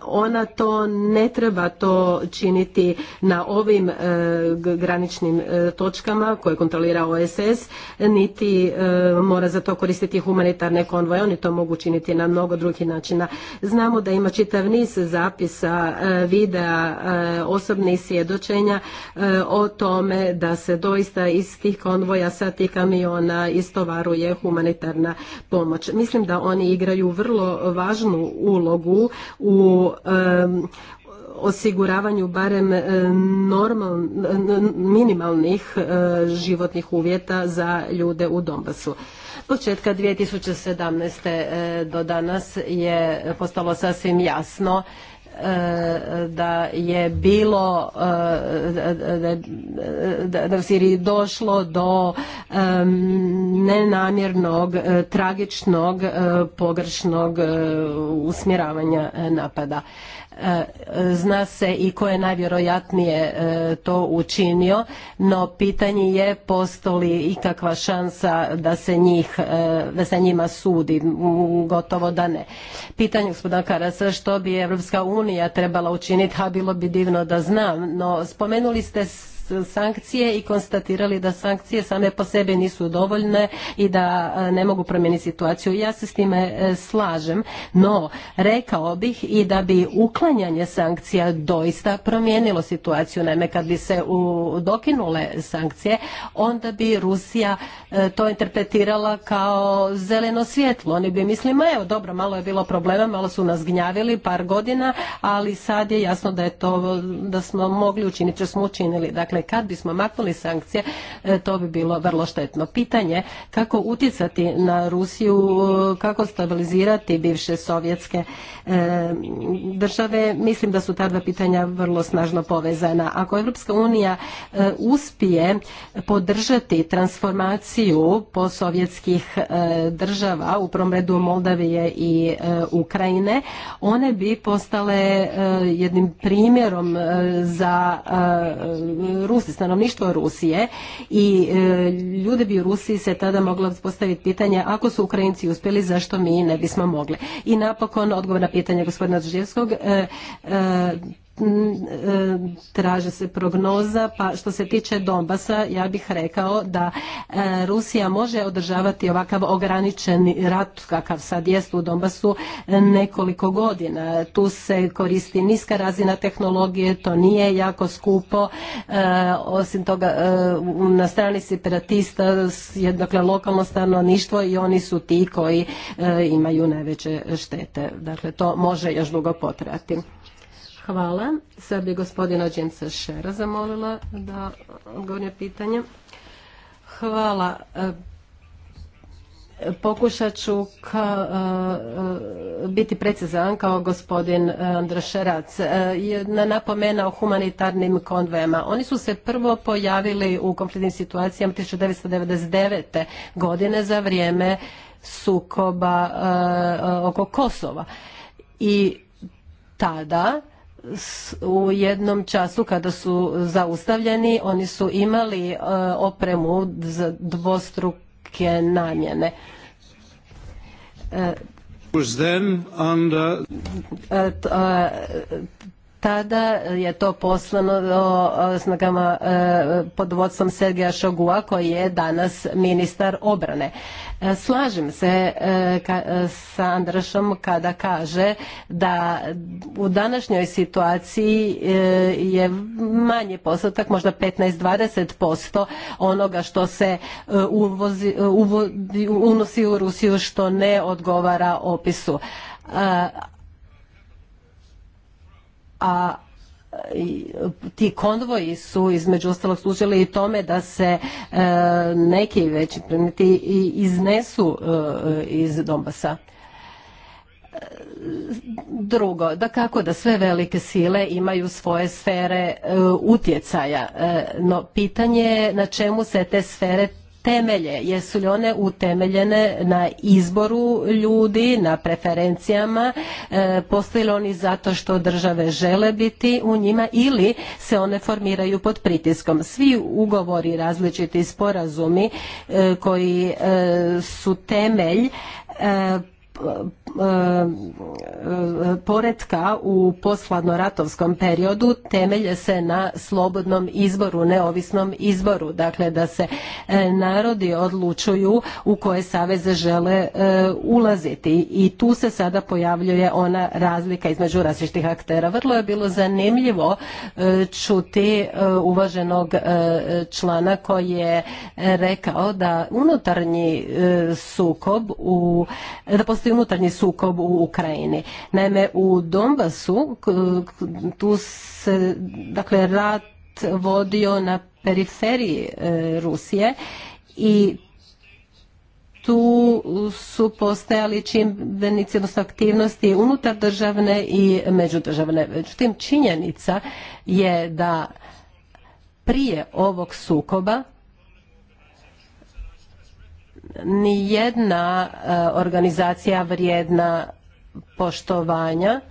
ona to ne treba to činiti na ovim e, graničnim e, točkama koje kontrolira OSS, niti e, mora za to koristiti humanitarne konvoje, oni to mogu činiti na mnogo drugih načina. Znamo da ima čitav niz zapisa, videa, osobnih svjedočenja o tome da se doista iz tih konvoja sa tih kamiona istovaruje humanitarna pomoć. Mislim da oni igraju vrlo važnu ulogu u osiguravanju barem e, minimalnih e, životnih uvjeta za ljude u Donbasu. Početka 2017. E, do danas je postalo sasvim jasno da je bilo da u Siriji došlo do nenamjernog tragičnog pogrešnog usmjeravanja napada E, zna se i ko je najvjerojatnije e, to učinio, no pitanje je postoji ikakva šansa da se njih, e, da se njima sudi, gotovo da ne. Pitanje gospodina Karasa što bi Europska unija trebala učiniti, ha bilo bi divno da znam, no spomenuli ste sankcije i konstatirali da sankcije same po sebi nisu dovoljne i da e, ne mogu promijeniti situaciju. Ja se s time e, slažem, no rekao bih i da bi uklanjanje sankcija doista promijenilo situaciju. Naime, kad bi se dokinule sankcije, onda bi Rusija e, to interpretirala kao zeleno svjetlo. Oni bi mislili, ma evo dobro, malo je bilo problema, malo su nas gnjavili par godina, ali sad je jasno da je to, da smo mogli učiniti, što smo učinili. Dakle, Dakle, kad bismo maknuli sankcije, e, to bi bilo vrlo štetno. Pitanje kako utjecati na Rusiju, e, kako stabilizirati bivše sovjetske e, države, mislim da su ta dva pitanja vrlo snažno povezana. Ako Europska unija uspije podržati transformaciju posovjetskih država, u prvom Moldavije i Ukrajine, one bi postale jednim primjerom za Rusi, stanovništvo Rusije i e, ljudi bi u Rusiji se tada moglo postaviti pitanje ako su Ukrajinci uspjeli zašto mi ne bismo mogli. I napokon odgovor na pitanje gospodina Žđevskog e, e, Mm, e, traže se prognoza, pa što se tiče Donbasa, ja bih rekao da e, Rusija može održavati ovakav ograničeni rat kakav sad jest u Donbasu e, nekoliko godina. Tu se koristi niska razina tehnologije, to nije jako skupo. Osim toga, na strani separatista dakle, lokalno stanovništvo i oni su ti koji imaju najveće štete. Dakle, to može još dugo potrati. Hvala. Sad bi gospodina Jamesa Šera zamolila da odgovorio pitanje. Hvala. E, pokušat ću e, e, biti precizan kao gospodin Šerac, Jedna napomena o humanitarnim konvojama. Oni su se prvo pojavili u konfliktnim situacijama 1999. godine za vrijeme sukoba oko Kosova. I tada u jednom času kada su zaustavljeni oni su imali e, opremu za dvostruke namjene. E, tada je to poslano snagama e, pod vodstvom Sergeja Šogua koji je danas ministar obrane. E, slažem se e, sa Andrašom kada kaže da u današnjoj situaciji je manji postotak, možda 15-20% onoga što se unosi u Rusiju što ne odgovara opisu a ti konvoji su između ostalog služili i tome da se e, neki veći predmeti iznesu e, iz Donbasa. E, drugo, da kako da sve velike sile imaju svoje sfere utjecaja, no pitanje je na čemu se te sfere temelje, jesu li one utemeljene na izboru ljudi, na preferencijama, e, postoji li oni zato što države žele biti u njima ili se one formiraju pod pritiskom. Svi ugovori, različiti sporazumi e, koji e, su temelj Eh, poretka u posladno-ratovskom periodu temelje se na slobodnom izboru, neovisnom izboru. Dakle, da se eh, narodi odlučuju u koje saveze žele eh, ulaziti. I tu se sada pojavljuje ona razlika između različitih aktera. Vrlo je bilo zanimljivo čuti uvaženog člana koji je rekao da unutarnji sukob u, da postoji unutarnji sukob sukob u Ukrajini. Naime, u Donbasu tu se, dakle, rat vodio na periferiji e, Rusije i tu su postojali čimbenici, odnosno aktivnosti unutar državne i međudržavne. Međutim, činjenica je da prije ovog sukoba jedna e, organizacija vrijedna poštovanja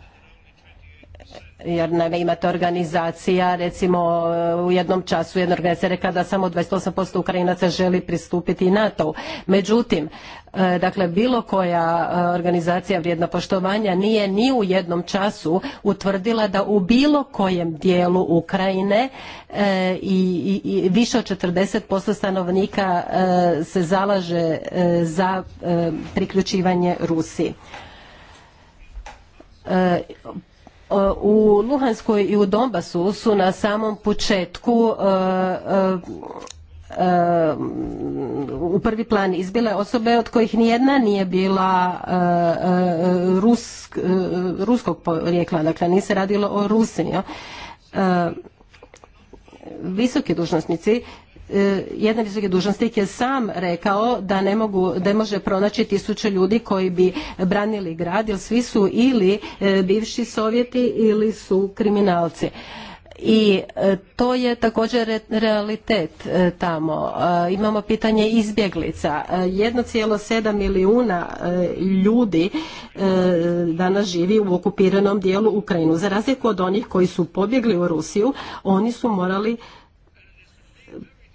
jer naime imate organizacija, recimo u jednom času jedna organizacija rekla da samo 28% Ukrajinaca želi pristupiti nato Međutim, eh, dakle bilo koja eh, organizacija vrijedna poštovanja nije ni u jednom času utvrdila da u bilo kojem dijelu Ukrajine eh, i, i više od 40% stanovnika se zalaže za priključivanje Rusiji E, u Luhanskoj i u Donbasu su na samom početku e, e, u prvi plan izbile osobe od kojih nijedna nije bila ruskog porijekla, dakle nije se radilo o Rusinju. Visoki dužnosnici E, jedan visoki dužnosnik je sam rekao da ne mogu, da može pronaći tisuće ljudi koji bi branili grad jer svi su ili e, bivši sovjeti ili su kriminalci i e, to je također realitet tamo. Imamo pitanje izbjeglica. 1,7 milijuna ljudi danas živi u okupiranom dijelu Ukrajinu. Za razliku od onih koji su pobjegli u Rusiju, oni su morali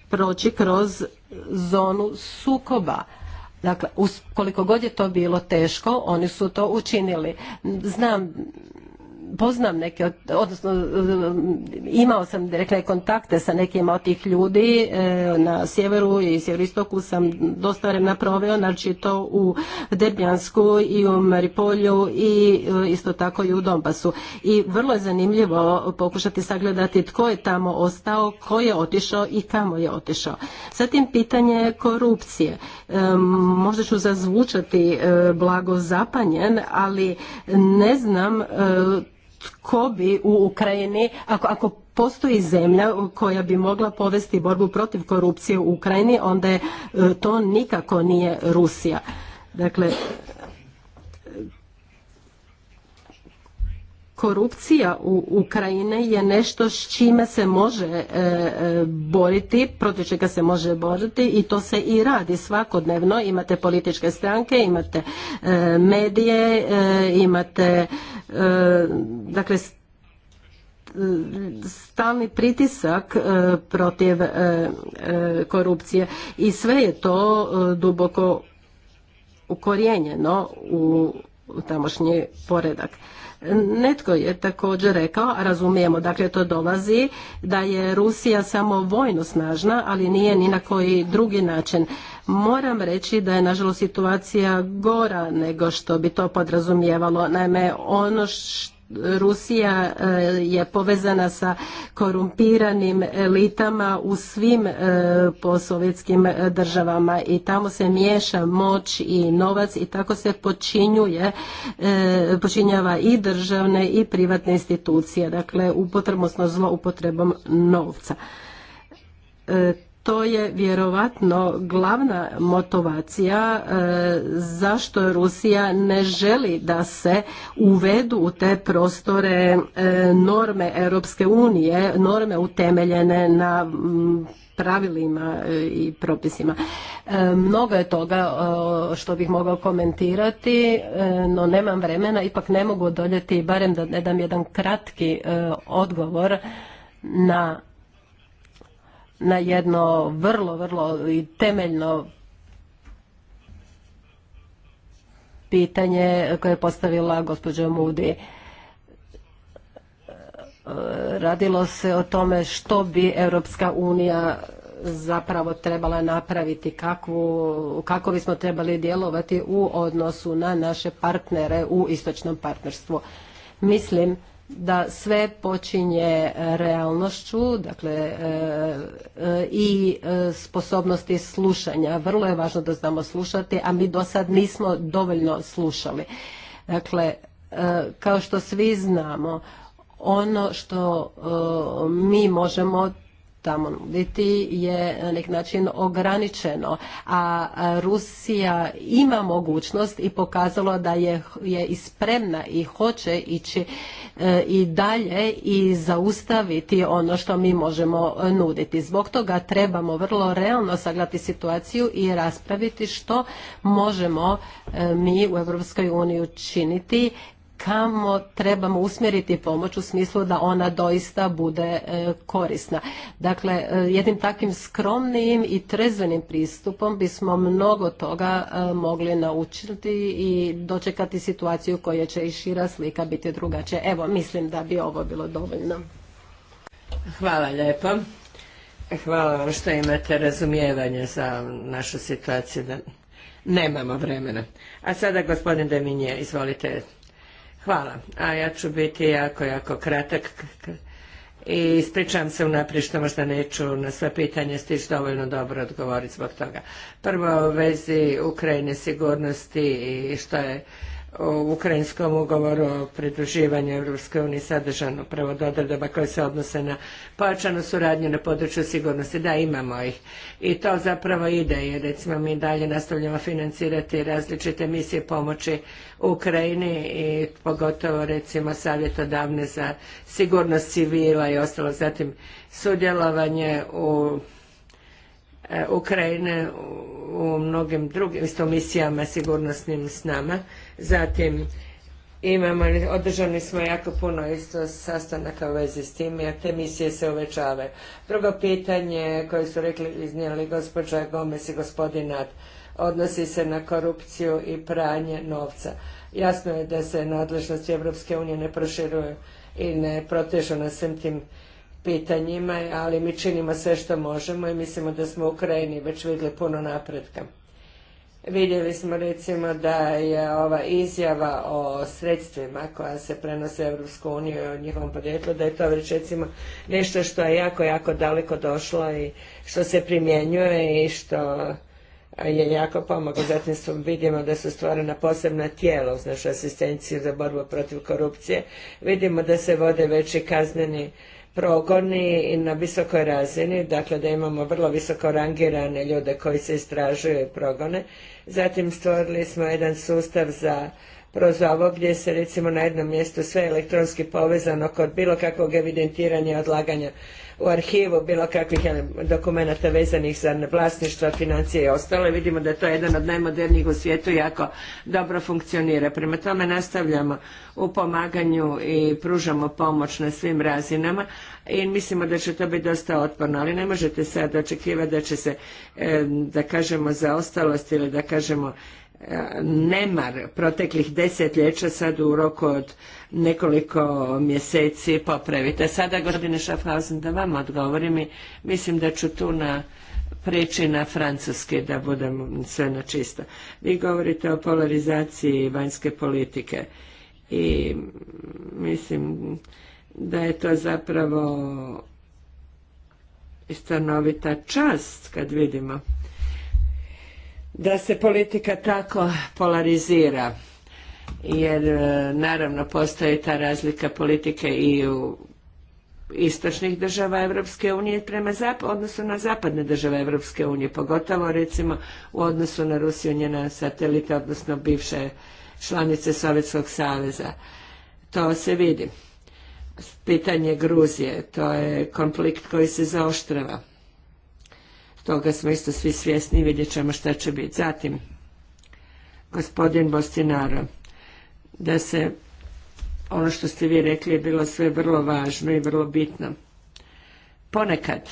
proći kroz zonu sukoba. Dakle, koliko god je to bilo teško, oni su to učinili. Znam poznam neke, odnosno imao sam rekla kontakte sa nekim od tih ljudi e, na sjeveru i sjeveristoku sam dosta vremena proveo, znači to u Debljansku i u Maripolju i e, isto tako i u Donbasu. I vrlo je zanimljivo pokušati sagledati tko je tamo ostao, ko je otišao i kamo je otišao. Zatim pitanje korupcije. E, možda ću zazvučati blago zapanjen, ali ne znam tko bi u Ukrajini, ako, ako postoji zemlja koja bi mogla povesti borbu protiv korupcije u Ukrajini, onda je, to nikako nije Rusija. Dakle, Korupcija u Ukrajini je nešto s čime se može e, e, boriti, protiv čega se može boriti i to se i radi svakodnevno. Imate političke stranke, imate e, medije, imate dakle stalni pritisak protiv korupcije i sve je to duboko ukorijenjeno u tamošnji poredak. Netko je također rekao, a razumijemo, dakle to dolazi, da je Rusija samo vojno snažna, ali nije ni na koji drugi način. Moram reći da je nažalost situacija gora nego što bi to podrazumijevalo. Naime, ono što Rusija e, je povezana sa korumpiranim elitama u svim e, posovjetskim e, državama i tamo se miješa moć i novac i tako se počinjuje, počinjava i državne i privatne institucije, dakle upotrebom, zloupotrebom novca to je vjerovatno glavna motivacija e, zašto Rusija ne želi da se uvedu u te prostore e, norme Europske unije, norme utemeljene na pravilima e, i propisima. Mnogo je toga što bih mogao komentirati, no nemam vremena, ipak ne mogu odoljeti barem da ne dam jedan kratki odgovor na na jedno vrlo, vrlo i temeljno pitanje koje je postavila gospođa Moody. Radilo se o tome što bi Europska unija zapravo trebala napraviti, kako bismo trebali djelovati u odnosu na naše partnere u istočnom partnerstvu. Mislim da sve počinje e, realnošću dakle e, e, i sposobnosti slušanja. Vrlo je važno da znamo slušati, a mi do sad nismo dovoljno slušali. Dakle, kao što svi znamo, ono što mi možemo tamo nuditi je na neki način ograničeno, a Rusija ima mogućnost i pokazalo da je, je spremna i hoće ići E, i dalje i zaustaviti ono što mi možemo e, nuditi. Zbog toga trebamo vrlo realno sagledati situaciju i raspraviti što možemo e, mi u Europskoj uniji učiniti kamo trebamo usmjeriti pomoć u smislu da ona doista bude e, korisna. Dakle, e, jednim takvim skromnim i trezvenim pristupom bismo mnogo toga e, mogli naučiti i dočekati situaciju koja će i šira slika biti drugačija. Evo, mislim da bi ovo bilo dovoljno. Hvala lijepo. Hvala vam što imate razumijevanje za našu situaciju da nemamo vremena. A sada gospodin Deminje, izvolite. Hvala. A ja ću biti jako, jako kratak i spričam se unaprijed što možda neću na sva pitanja stići dovoljno dobro odgovoriti zbog toga. Prvo u vezi Ukrajine sigurnosti i što je u ukrajinskom ugovoru o pridruživanju europske unije sadržano upravo od odredaba koje se odnose na pojačanu suradnju na području sigurnosti. Da, imamo ih. I to zapravo ide jer recimo mi dalje nastavljamo financirati različite misije pomoći Ukrajini i pogotovo recimo savjetodavne za sigurnost civila i ostalo. Zatim sudjelovanje u e, Ukrajine u mnogim drugim isto misijama sigurnosnim s nama Zatim, imamo, održani smo jako puno isto sastanaka u vezi s tim, jer te misije se uvećavaju. Drugo pitanje koje su rekli, iznijeli gospođa Gomez i gospodin odnosi se na korupciju i pranje novca. Jasno je da se nadležnosti Europske unije ne proširuju i ne protežu na svim tim pitanjima, ali mi činimo sve što možemo i mislimo da smo u Ukrajini već vidjeli puno napretka. Vidjeli smo recimo da je ova izjava o sredstvima koja se prenose u Europsku uniju i o njihovom podjetlu, da je to već recimo nešto što je jako, jako daleko došlo i što se primjenjuje i što je jako pomoglo. Zatim vidimo da su stvorena posebna tijela uz našu asistenciju za borbu protiv korupcije. Vidimo da se vode veći kazneni progoni na visokoj razini, dakle da imamo vrlo visoko rangirane ljude koji se istražuju i progone. Zatim stvorili smo jedan sustav za kroz ovo gdje se recimo na jednom mjestu sve elektronski povezano kod bilo kakvog evidentiranja, odlaganja u arhivu bilo kakvih dokumenata vezanih za vlasništva, financije i ostalo. I vidimo da je to jedan od najmodernijih u svijetu jako dobro funkcionira. Prema tome nastavljamo u pomaganju i pružamo pomoć na svim razinama i mislimo da će to biti dosta otporno, ali ne možete sad očekivati da će se, da kažemo, zaostalost ili da kažemo nemar proteklih desetljeća sad u roku od nekoliko mjeseci popravite. Sada, gospodine Šafhausen, da vam odgovorim i mislim da ću tu na priči na francuski da budem sve na čisto. Vi govorite o polarizaciji vanjske politike i mislim da je to zapravo istanovita čast kad vidimo da se politika tako polarizira jer e, naravno postoji ta razlika politike i u istočnih država Europske unije prema odnosu na zapadne države Europske unije, pogotovo recimo u odnosu na Rusiju, njena satelita, odnosno bivše članice Sovjetskog saveza. To se vidi. Pitanje Gruzije, to je konflikt koji se zaoštrava. Toga smo isto svi svjesni i vidjet ćemo šta će biti. Zatim, gospodin Bostinaro, da se ono što ste vi rekli je bilo sve vrlo važno i vrlo bitno. Ponekad,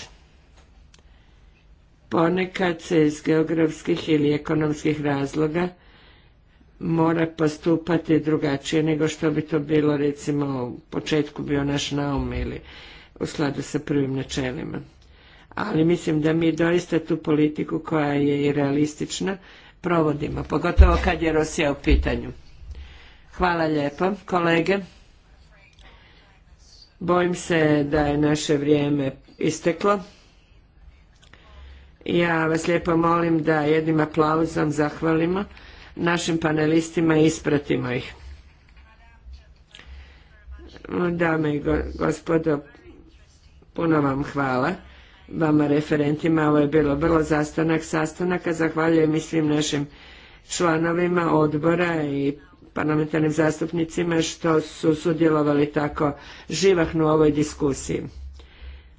ponekad se iz geografskih ili ekonomskih razloga mora postupati drugačije nego što bi to bilo recimo u početku bio naš naum ili u skladu sa prvim načelima ali mislim da mi doista tu politiku koja je i realistična provodimo, pogotovo kad je Rosija u pitanju. Hvala lijepo, kolege. Bojim se da je naše vrijeme isteklo. Ja vas lijepo molim da jednim aplauzom zahvalimo našim panelistima i ispratimo ih. Dame i gospodo, puno vam hvala vama referentima. Ovo je bilo vrlo zastanak sastanaka. Zahvaljujem i svim našim članovima odbora i parlamentarnim zastupnicima što su sudjelovali tako živahno u ovoj diskusiji.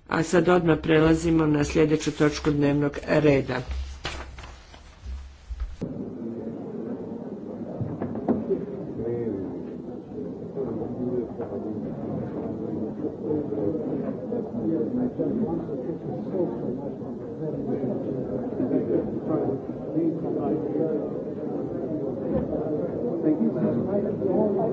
A sad odmah prelazimo na sljedeću točku dnevnog reda.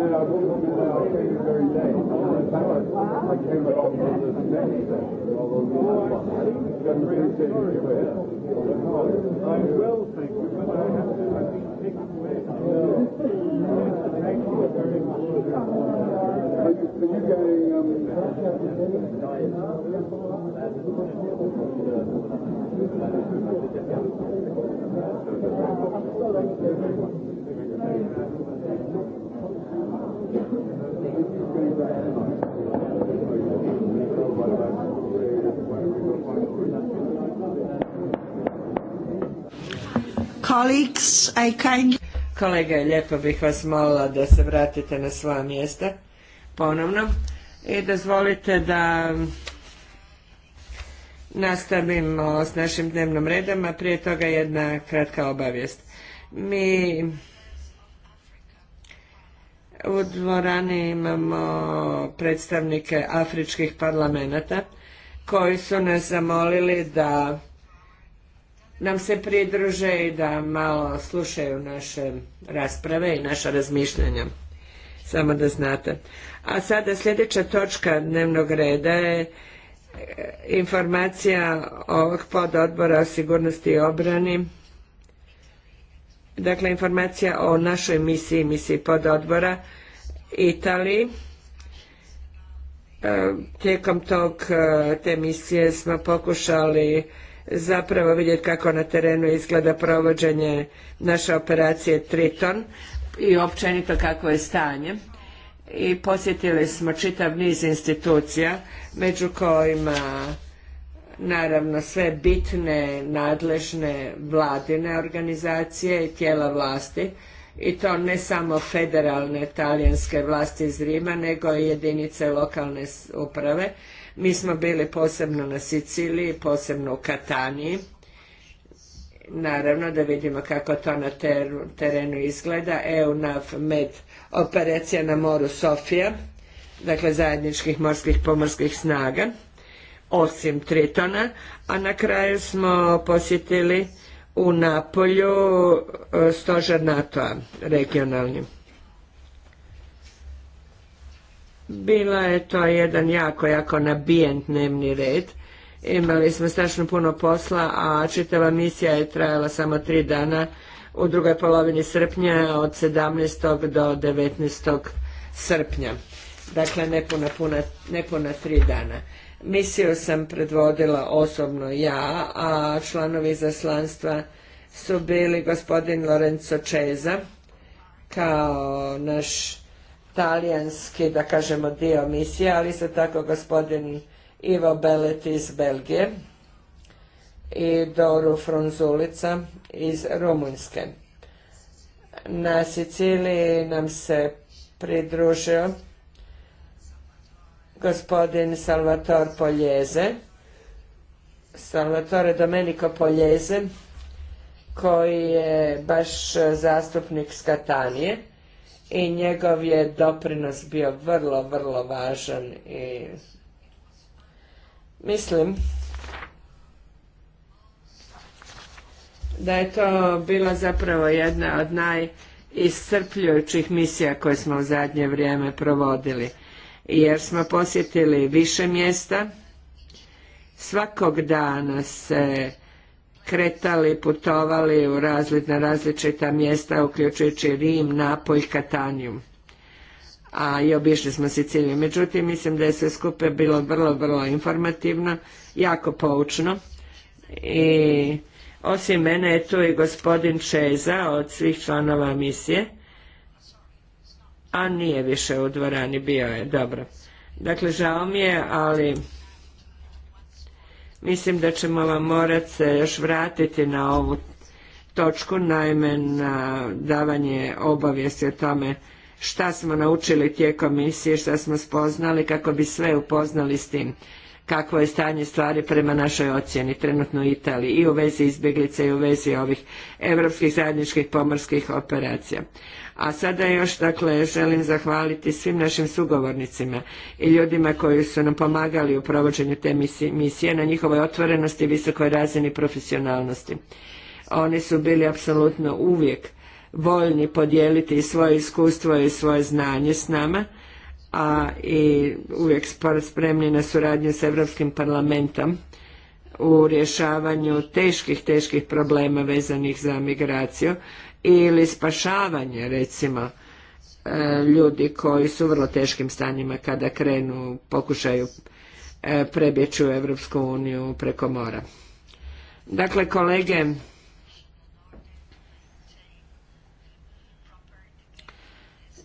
Yeah, I very day. I came the I will, thank you, I have to, away. Thank you very much. you, you um... Kolega, lijepo bih vas molila da se vratite na svoje mjesta ponovno i dozvolite da nastavimo s našim dnevnom redom, a prije toga jedna kratka obavijest. Mi u dvorani imamo predstavnike afričkih parlamenta koji su nas zamolili da nam se pridruže i da malo slušaju naše rasprave i naša razmišljanja. Samo da znate. A sada sljedeća točka dnevnog reda je e, informacija ovog pododbora o sigurnosti i obrani Dakle, informacija o našoj misiji, misiji pododbora Italiji. E, tijekom tog, e, te misije smo pokušali zapravo vidjeti kako na terenu izgleda provođenje naše operacije Triton i općenito kako je stanje. I posjetili smo čitav niz institucija među kojima naravno sve bitne nadležne vladine organizacije i tijela vlasti i to ne samo federalne talijanske vlasti iz Rima nego i jedinice lokalne uprave. Mi smo bili posebno na Siciliji, posebno u Kataniji. Naravno da vidimo kako to na terenu izgleda. EUNAV MED operacija na moru Sofija, dakle zajedničkih morskih pomorskih snaga osim Tritona, a na kraju smo posjetili u Napolju e, stožar NATO-a regionalnim Bila je to jedan jako, jako nabijen dnevni red. Imali smo strašno puno posla, a čitava misija je trajala samo tri dana u drugoj polovini srpnja od 17. do 19. srpnja. Dakle, nepuna tri dana. Misiju sam predvodila osobno ja, a članovi zaslanstva su bili gospodin Lorenzo Čeza kao naš talijanski, da kažemo, dio misije, ali isto tako gospodin Ivo Belet iz Belgije i Doru Frunzulica iz Rumunjske. Na Siciliji nam se pridružio gospodin Salvator Poljeze, Salvatore Domenico Poljeze, koji je baš zastupnik Skatanije i njegov je doprinos bio vrlo, vrlo važan i mislim da je to bila zapravo jedna od najiscrpljujućih misija koje smo u zadnje vrijeme provodili jer smo posjetili više mjesta. Svakog dana se kretali, putovali u na različita mjesta, uključujući Rim, Napolj, Kataniju. A i obišli smo Siciliju. Međutim, mislim da je sve skupe bilo vrlo, vrlo informativno, jako poučno. I osim mene je tu i gospodin Čeza od svih članova misije a nije više u dvorani, bio je, dobro. Dakle, žao mi je, ali mislim da ćemo vam morat se još vratiti na ovu točku, naime na davanje obavijesti o tome šta smo naučili tijekom misije, šta smo spoznali, kako bi sve upoznali s tim kakvo je stanje stvari prema našoj ocjeni trenutno u Italiji i u vezi izbjeglice i u vezi ovih europskih zajedničkih pomorskih operacija. A sada još, dakle, želim zahvaliti svim našim sugovornicima i ljudima koji su nam pomagali u provođenju te misije na njihovoj otvorenosti i visokoj razini profesionalnosti. Oni su bili apsolutno uvijek voljni podijeliti svoje iskustvo i svoje znanje s nama, a i uvijek spremni na suradnju s Europskim parlamentom u rješavanju teških, teških problema vezanih za migraciju ili spašavanje recimo e, ljudi koji su u vrlo teškim stanjima kada krenu, pokušaju e, prebjeći u Europsku uniju preko mora. Dakle, kolege,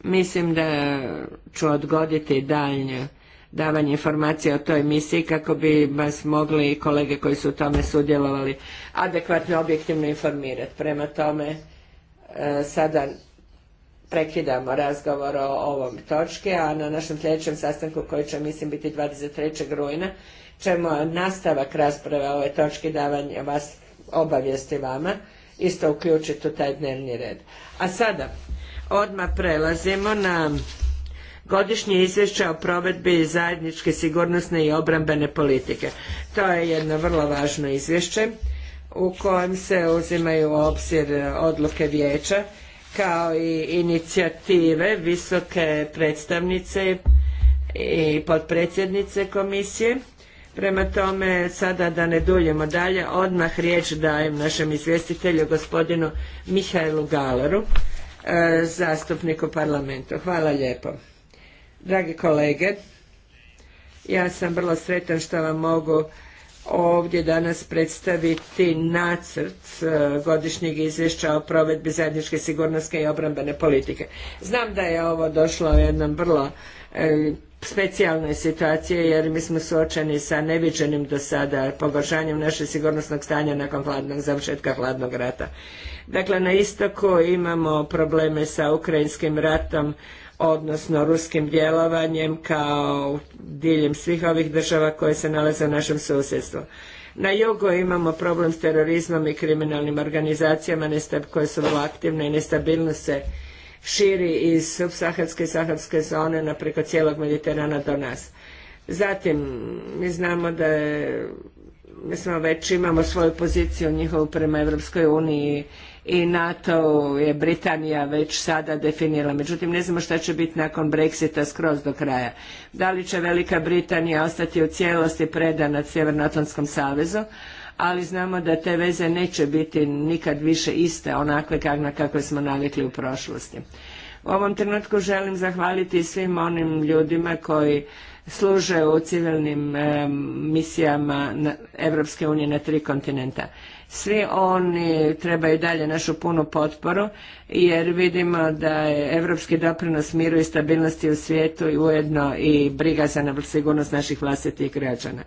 mislim da ću odgoditi daljnje davanje informacije o toj misiji kako bi vas mogli kolege koji su u tome sudjelovali adekvatno objektivno informirati. Prema tome, E, sada prekidamo razgovor o ovom točki, a na našem sljedećem sastanku koji će mislim biti 23. rujna ćemo nastavak rasprave o ovoj točki davanja vas obavijesti vama, isto uključiti u taj dnevni red. A sada odmah prelazimo na godišnje izvješće o provedbi zajedničke sigurnosne i obrambene politike. To je jedno vrlo važno izvješće u kojem se uzimaju u obzir odluke vijeća kao i inicijative visoke predstavnice i potpredsjednice komisije. Prema tome, sada da ne duljimo dalje, odmah riječ dajem našem izvjestitelju gospodinu Mihajlu Galaru, e, zastupniku parlamentu. Hvala lijepo. Dragi kolege, ja sam vrlo sretan što vam mogu ovdje danas predstaviti nacrt e, godišnjeg izvješća o provedbi zajedničke sigurnoske i obrambene politike. Znam da je ovo došlo u jednom vrlo e, specijalnoj situaciji jer mi smo suočeni sa neviđenim do sada pogoršanjem našeg sigurnosnog stanja nakon hladnog, završetka hladnog rata. Dakle, na istoku imamo probleme sa ukrajinskim ratom, odnosno ruskim djelovanjem kao diljem svih ovih država koje se nalaze u našem susjedstvu. Na jugu imamo problem s terorizmom i kriminalnim organizacijama koje su vrlo aktivne i nestabilnost se širi iz subsaharske i saharske zone na preko cijelog Mediterana do nas. Zatim, mi znamo da je, mi smo već imamo svoju poziciju njihovu prema Europskoj uniji i NATO je Britanija već sada definirala. Međutim, ne znamo šta će biti nakon Brexita skroz do kraja. Da li će Velika Britanija ostati u cijelosti predana Sjevernoatlantskom savezu, ali znamo da te veze neće biti nikad više iste onakve kakve smo navikli u prošlosti. U ovom trenutku želim zahvaliti svim onim ljudima koji služe u civilnim misijama Europske unije na tri kontinenta. Svi oni trebaju dalje našu punu potporu jer vidimo da je evropski doprinos miru i stabilnosti u svijetu i ujedno i briga za sigurnost naših vlastitih građana.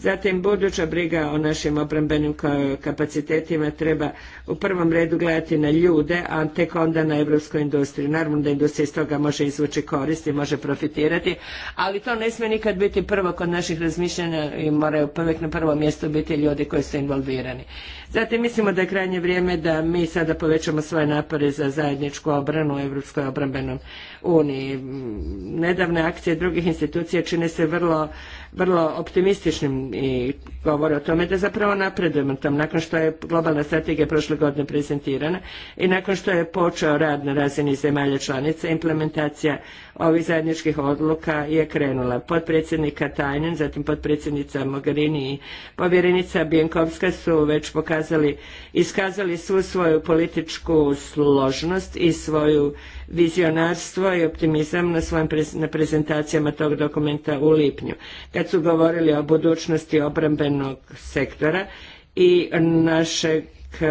Zatim buduća briga o našim obrambenim kapacitetima treba u prvom redu gledati na ljude, a tek onda na europsku industriju. Naravno da industrija iz toga može izvući korist i može profitirati, ali to ne smije nikad biti prvo kod naših razmišljanja i moraju uvijek na prvo mjesto biti ljudi koji su involvirani. Zatim mislimo da je krajnje vrijeme da mi sada povećamo svoje napore za zajedničku obranu u Europskoj obrambenom uniji. Mm, Nedavne akcije drugih institucija čine se vrlo, vrlo optimističnim i govore o tome da zapravo napredujemo tom nakon što je globalna strategija prošle godine prezentirana i nakon što je počeo rad na razini zemalja članica implementacija ovih zajedničkih odluka je krenula. Potpredsjednika Tajnen, zatim potpredsjednica Mogherini i povjerenica Bijenkovska su već pokazali, iskazali svu svoju političku složnost i svoju vizionarstvo i optimizam na svojim na prezentacijama tog dokumenta u lipnju. Kad su govorili o budućnosti obrambenog sektora i našeg eh,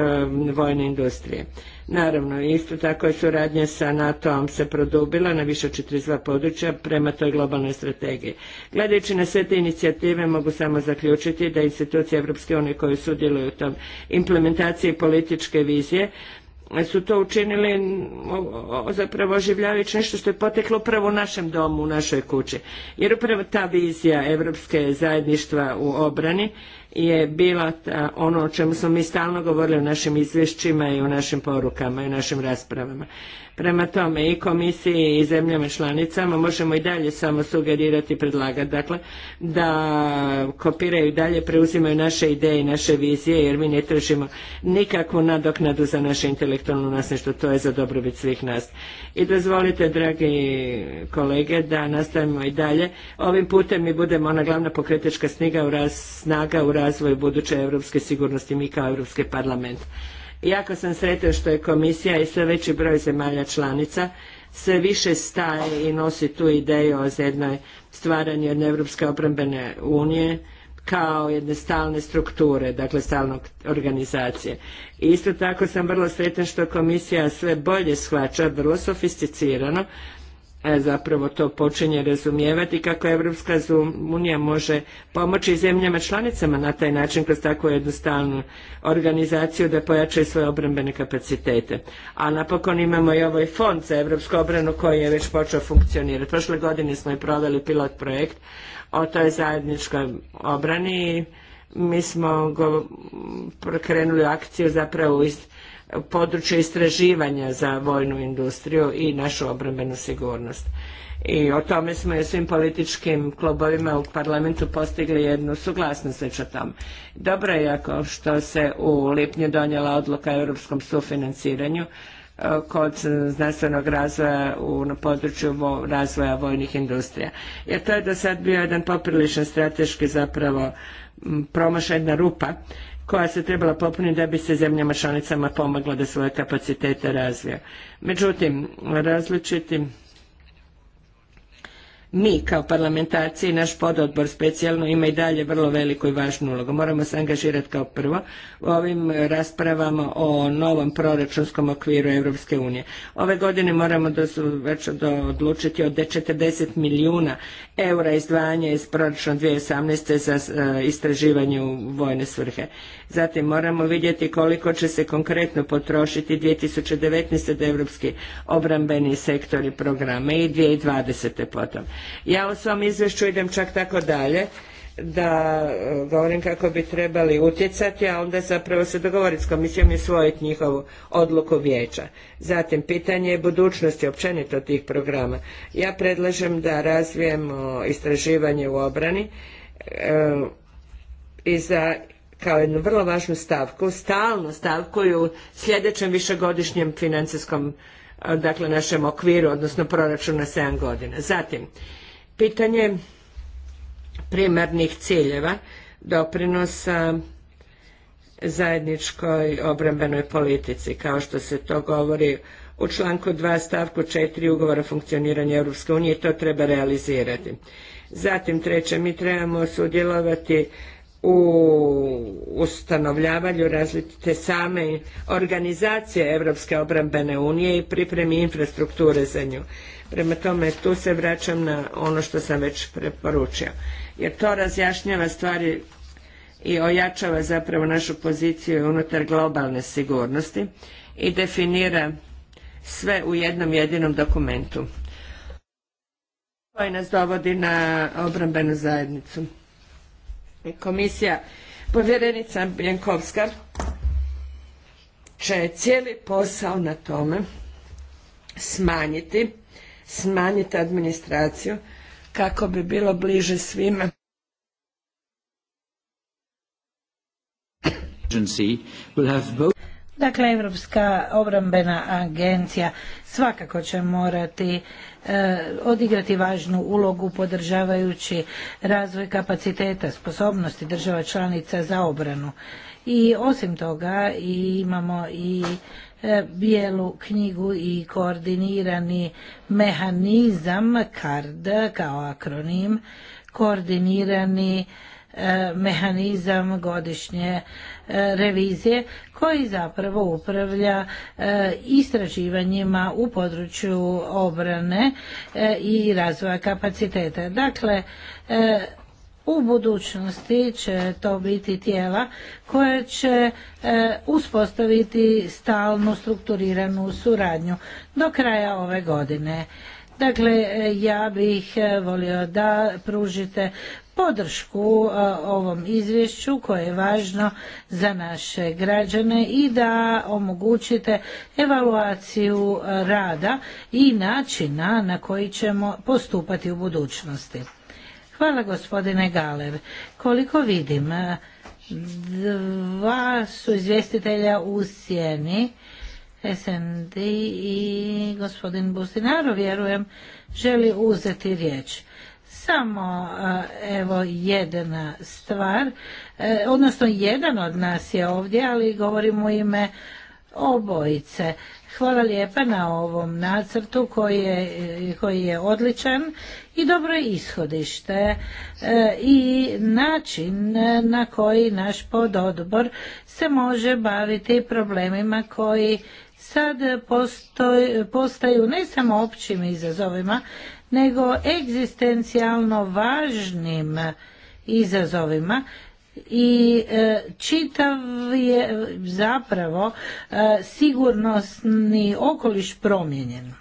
vojne industrije. Naravno, isto tako je suradnja sa NATO-om se produbila na više od 42 područja prema toj globalnoj strategiji. Gledajući na sve te inicijative mogu samo zaključiti da institucije evropske, unije koje sudjeluju u tom implementaciji političke vizije su to učinili zapravo oživljavajući nešto što je poteklo upravo u našem domu, u našoj kući. Jer upravo ta vizija Europske zajedništva u obrani je bila e, ono o čemu smo mi stalno govorili u našim izvješćima i u našim porukama i u našim raspravama. Prema tome i komisiji i zemljama članicama možemo i dalje samo sugerirati i predlagati. Dakle, da kopiraju i dalje, preuzimaju naše ideje i naše vizije jer mi ne tražimo nikakvu nadoknadu za naše intelektualno što to je za dobrobit svih nas. I dozvolite, dragi kolege, da nastavimo i dalje. Ovim putem mi budemo ona glavna pokretačka u snaga u razvoju buduće europske sigurnosti, mi kao Europski parlament. Jako sam sretan što je komisija i sve veći broj zemalja članica sve više staje i nosi tu ideju o jednoj stvaranju jedne Europske obrambene unije kao jedne stalne strukture, dakle stalnog organizacije. I isto tako sam vrlo sretna što komisija sve bolje shvaća, vrlo sofisticirano, E, zapravo to počinje razumijevati kako Evropska unija može pomoći zemljama članicama na taj način kroz takvu jednostavnu organizaciju da pojačaju svoje obrambene kapacitete. A napokon imamo i ovaj fond za Evropsku obranu koji je već počeo funkcionirati. Prošle godine smo i proveli pilot projekt o toj zajedničkoj obrani i mi smo krenuli akciju zapravo iz području istraživanja za vojnu industriju i našu obrambenu sigurnost. I o tome smo i svim političkim klubovima u parlamentu postigli jednu suglasnost već o tom. Dobro je jako što se u lipnju donijela odluka o europskom sufinanciranju e, kod znanstvenog razvoja u, na području razvoja vojnih industrija. Jer to je do sad bio jedan poprilično strateški zapravo promašajna rupa koja se trebala popuniti da bi se zemljama članicama pomoglo da svoje kapacitete razvija. Međutim, različiti mi kao parlamentarci i naš pododbor specijalno ima i dalje vrlo veliku i važnu ulogu. Moramo se angažirati kao prvo u ovim raspravama o novom proračunskom okviru Europske unije. Ove godine moramo da su već odlučiti od 40 milijuna eura izdvajanja iz proračuna 2018. za e, istraživanje u vojne svrhe. Zatim moramo vidjeti koliko će se konkretno potrošiti 2019. da europski obrambeni sektori programe i 2020. potom. Ja u svom izvješću idem čak tako dalje da e, govorim kako bi trebali utjecati, a onda zapravo se dogovoriti s komisijom i svojiti njihovu odluku vijeća. Zatim, pitanje je budućnosti općenito tih programa. Ja predlažem da razvijemo istraživanje u obrani e, i za kao jednu vrlo važnu stavku, stalnu stavku u sljedećem višegodišnjem financijskom dakle našem okviru, odnosno proračunu na 7 godina. Zatim, pitanje primarnih ciljeva doprinosa zajedničkoj obrambenoj politici, kao što se to govori u članku 2 stavku 4 ugovora o funkcioniranju Europske unije, to treba realizirati. Zatim treće, mi trebamo sudjelovati u ustanovljavanju različite same organizacije Europske obrambene unije i pripremi infrastrukture za nju. Prema tome, tu se vraćam na ono što sam već preporučio. Jer to razjašnjava stvari i ojačava zapravo našu poziciju unutar globalne sigurnosti i definira sve u jednom jedinom dokumentu koji nas dovodi na obrambenu zajednicu komisija povjerenica Bjenkovska će cijeli posao na tome smanjiti, smanjiti administraciju kako bi bilo bliže svima. Will have Dakle, Europska obrambena agencija svakako će morati e, odigrati važnu ulogu podržavajući razvoj kapaciteta, sposobnosti država članica za obranu. I osim toga i imamo i e, bijelu knjigu i koordinirani mehanizam CARD kao akronim, koordinirani e, mehanizam godišnje revizije koji zapravo upravlja e, istraživanjima u području obrane e, i razvoja kapaciteta. Dakle, e, u budućnosti će to biti tijela koja će uspostaviti stalnu strukturiranu suradnju do kraja ove godine. Dakle, ja bih volio da pružite podršku e, ovom izvješću koje je važno za naše građane i da omogućite evaluaciju rada i načina na koji ćemo postupati u budućnosti. Hvala gospodine Galer. Koliko vidim, e, dva su izvjestitelja u sjeni, SND i gospodin Bustinaro, vjerujem, želi uzeti riječ samo e, evo jedna stvar, e, odnosno jedan od nas je ovdje, ali govorim u ime obojice. Hvala lijepa na ovom nacrtu koji je, e, odličan i dobro ishodište i način na koji naš pododbor se može baviti problemima koji sad postaju ne samo općim izazovima nego egzistencijalno važnim izazovima i e, čitav je zapravo e, sigurnosni okoliš promijenjen.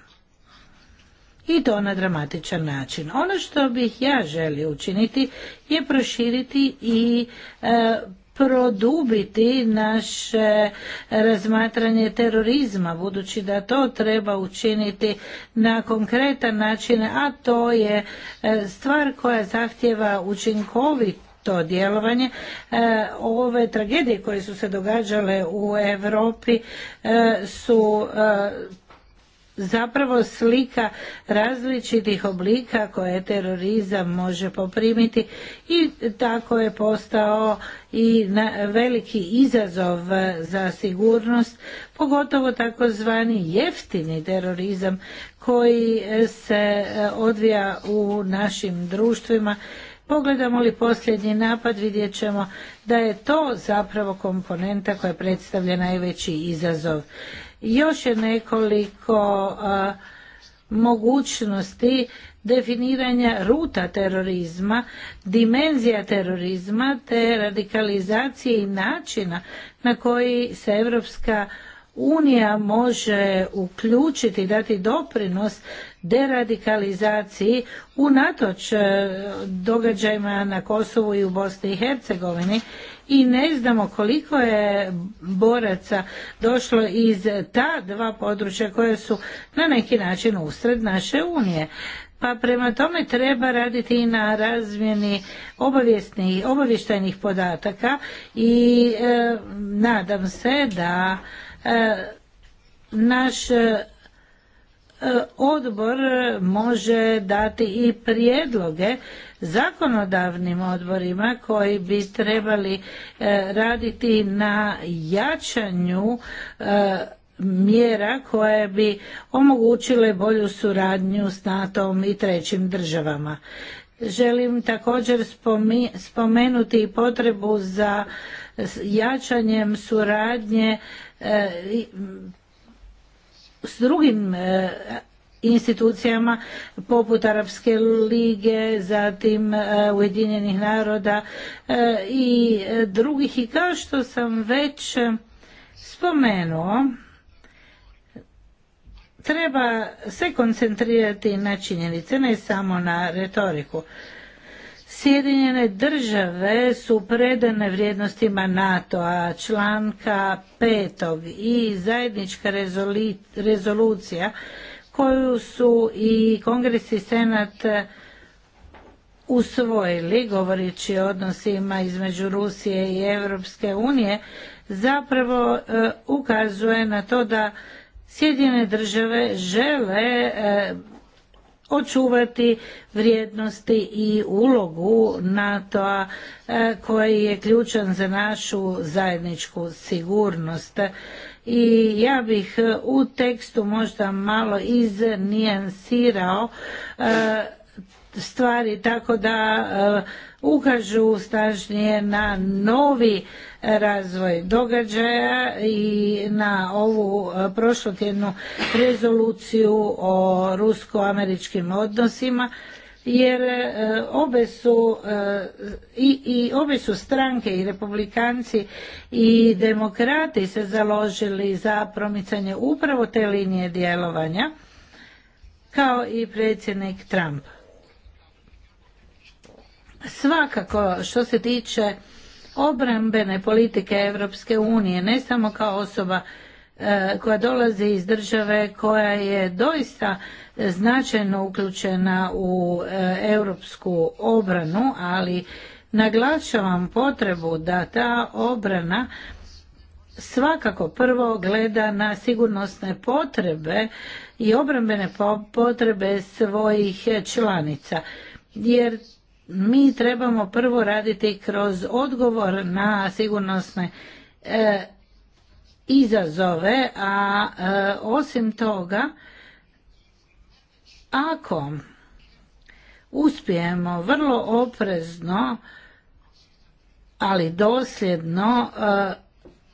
I to na dramatičan način. Ono što bih ja želio učiniti je proširiti i e, produbiti naše razmatranje terorizma, budući da to treba učiniti na konkretan način, a to je e, stvar koja zahtjeva učinkovito djelovanje. E, ove tragedije koje su se događale u Europi e, su zapravo slika različitih oblika koje terorizam može poprimiti i tako je postao i veliki izazov za sigurnost, pogotovo takozvani jeftini terorizam koji se e, odvija u našim društvima. Pogledamo li posljednji napad vidjet ćemo da je to zapravo komponenta koja predstavlja najveći izazov još je nekoliko mogućnosti definiranja ruta terorizma, dimenzija terorizma te radikalizacije i načina na koji se Europska unija može uključiti, dati doprinos deradikalizaciji unatoč e, događajima na Kosovu i u Bosni i Hercegovini i ne znamo koliko je boraca došlo iz ta dva područja koje su na neki način usred naše unije. Pa prema tome treba raditi i na razmjeni obavještajnih podataka i e, nadam se da e, naš E, odbor može dati i prijedloge zakonodavnim odborima koji bi trebali e, raditi na jačanju e, mjera koje bi omogućile bolju suradnju s nato i trećim državama. Želim također spomenuti potrebu za jačanjem suradnje s drugim e, institucijama poput Arapske lige, zatim e, Ujedinjenih naroda e, i drugih. I kao što sam već spomenuo, treba se koncentrirati na činjenice, ne samo na retoriku. Sjedinjene države su predane vrijednostima NATO-a članka petog i zajednička rezolucija koju su i Kongres i Senat usvojili govoreći o odnosima između Rusije i Europske unije zapravo e, ukazuje na to da Sjedinjene države žele e, očuvati vrijednosti i ulogu NATO-a e, koji je ključan za našu zajedničku sigurnost. I ja bih e, u tekstu možda malo iznijansirao e, stvari tako da ukažu snažnije na novi razvoj događaja i na ovu e, prošlotjednu rezoluciju o rusko-američkim odnosima jer e, obe su e, i, i obe su stranke i republikanci i demokrati se založili za promicanje upravo te linije djelovanja kao i predsjednik Trump. Svakako što se tiče obrambene politike Europske unije, ne samo kao osoba e, koja dolazi iz države koja je doista značajno uključena u e, europsku obranu, ali naglašavam potrebu da ta obrana svakako prvo gleda na sigurnosne potrebe i obrambene potrebe svojih članica jer mi trebamo prvo raditi kroz odgovor na sigurnosne e, izazove, a e, osim toga, ako uspijemo vrlo oprezno, ali dosljedno e,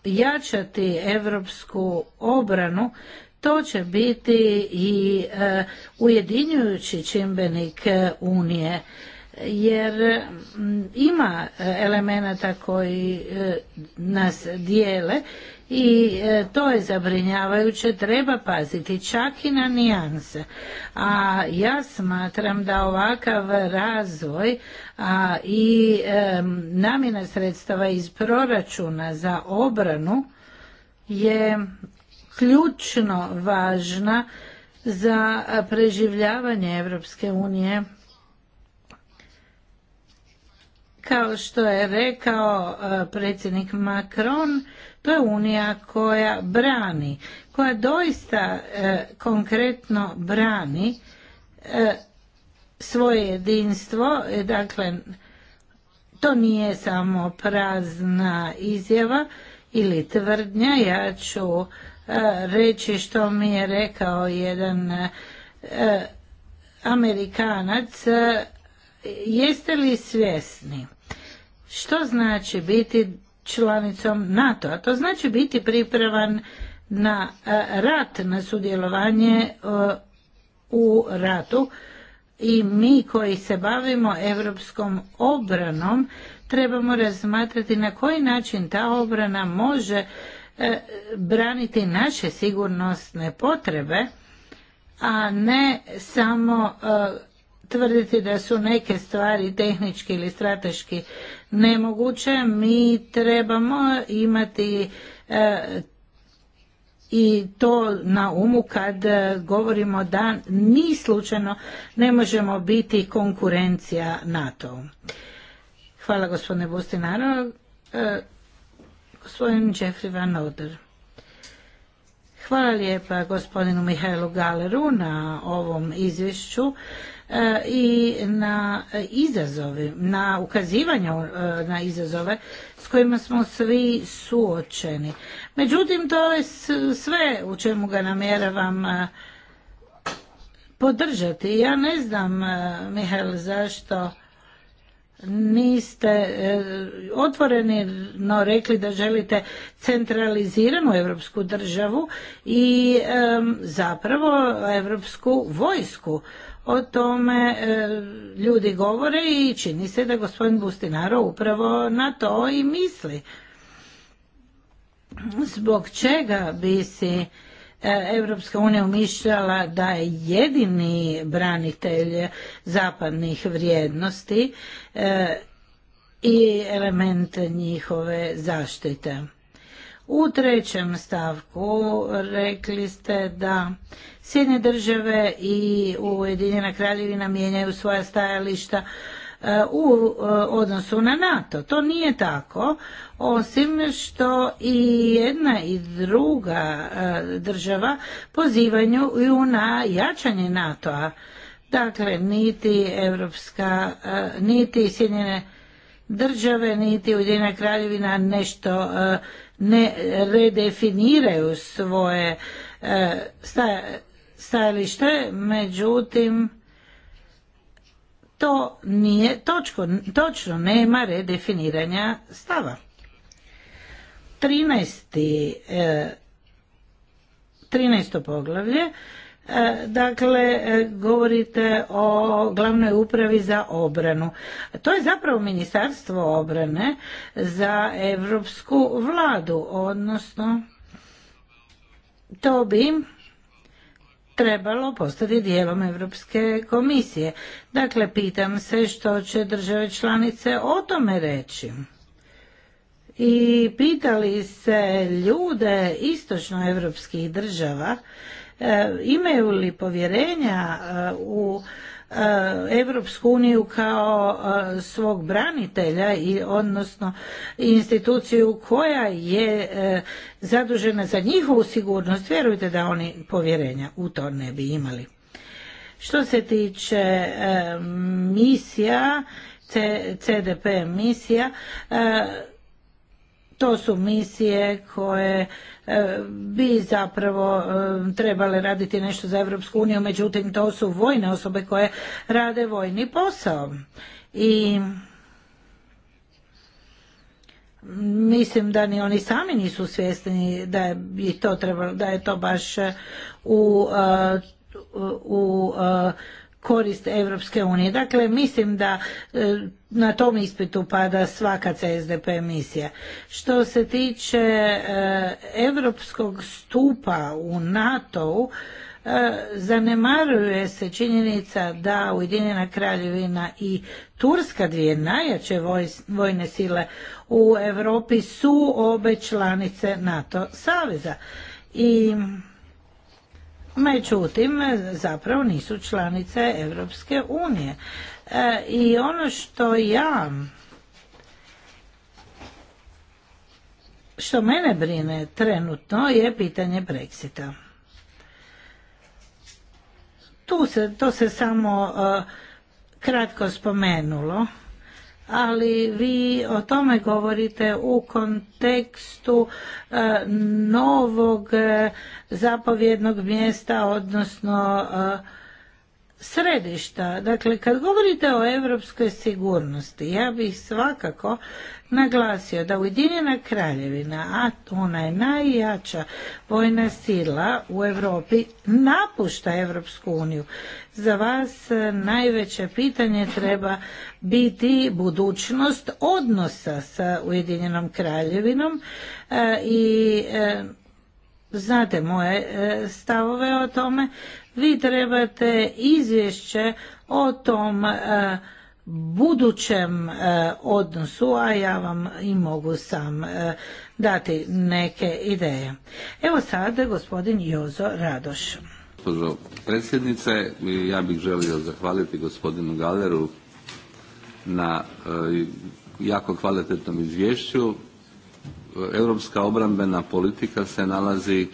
jačati evropsku obranu, to će biti i ujedinjujući čimbenik Unije jer mm, ima e, elemenata koji e, nas dijele i e, to je zabrinjavajuće, treba paziti čak i na nijanse. A ja smatram da ovakav razvoj a i namjena sredstava iz proračuna za obranu je ključno važna za preživljavanje Europske unije kao što je rekao e, predsjednik Macron, to je unija koja brani, koja doista e, konkretno brani e, svoje jedinstvo, dakle to nije samo prazna izjava ili tvrdnja, ja ću reći što mi je rekao jedan Amerikanac, jeste li svjesni što znači biti članicom NATO? A to znači biti pripravan na e, rat, na sudjelovanje e, u ratu i mi koji se bavimo europskom obranom trebamo razmatrati na koji način ta obrana može e, braniti naše sigurnosne potrebe, a ne samo tvrditi da su neke stvari tehnički ili strateški nemoguće, mi trebamo imati e, i to na umu kad e, govorimo da ni slučajno ne možemo biti konkurencija NATO. Hvala gospodine Bustinaro, E, gospodin Jeffrey Van Oder. Hvala lijepa gospodinu Mihajlu Galeru na ovom izvješću. E, i na izazove, na ukazivanje na izazove s kojima smo svi suočeni. Međutim, to je sve u čemu ga namjeravam e, podržati. Ja ne znam, e, Mihael, zašto niste otvoreni no rekli da želite centraliziranu europsku državu i zapravo europsku vojsku o tome e, ljudi govore i čini se da gospodin Bustinaro upravo na to i misli. Zbog čega bi si e, Evropska unija umišljala da je jedini branitelj zapadnih vrijednosti e, i element njihove zaštite. U trećem stavku rekli ste da Sjedne države i Ujedinjena kraljevina mijenjaju svoja stajališta e, u e, odnosu na NATO. To nije tako, osim što i jedna i druga e, država pozivaju na jačanje NATO-a. Dakle, niti Evropska, niti Sjedinjene države, niti Ujedinjena kraljevina nešto ne redefiniraju svoje e, stajalište, međutim to nije točko, točno, nema redefiniranja stava. 13. 13. E, poglavlje E, dakle e, govorite o glavnoj upravi za obranu. To je zapravo ministarstvo obrane za evropsku vladu, odnosno to bi trebalo postati dijelom Europske komisije. Dakle, pitam se što će države članice o tome reći. I pitali se ljude istočnoevropskih država E, imaju li povjerenja e, u e, europsku uniju kao svog branitelja i odnosno instituciju koja je zadužena za njihovu sigurnost, vjerujte da oni povjerenja u to ne bi imali. Što se tiče misija, CDP misija, to su misije koje E, bi zapravo e, trebale raditi nešto za Europsku uniju, međutim to su vojne osobe koje rade vojni posao. I mislim da ni oni sami nisu svjesni da je to, trebalo, da je to baš u, e, u, u korist Europske unije. Dakle, mislim da e, na tom ispitu pada svaka CSDP misija. Što se tiče europskog stupa u NATO-u, e, zanemaruje se činjenica da Ujedinjena kraljevina i Turska, dvije najjače vojne sile u Europi su obe članice NATO saveza. I međutim zapravo nisu članice Europske unije. E, I ono što ja što mene brine trenutno je pitanje Brexita. Tu se, to se samo e, kratko spomenulo ali vi o tome govorite u kontekstu e, novog e, zapovjednog mjesta, odnosno e, središta. Dakle, kad govorite o europskoj sigurnosti, ja bih svakako naglasio da Ujedinjena kraljevina, a ona je najjača vojna sila u Europi, napušta Europsku uniju. Za vas najveće pitanje treba biti budućnost odnosa sa Ujedinjenom kraljevinom e, i e, Znate moje e, stavove o tome, vi trebate izvješće o tom e, budućem e, odnosu, a ja vam i mogu sam e, dati neke ideje. Evo sad gospodin Jozo Radoš. Gospođo predsjednice, ja bih želio zahvaliti gospodinu Galeru na jako kvalitetnom izvješću. Europska obrambena politika se nalazi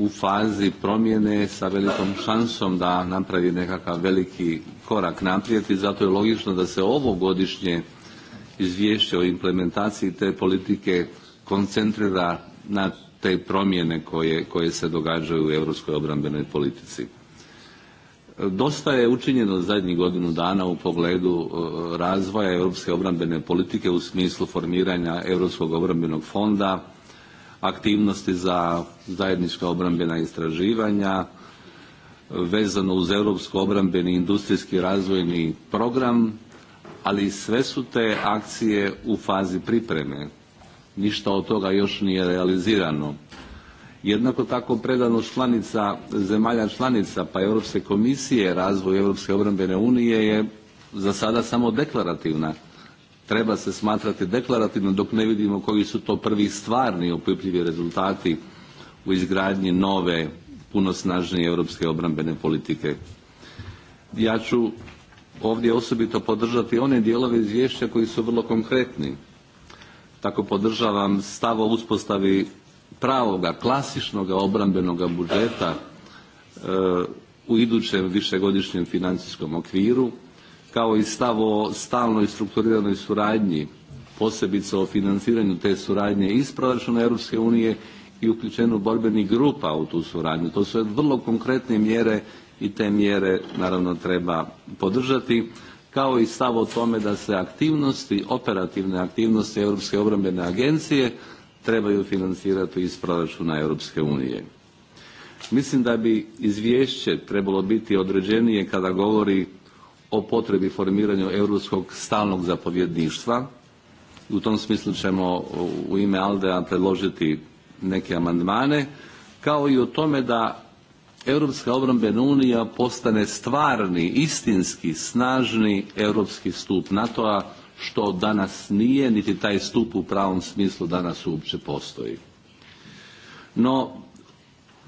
u fazi promjene sa velikom šansom da napravi nekakav veliki korak naprijed i zato je logično da se ovo godišnje izvješće o implementaciji te politike koncentrira na te promjene koje, koje se događaju u europskoj obrambenoj politici. Dosta je učinjeno zadnjih godinu dana u pogledu e, razvoja europske obrambene politike u smislu formiranja Europskog obrambenog fonda, aktivnosti za zajednička obrambena istraživanja vezano uz europski obrambeni industrijski razvojni program, ali sve su te akcije u fazi pripreme. Ništa od toga još nije realizirano. Jednako tako predanost članica, zemalja članica pa Europske komisije razvoju Europske obrambene unije je za sada samo deklarativna treba se smatrati deklarativno dok ne vidimo koji su to prvi stvarni opipljivi rezultati u izgradnji nove puno snažnije europske obrambene politike. Ja ću ovdje osobito podržati one dijelove izvješća koji su vrlo konkretni. Tako podržavam stav o uspostavi pravoga, klasičnoga obrambenog budžeta e, u idućem višegodišnjem financijskom okviru kao i stav o stalnoj strukturiranoj suradnji, posebice o financiranju te suradnje iz proračuna Europske unije i uključenju borbenih grupa u tu suradnju. To su vrlo konkretne mjere i te mjere naravno treba podržati kao i stav o tome da se aktivnosti, operativne aktivnosti Europske obrambene agencije trebaju financirati iz proračuna Europske unije. Mislim da bi izvješće trebalo biti određenije kada govori o potrebi formiranju europskog stalnog zapovjedništva. U tom smislu ćemo u ime Aldea predložiti neke amandmane, kao i o tome da Europska obrambena unija postane stvarni, istinski, snažni europski stup NATO-a, što danas nije, niti taj stup u pravom smislu danas uopće postoji. No,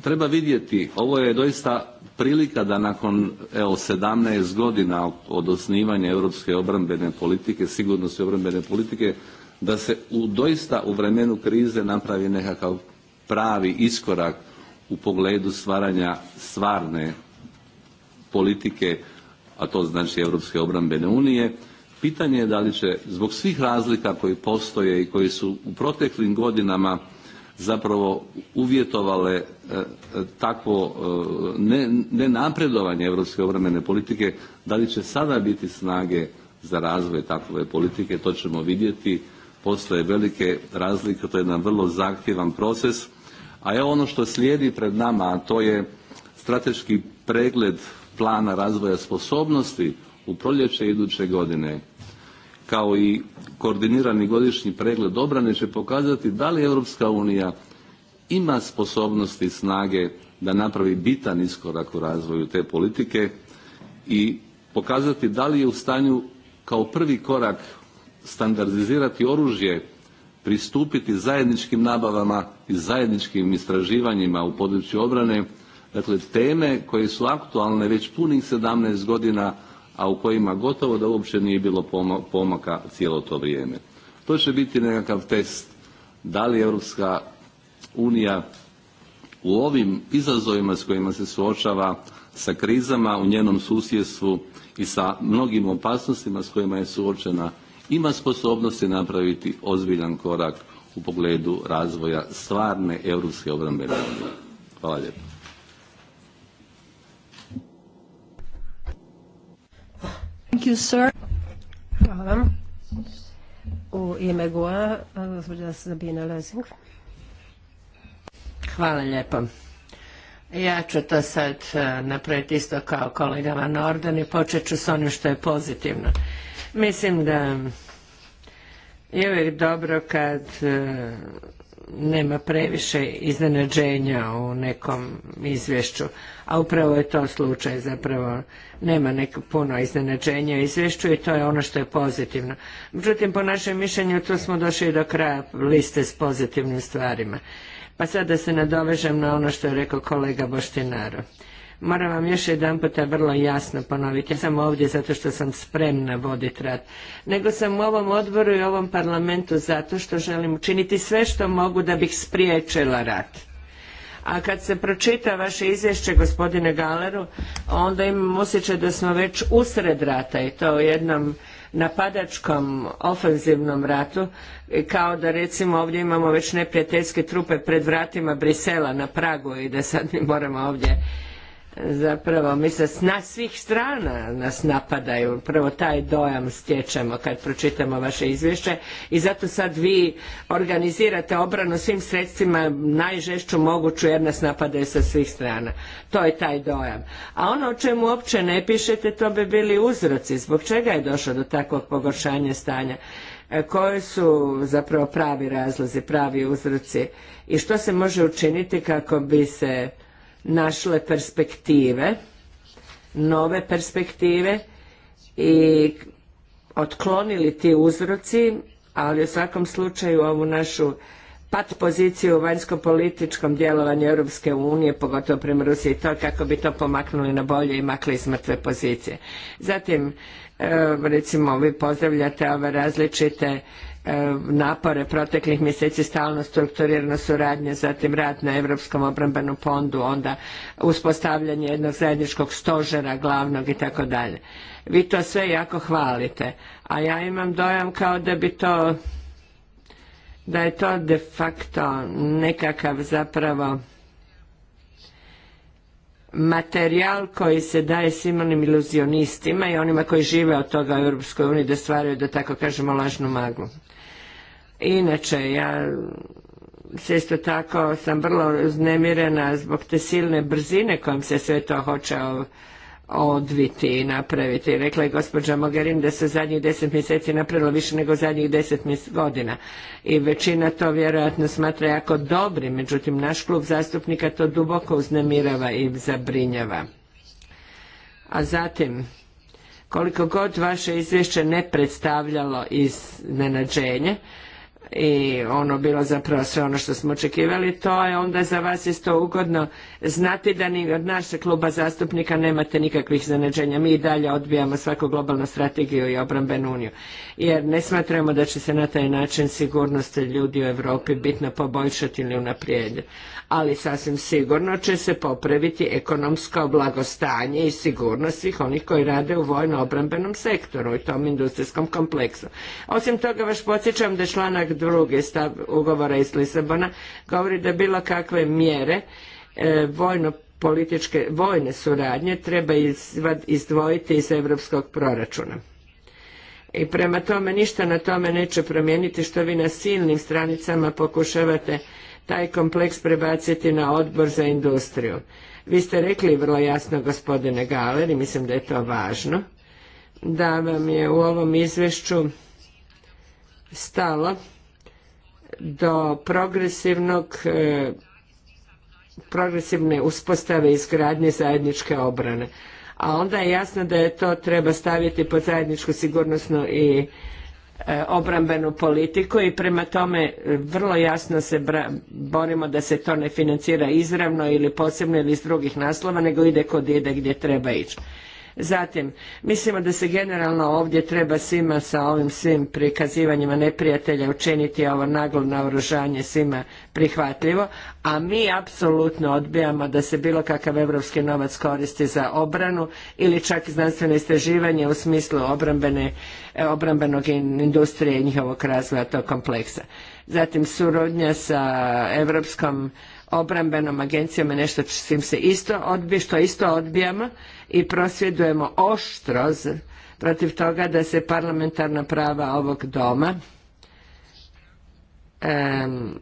treba vidjeti, ovo je doista prilika da nakon evo, 17 godina od osnivanja europske obrambene politike, sigurnosti obrambene politike, da se u, doista u vremenu krize napravi nekakav pravi iskorak u pogledu stvaranja stvarne politike, a to znači Europske obrambene unije. Pitanje je da li će zbog svih razlika koji postoje i koji su u proteklim godinama zapravo uvjetovale e, e, takvo e, nenapredovanje europske obrambene politike, da li će sada biti snage za razvoj takve politike, to ćemo vidjeti. Postoje velike razlike, to je jedan vrlo zahtjevan proces. A evo ono što slijedi pred nama, a to je strateški pregled plana razvoja sposobnosti u proljeće iduće godine kao i koordinirani godišnji pregled obrane će pokazati da li Europska unija ima sposobnosti i snage da napravi bitan iskorak u razvoju te politike i pokazati da li je u stanju kao prvi korak standardizirati oružje, pristupiti zajedničkim nabavama i zajedničkim istraživanjima u području obrane, dakle teme koje su aktualne već punih 17 godina a u kojima gotovo da uopće nije bilo pomaka cijelo to vrijeme. To će biti nekakav test da li Europska unija u ovim izazovima s kojima se suočava sa krizama u njenom susjedstvu i sa mnogim opasnostima s kojima je suočena ima sposobnosti napraviti ozbiljan korak u pogledu razvoja stvarne europske obrambene Hvala lijepo. Thank you, sir. Hvala vam. U ime GUA, gospođa Sabina Lezing. Hvala lijepo. Ja ću to sad e, napraviti isto kao kolega Van Orden i počet ću s onim što je pozitivno. Mislim da je uvijek dobro kad e, nema previše iznenađenja u nekom izvješću, a upravo je to slučaj, zapravo nema neko puno iznenađenja u izvješću i to je ono što je pozitivno. Međutim, po našem mišljenju tu smo došli do kraja liste s pozitivnim stvarima. Pa sada se nadovežem na ono što je rekao kolega Boštinaro. Moram vam još jedan puta vrlo jasno ponoviti, ja sam ovdje zato što sam spremna voditi rad, nego sam u ovom odboru i ovom parlamentu zato što želim učiniti sve što mogu da bih spriječila rat. A kad se pročita vaše izvješće, gospodine Galeru, onda imam osjećaj da smo već usred rata i to u jednom napadačkom ofenzivnom ratu kao da recimo ovdje imamo već neprijateljske trupe pred vratima Brisela na Pragu i da sad mi moramo ovdje zapravo mi se na svih strana nas napadaju. Prvo taj dojam stječemo kad pročitamo vaše izvješće i zato sad vi organizirate obranu svim sredstvima najžešću moguću jer nas napadaju sa svih strana. To je taj dojam. A ono o čemu uopće ne pišete to bi bili uzroci. Zbog čega je došlo do takvog pogoršanja stanja? E, koji su zapravo pravi razlozi, pravi uzroci i što se može učiniti kako bi se našle perspektive, nove perspektive i otklonili ti uzroci, ali u svakom slučaju ovu našu pat poziciju u vanjsko-političkom djelovanju Europske unije, pogotovo prema Rusiji, to kako bi to pomaknuli na bolje i makli iz mrtve pozicije. Zatim, recimo, vi pozdravljate ove različite E, napore proteklih mjeseci stalno strukturirana suradnja, zatim rad na Europskom obrambenom fondu, onda uspostavljanje jednog zajedničkog stožera glavnog i tako dalje. Vi to sve jako hvalite, a ja imam dojam kao da bi to da je to de facto nekakav zapravo materijal koji se daje svim onim iluzionistima i onima koji žive od toga u Europskoj uniji da stvaraju, da tako kažemo, lažnu maglu. Inače, ja se isto tako sam vrlo uznemirena zbog te silne brzine kojom se sve to hoće odviti i napraviti. Rekla je gospođa Mogherin da se zadnjih deset mjeseci napravilo više nego zadnjih deset godina. I većina to vjerojatno smatra jako dobrim, međutim naš klub zastupnika to duboko uznemirava i zabrinjava. A zatim, koliko god vaše izvješće ne predstavljalo iznenađenje, i ono bilo zapravo sve ono što smo očekivali, to je onda za vas isto ugodno znati da ni od naše kluba zastupnika nemate nikakvih zaneđenja. Mi i dalje odbijamo svaku globalnu strategiju i obrambenu uniju. Jer ne smatramo da će se na taj način sigurnost ljudi u Europi bitno poboljšati ili unaprijediti. Ali sasvim sigurno će se popraviti ekonomsko blagostanje i sigurnost svih onih koji rade u vojno-obrambenom sektoru i tom industrijskom kompleksu. Osim toga, vaš podsjećam da je članak drugi stav ugovora iz Lisabona govori da bilo kakve mjere e, vojno političke vojne suradnje treba izdvojiti iz europskog proračuna. I prema tome ništa na tome neće promijeniti što vi na silnim stranicama pokušavate taj kompleks prebaciti na odbor za industriju. Vi ste rekli vrlo jasno gospodine Galer i mislim da je to važno da vam je u ovom izvješću stalo do progresivnog e, progresivne uspostave izgradnje zajedničke obrane. A onda je jasno da je to treba staviti pod zajedničku sigurnosnu i e, obrambenu politiku i prema tome e, vrlo jasno se borimo da se to ne financira izravno ili posebno ili iz drugih naslova nego ide kod ide gdje treba ići. Zatim, mislimo da se generalno ovdje treba svima sa ovim svim prikazivanjima neprijatelja učiniti ovo naglo naoružanje svima prihvatljivo, a mi apsolutno odbijamo da se bilo kakav europski novac koristi za obranu ili čak znanstveno istraživanje u smislu obrambene, e, obrambenog industrije i njihovog razvoja tog kompleksa. Zatim, surodnja sa Europskom obrambenom agencijom je nešto s čim se isto odbije, što isto odbijamo i prosvjedujemo oštro protiv toga da se parlamentarna prava ovog doma um,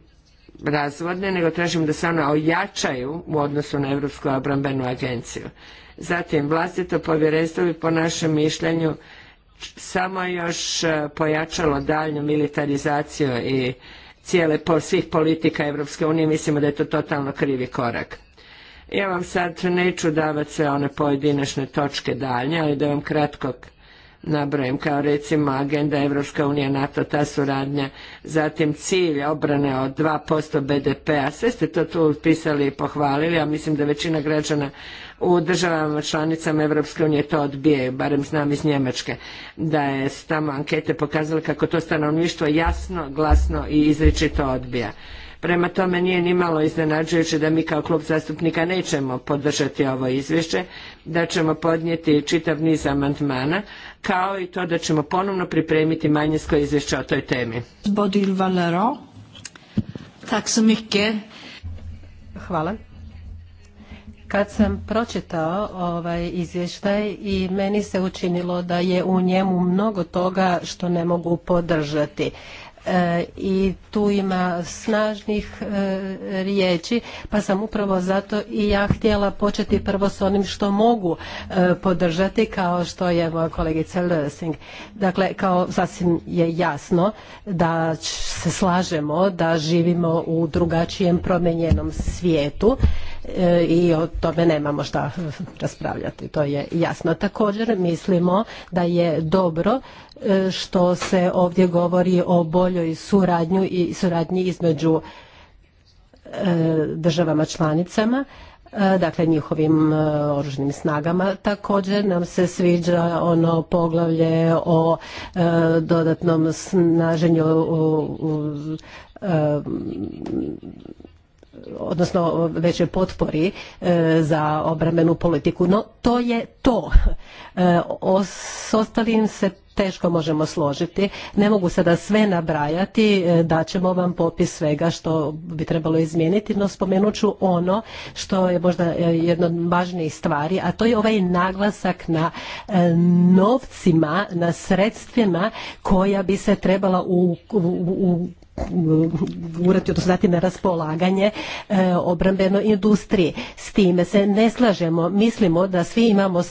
razvodne, nego tražimo da se ona ojačaju u odnosu na Europsku obrambenu agenciju. Zatim, vlastito povjerenstvo bi po našem mišljenju samo još eh, pojačalo daljnju militarizaciju i cijele svih politika Europske unije. Mislimo da je to totalno krivi korak. Ja vam sad neću davati sve one pojedinačne točke dalje, ali da vam kratko nabrojem, kao recimo agenda Evropska unija, NATO, ta suradnja, zatim cilj obrane od 2% BDP-a, sve ste to tu pisali i pohvalili, a mislim da većina građana u državama članicama Evropske unije to odbijaju, barem znam iz Njemačke, da je tamo ankete pokazale kako to stanovništvo jasno, glasno i izričito odbija. Prema tome nije ni malo iznenađujuće da mi kao klub zastupnika nećemo podržati ovo izvješće, da ćemo podnijeti čitav niz amandmana, kao i to da ćemo ponovno pripremiti manjinsko izvješće o toj temi. Bodil Valero. Hvala. Kad sam pročitao ovaj izvještaj i meni se učinilo da je u njemu mnogo toga što ne mogu podržati. E, i tu ima snažnih e, riječi, pa sam upravo zato i ja htjela početi prvo s onim što mogu e, podržati kao što je moja kolegica Lösing. Dakle, kao sasvim je jasno da se slažemo da živimo u drugačijem promijenjenom svijetu E, i o tome nemamo šta raspravljati, to je jasno. Također mislimo da je dobro e, što se ovdje govori o boljoj suradnju i suradnji između e, državama članicama dakle njihovim oružnim snagama. Također nam se sviđa ono poglavlje o dodatnom snaženju odnosno većoj potpori e, za obrambenu politiku. No to je to. E, s ostalim se teško možemo složiti. Ne mogu sada sve nabrajati, e, ćemo vam popis svega što bi trebalo izmijeniti, no spomenut ću ono što je možda jedna od važnijih stvari, a to je ovaj naglasak na novcima, na sredstvima koja bi se trebala u gurati, odnosno dati na raspolaganje e, obrambenoj industriji. S time se ne slažemo. Mislimo da svi imamo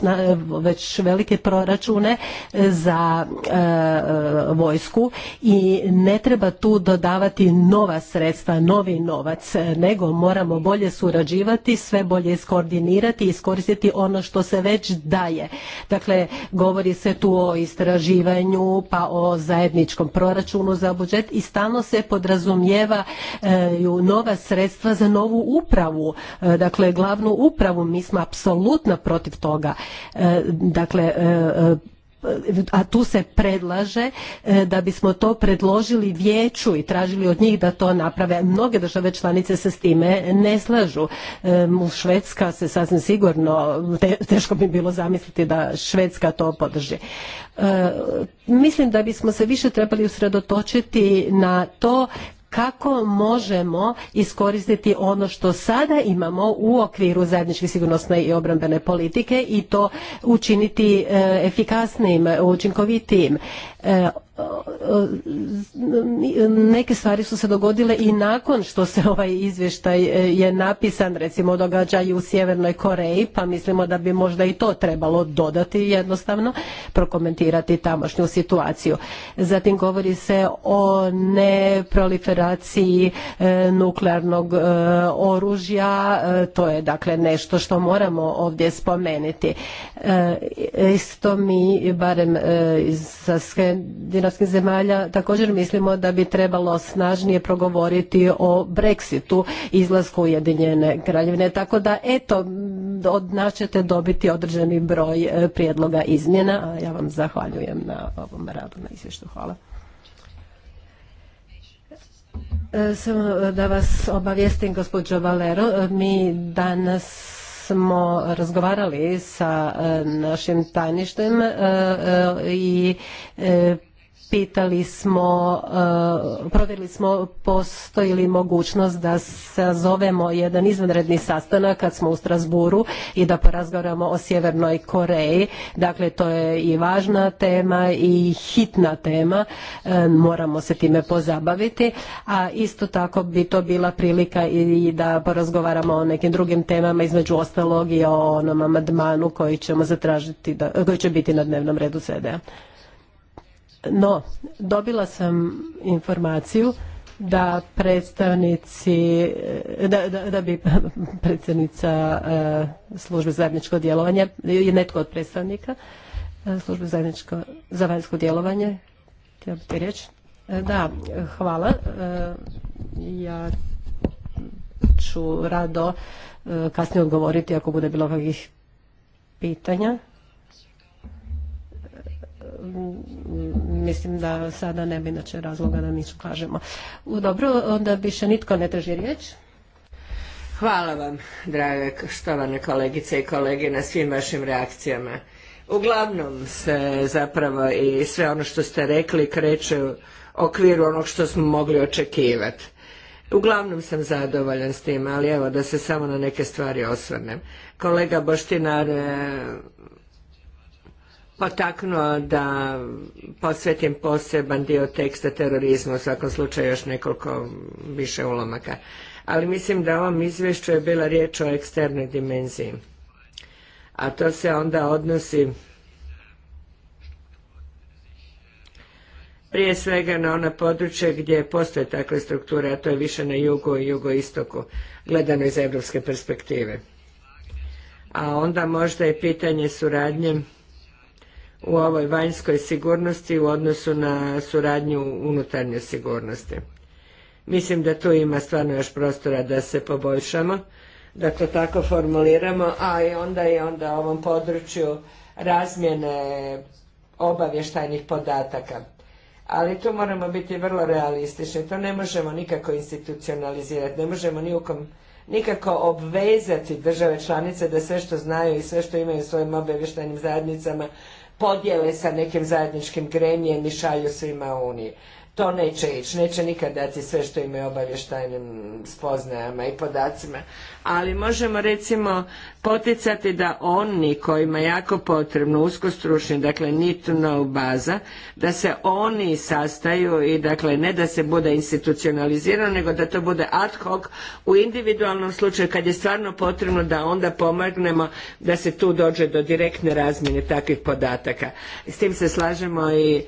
već velike proračune e, za e, vojsku i ne treba tu dodavati nova sredstva, novi novac, nego moramo bolje surađivati, sve bolje iskoordinirati i iskoristiti ono što se već daje. Dakle, govori se tu o istraživanju, pa o zajedničkom proračunu za budžet i stalno se podrazumijevaju e, nova sredstva za novu upravu, e, dakle glavnu upravu. Mi smo apsolutno protiv toga. E, dakle, a tu se predlaže e, da bismo to predložili vijeću i tražili od njih da to naprave. Mnoge države članice se s time ne slažu. Švedska se sasvim sigurno, teško bi bilo zamisliti da Švedska to podrži. E, mislim da bismo se više trebali usredotočiti na to kako možemo iskoristiti ono što sada imamo u okviru zajedničke sigurnosne i obrambene politike i to učiniti e, efikasnijim, učinkovitijim. E, neke stvari su se dogodile i nakon što se ovaj izvještaj e, je napisan, recimo događaj u Sjevernoj Koreji, pa mislimo da bi možda i to trebalo dodati jednostavno, prokomentirati tamošnju situaciju. Zatim govori se o neproliferaciji e, nuklearnog e, oružja, to je dakle nešto što moramo ovdje spomenuti. Isto mi, barem sa skandinavskih zemalja također mislimo da bi trebalo snažnije progovoriti o Brexitu, izlasku Ujedinjene kraljevine. Tako da, eto, od nas ćete dobiti određeni broj e, prijedloga izmjena. Ja vam zahvaljujem na ovom radu, na izvješću. Hvala. E, samo da vas obavijestim, gospođo Valero, e, mi danas smo razgovarali sa našim tajništem i pitali smo, eh, provjerili smo postoji li mogućnost da zovemo jedan izvanredni sastanak kad smo u Strasburu i da porazgovaramo o Sjevernoj Koreji. Dakle, to je i važna tema i hitna tema. Eh, moramo se time pozabaviti. A isto tako bi to bila prilika i da porazgovaramo o nekim drugim temama, između ostalog i o onom amandmanu koji ćemo zatražiti, koji će biti na dnevnom redu cd no, dobila sam informaciju da predstavnici, eh, da, bi predsjednica eh, službe zajedničko djelovanje, je netko od predstavnika eh, službe zajedničko, za vanjsko djelovanje, bi ti riječ? Da, hvala. Ja ću rado kasnije odgovoriti ako bude bilo kakvih pitanja mislim da sada ne bi inače razloga da nisu kažemo. Dobro, onda više nitko ne traži riječ. Hvala vam, drage štovane kolegice i kolege, na svim vašim reakcijama. Uglavnom se zapravo i sve ono što ste rekli kreće u okviru onog što smo mogli očekivati. Uglavnom sam zadovoljan s tim, ali evo da se samo na neke stvari osvrnem. Kolega Boštinar e, potaknuo da posvetim poseban dio teksta terorizmu, u svakom slučaju još nekoliko više ulomaka. Ali mislim da ovom izvješću je bila riječ o eksternoj dimenziji. A to se onda odnosi prije svega na ona područja gdje postoje takve strukture, a to je više na jugu i jugoistoku, gledano iz europske perspektive. A onda možda je pitanje suradnje u ovoj vanjskoj sigurnosti u odnosu na suradnju unutarnje sigurnosti. Mislim da tu ima stvarno još prostora da se poboljšamo, da to tako formuliramo, a i onda je onda ovom području razmjene obavještajnih podataka. Ali tu moramo biti vrlo realistični, to ne možemo nikako institucionalizirati, ne možemo nikako obvezati države članice da sve što znaju i sve što imaju u svojim obavještajnim zajednicama Podijele sa nekim zajedničkim gremijem i šalju svima oni to neće ići, neće nikad dati sve što imaju obavještajnim spoznajama i podacima, ali možemo recimo poticati da oni kojima je jako potrebno usko stručni, dakle nitno to baza, da se oni sastaju i dakle ne da se bude institucionalizirano, nego da to bude ad hoc u individualnom slučaju kad je stvarno potrebno da onda pomognemo da se tu dođe do direktne razmjene takvih podataka. S tim se slažemo i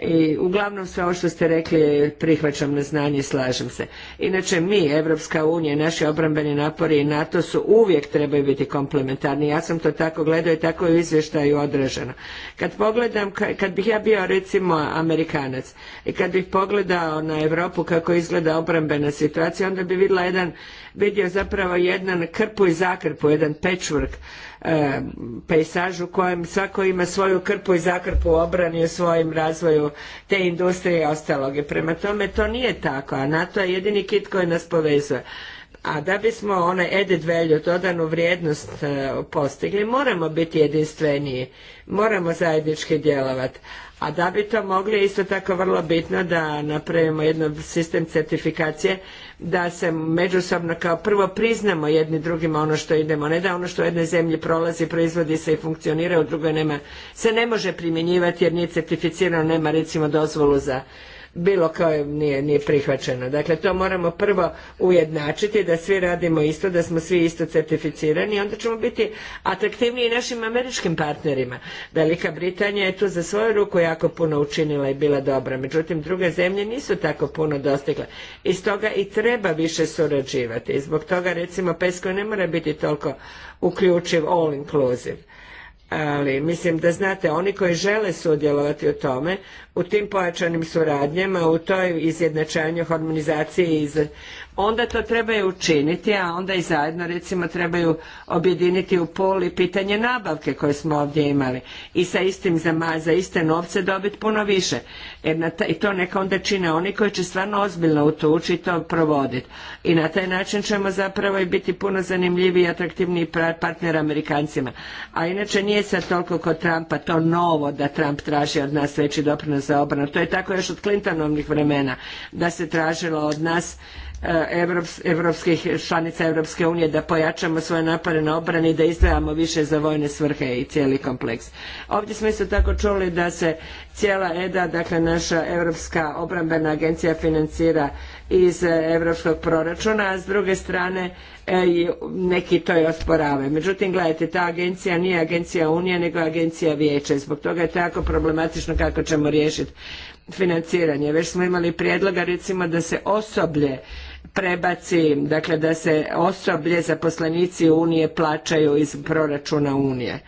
i uglavnom sve ovo što ste rekli prihvaćam na znanje i slažem se. Inače mi, Evropska unija, naši obrambeni napori i NATO su uvijek trebaju biti komplementarni. Ja sam to tako gledao i tako je u izvještaju odraženo. Kad pogledam, kad bih ja bio recimo Amerikanac i kad bih pogledao na Europu kako izgleda obrambena situacija, onda bi jedan, vidio zapravo jedan krpu i zakrpu, jedan patchwork e, u kojem svako ima svoju krpu i zakrpu u obrani u svojem razvoju te industrije i ostalog. Prema tome to nije tako, a NATO je jedini kit koji nas povezuje. A da bismo one added value, dodanu vrijednost e, postigli, moramo biti jedinstveniji, moramo zajednički djelovati. A da bi to mogli, isto tako vrlo bitno da napravimo jedan sistem certifikacije, da se međusobno kao prvo priznamo jedni drugima ono što idemo, ne da ono što u jednoj zemlji prolazi, proizvodi se i funkcionira, u drugoj nema, se ne može primjenjivati jer nije certificirano, nema recimo dozvolu za bilo koje nije, nije prihvaćeno. Dakle, to moramo prvo ujednačiti, da svi radimo isto, da smo svi isto certificirani i onda ćemo biti atraktivniji i našim američkim partnerima. Velika Britanija je tu za svoju ruku jako puno učinila i bila dobra, međutim druge zemlje nisu tako puno dostigle. I stoga i treba više surađivati. I zbog toga recimo Pesko ne mora biti toliko uključiv all inclusive ali mislim da znate, oni koji žele sudjelovati u tome, u tim pojačanim suradnjama, u toj izjednačanju, harmonizaciji iz onda to trebaju učiniti, a onda i zajedno recimo trebaju objediniti u pol i pitanje nabavke koje smo ovdje imali i sa istim za, za iste novce dobiti puno više. Jer I to neka onda čine oni koji će stvarno ozbiljno u to ući i to provoditi. I na taj način ćemo zapravo i biti puno zanimljiviji i atraktivniji partner Amerikancima. A inače nije sad toliko kod Trumpa to novo da Trump traži od nas veći doprinos za obranu. To je tako još od Clintonovnih vremena da se tražilo od nas europskih članica Europske unije da pojačamo svoje napore na obrani i da izdvajamo više za vojne svrhe i cijeli kompleks. Ovdje smo isto tako čuli da se cijela EDA, dakle naša Europska obrambena agencija financira iz europskog proračuna, a s druge strane e, neki to i osporavaju. Međutim, gledajte, ta agencija nije agencija Unije, nego agencija Vijeća i zbog toga je tako problematično kako ćemo riješiti financiranje. Već smo imali prijedloga recimo da se osoblje prebaci, dakle da se osoblje zaposlenici Unije plaćaju iz proračuna Unije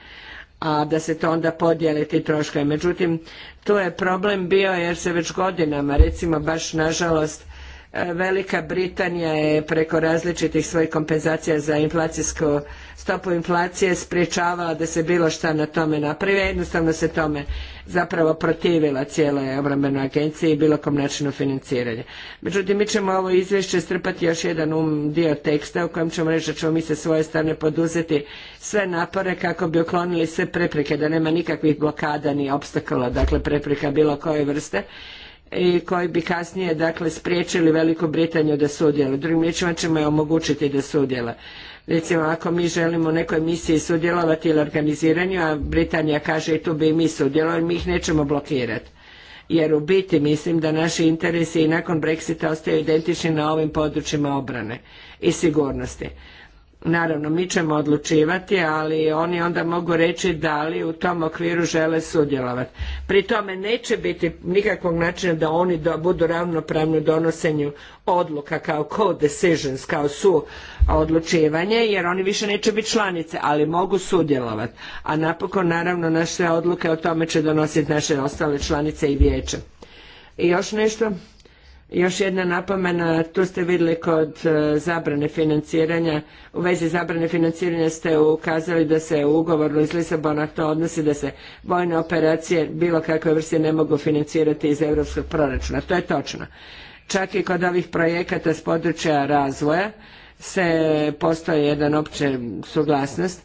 a da se to onda podijeli ti troškovi. Međutim, tu je problem bio jer se već godinama, recimo baš nažalost, Velika Britanija je preko različitih svojih kompenzacija za inflacijsko stopu inflacije sprječavala da se bilo šta na tome napravi, jednostavno se tome zapravo protivila cijeloj obrambenoj agenciji i bilo kom načinu financiranja. Međutim, mi ćemo ovo izvješće strpati još jedan um dio teksta u kojem ćemo reći da ćemo mi sa svoje strane poduzeti sve napore kako bi uklonili sve prepreke, da nema nikakvih blokada ni obstakala, dakle prepreka bilo koje vrste i koji bi kasnije dakle spriječili Veliku Britaniju da sudjeluje. Drugim riječima ćemo je omogućiti da sudjeluje recimo ako mi želimo u nekoj misiji sudjelovati ili organiziranju, a Britanija kaže i e, tu bi i mi sudjelovali, mi ih nećemo blokirati. Jer u biti mislim da naši interesi i nakon Brexita ostaju identični na ovim područjima obrane i sigurnosti. Naravno, mi ćemo odlučivati, ali oni onda mogu reći da li u tom okviru žele sudjelovati. Pri tome neće biti nikakvog načina da oni budu ravnopravni u donosenju odluka kao co-decisions, kao su odlučivanje, jer oni više neće biti članice, ali mogu sudjelovati. A napokon, naravno, naše odluke o tome će donositi naše ostale članice i vijeće. I još nešto? Još jedna napomena, tu ste vidjeli kod e, zabrane financiranja, u vezi zabrane financiranja ste ukazali da se u ugovoru iz Lisabona to odnosi da se vojne operacije bilo kakve vrste ne mogu financirati iz europskog proračuna. To je točno. Čak i kod ovih projekata s područja razvoja se postoji jedan opće suglasnost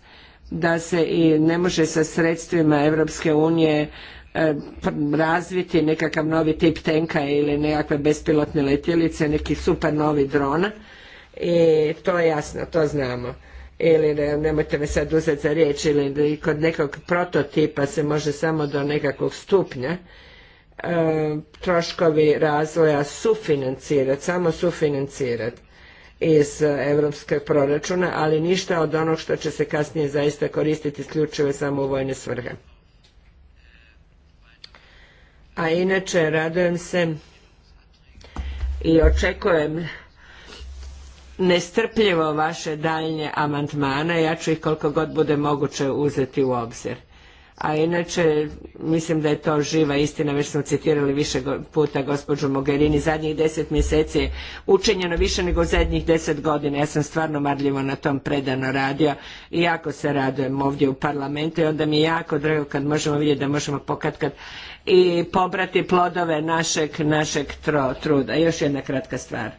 da se i ne može sa sredstvima Europske unije E, razviti nekakav novi tip tenka ili nekakve bespilotne letjelice, neki super novi drona i to je jasno, to znamo ili ne, nemojte me sad uzeti za riječ ili kod nekog prototipa se može samo do nekakvog stupnja e, troškovi razvoja sufinancirati, samo sufinancirati iz europskog proračuna, ali ništa od onog što će se kasnije zaista koristiti isključivo samo u vojne svrhe. A inače radujem se i očekujem nestrpljivo vaše daljnje amandmane, ja ću ih koliko god bude moguće uzeti u obzir. A inače, mislim da je to živa istina, već smo citirali više puta gospođu Mogherini, zadnjih deset mjeseci je učinjeno više nego zadnjih deset godina. Ja sam stvarno marljivo na tom predano radio i jako se radujem ovdje u parlamentu i onda mi je jako drago kad možemo vidjeti da možemo pokatkati i pobrati plodove našeg, našeg tro, truda. Još jedna kratka stvar.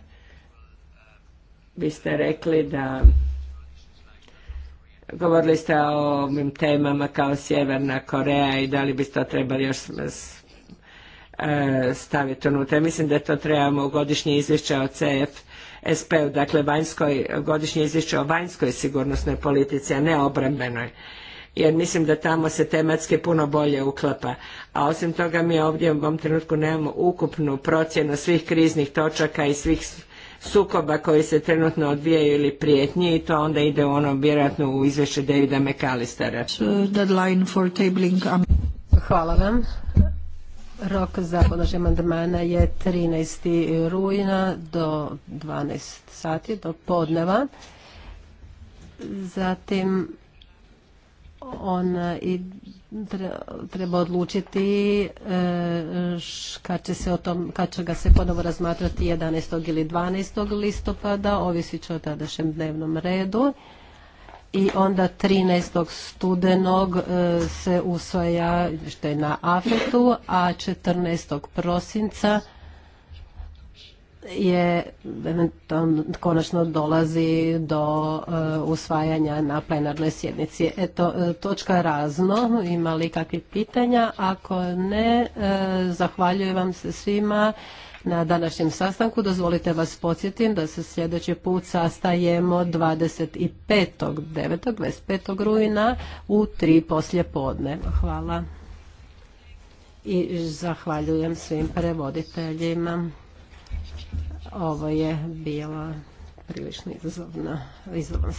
Vi ste rekli da govorili ste o ovim temama kao Sjeverna Koreja i da li bi to trebali još e, staviti unutra. Mislim da to trebamo u godišnje izvješće o CF sp dakle vanjskoj, godišnje izvješće o vanjskoj sigurnosnoj politici, a ne obrambenoj jer mislim da tamo se tematske puno bolje uklapa. A osim toga mi ovdje u ovom trenutku nemamo ukupnu procjenu svih kriznih točaka i svih sukoba koji se trenutno odvijaju ili prijetnji i to onda ide u ono vjerojatno u izvješće Davida McAllistera. Uh, um, Hvala vam. Rok za podnošenje amandmana je 13. rujna do 12 sati, do podneva. Zatim on e, i treba odlučiti e, kad će, se o tom, kad će ga se ponovo razmatrati 11. ili 12. listopada, ovisi će o tadašnjem dnevnom redu. I onda 13. studenog e, se usvaja što je na afetu, a 14. prosinca je konačno dolazi do e, usvajanja na plenarnoj sjednici. Eto, e, točka razno, ima li kakvih pitanja? Ako ne, e, zahvaljujem vam se svima na današnjem sastanku. Dozvolite vas podsjetim da se sljedeći put sastajemo 9. 25. rujna u 3 poslje podne. Hvala. I zahvaljujem svim prevoditeljima. Ovo je bila prilično izazovna izazovan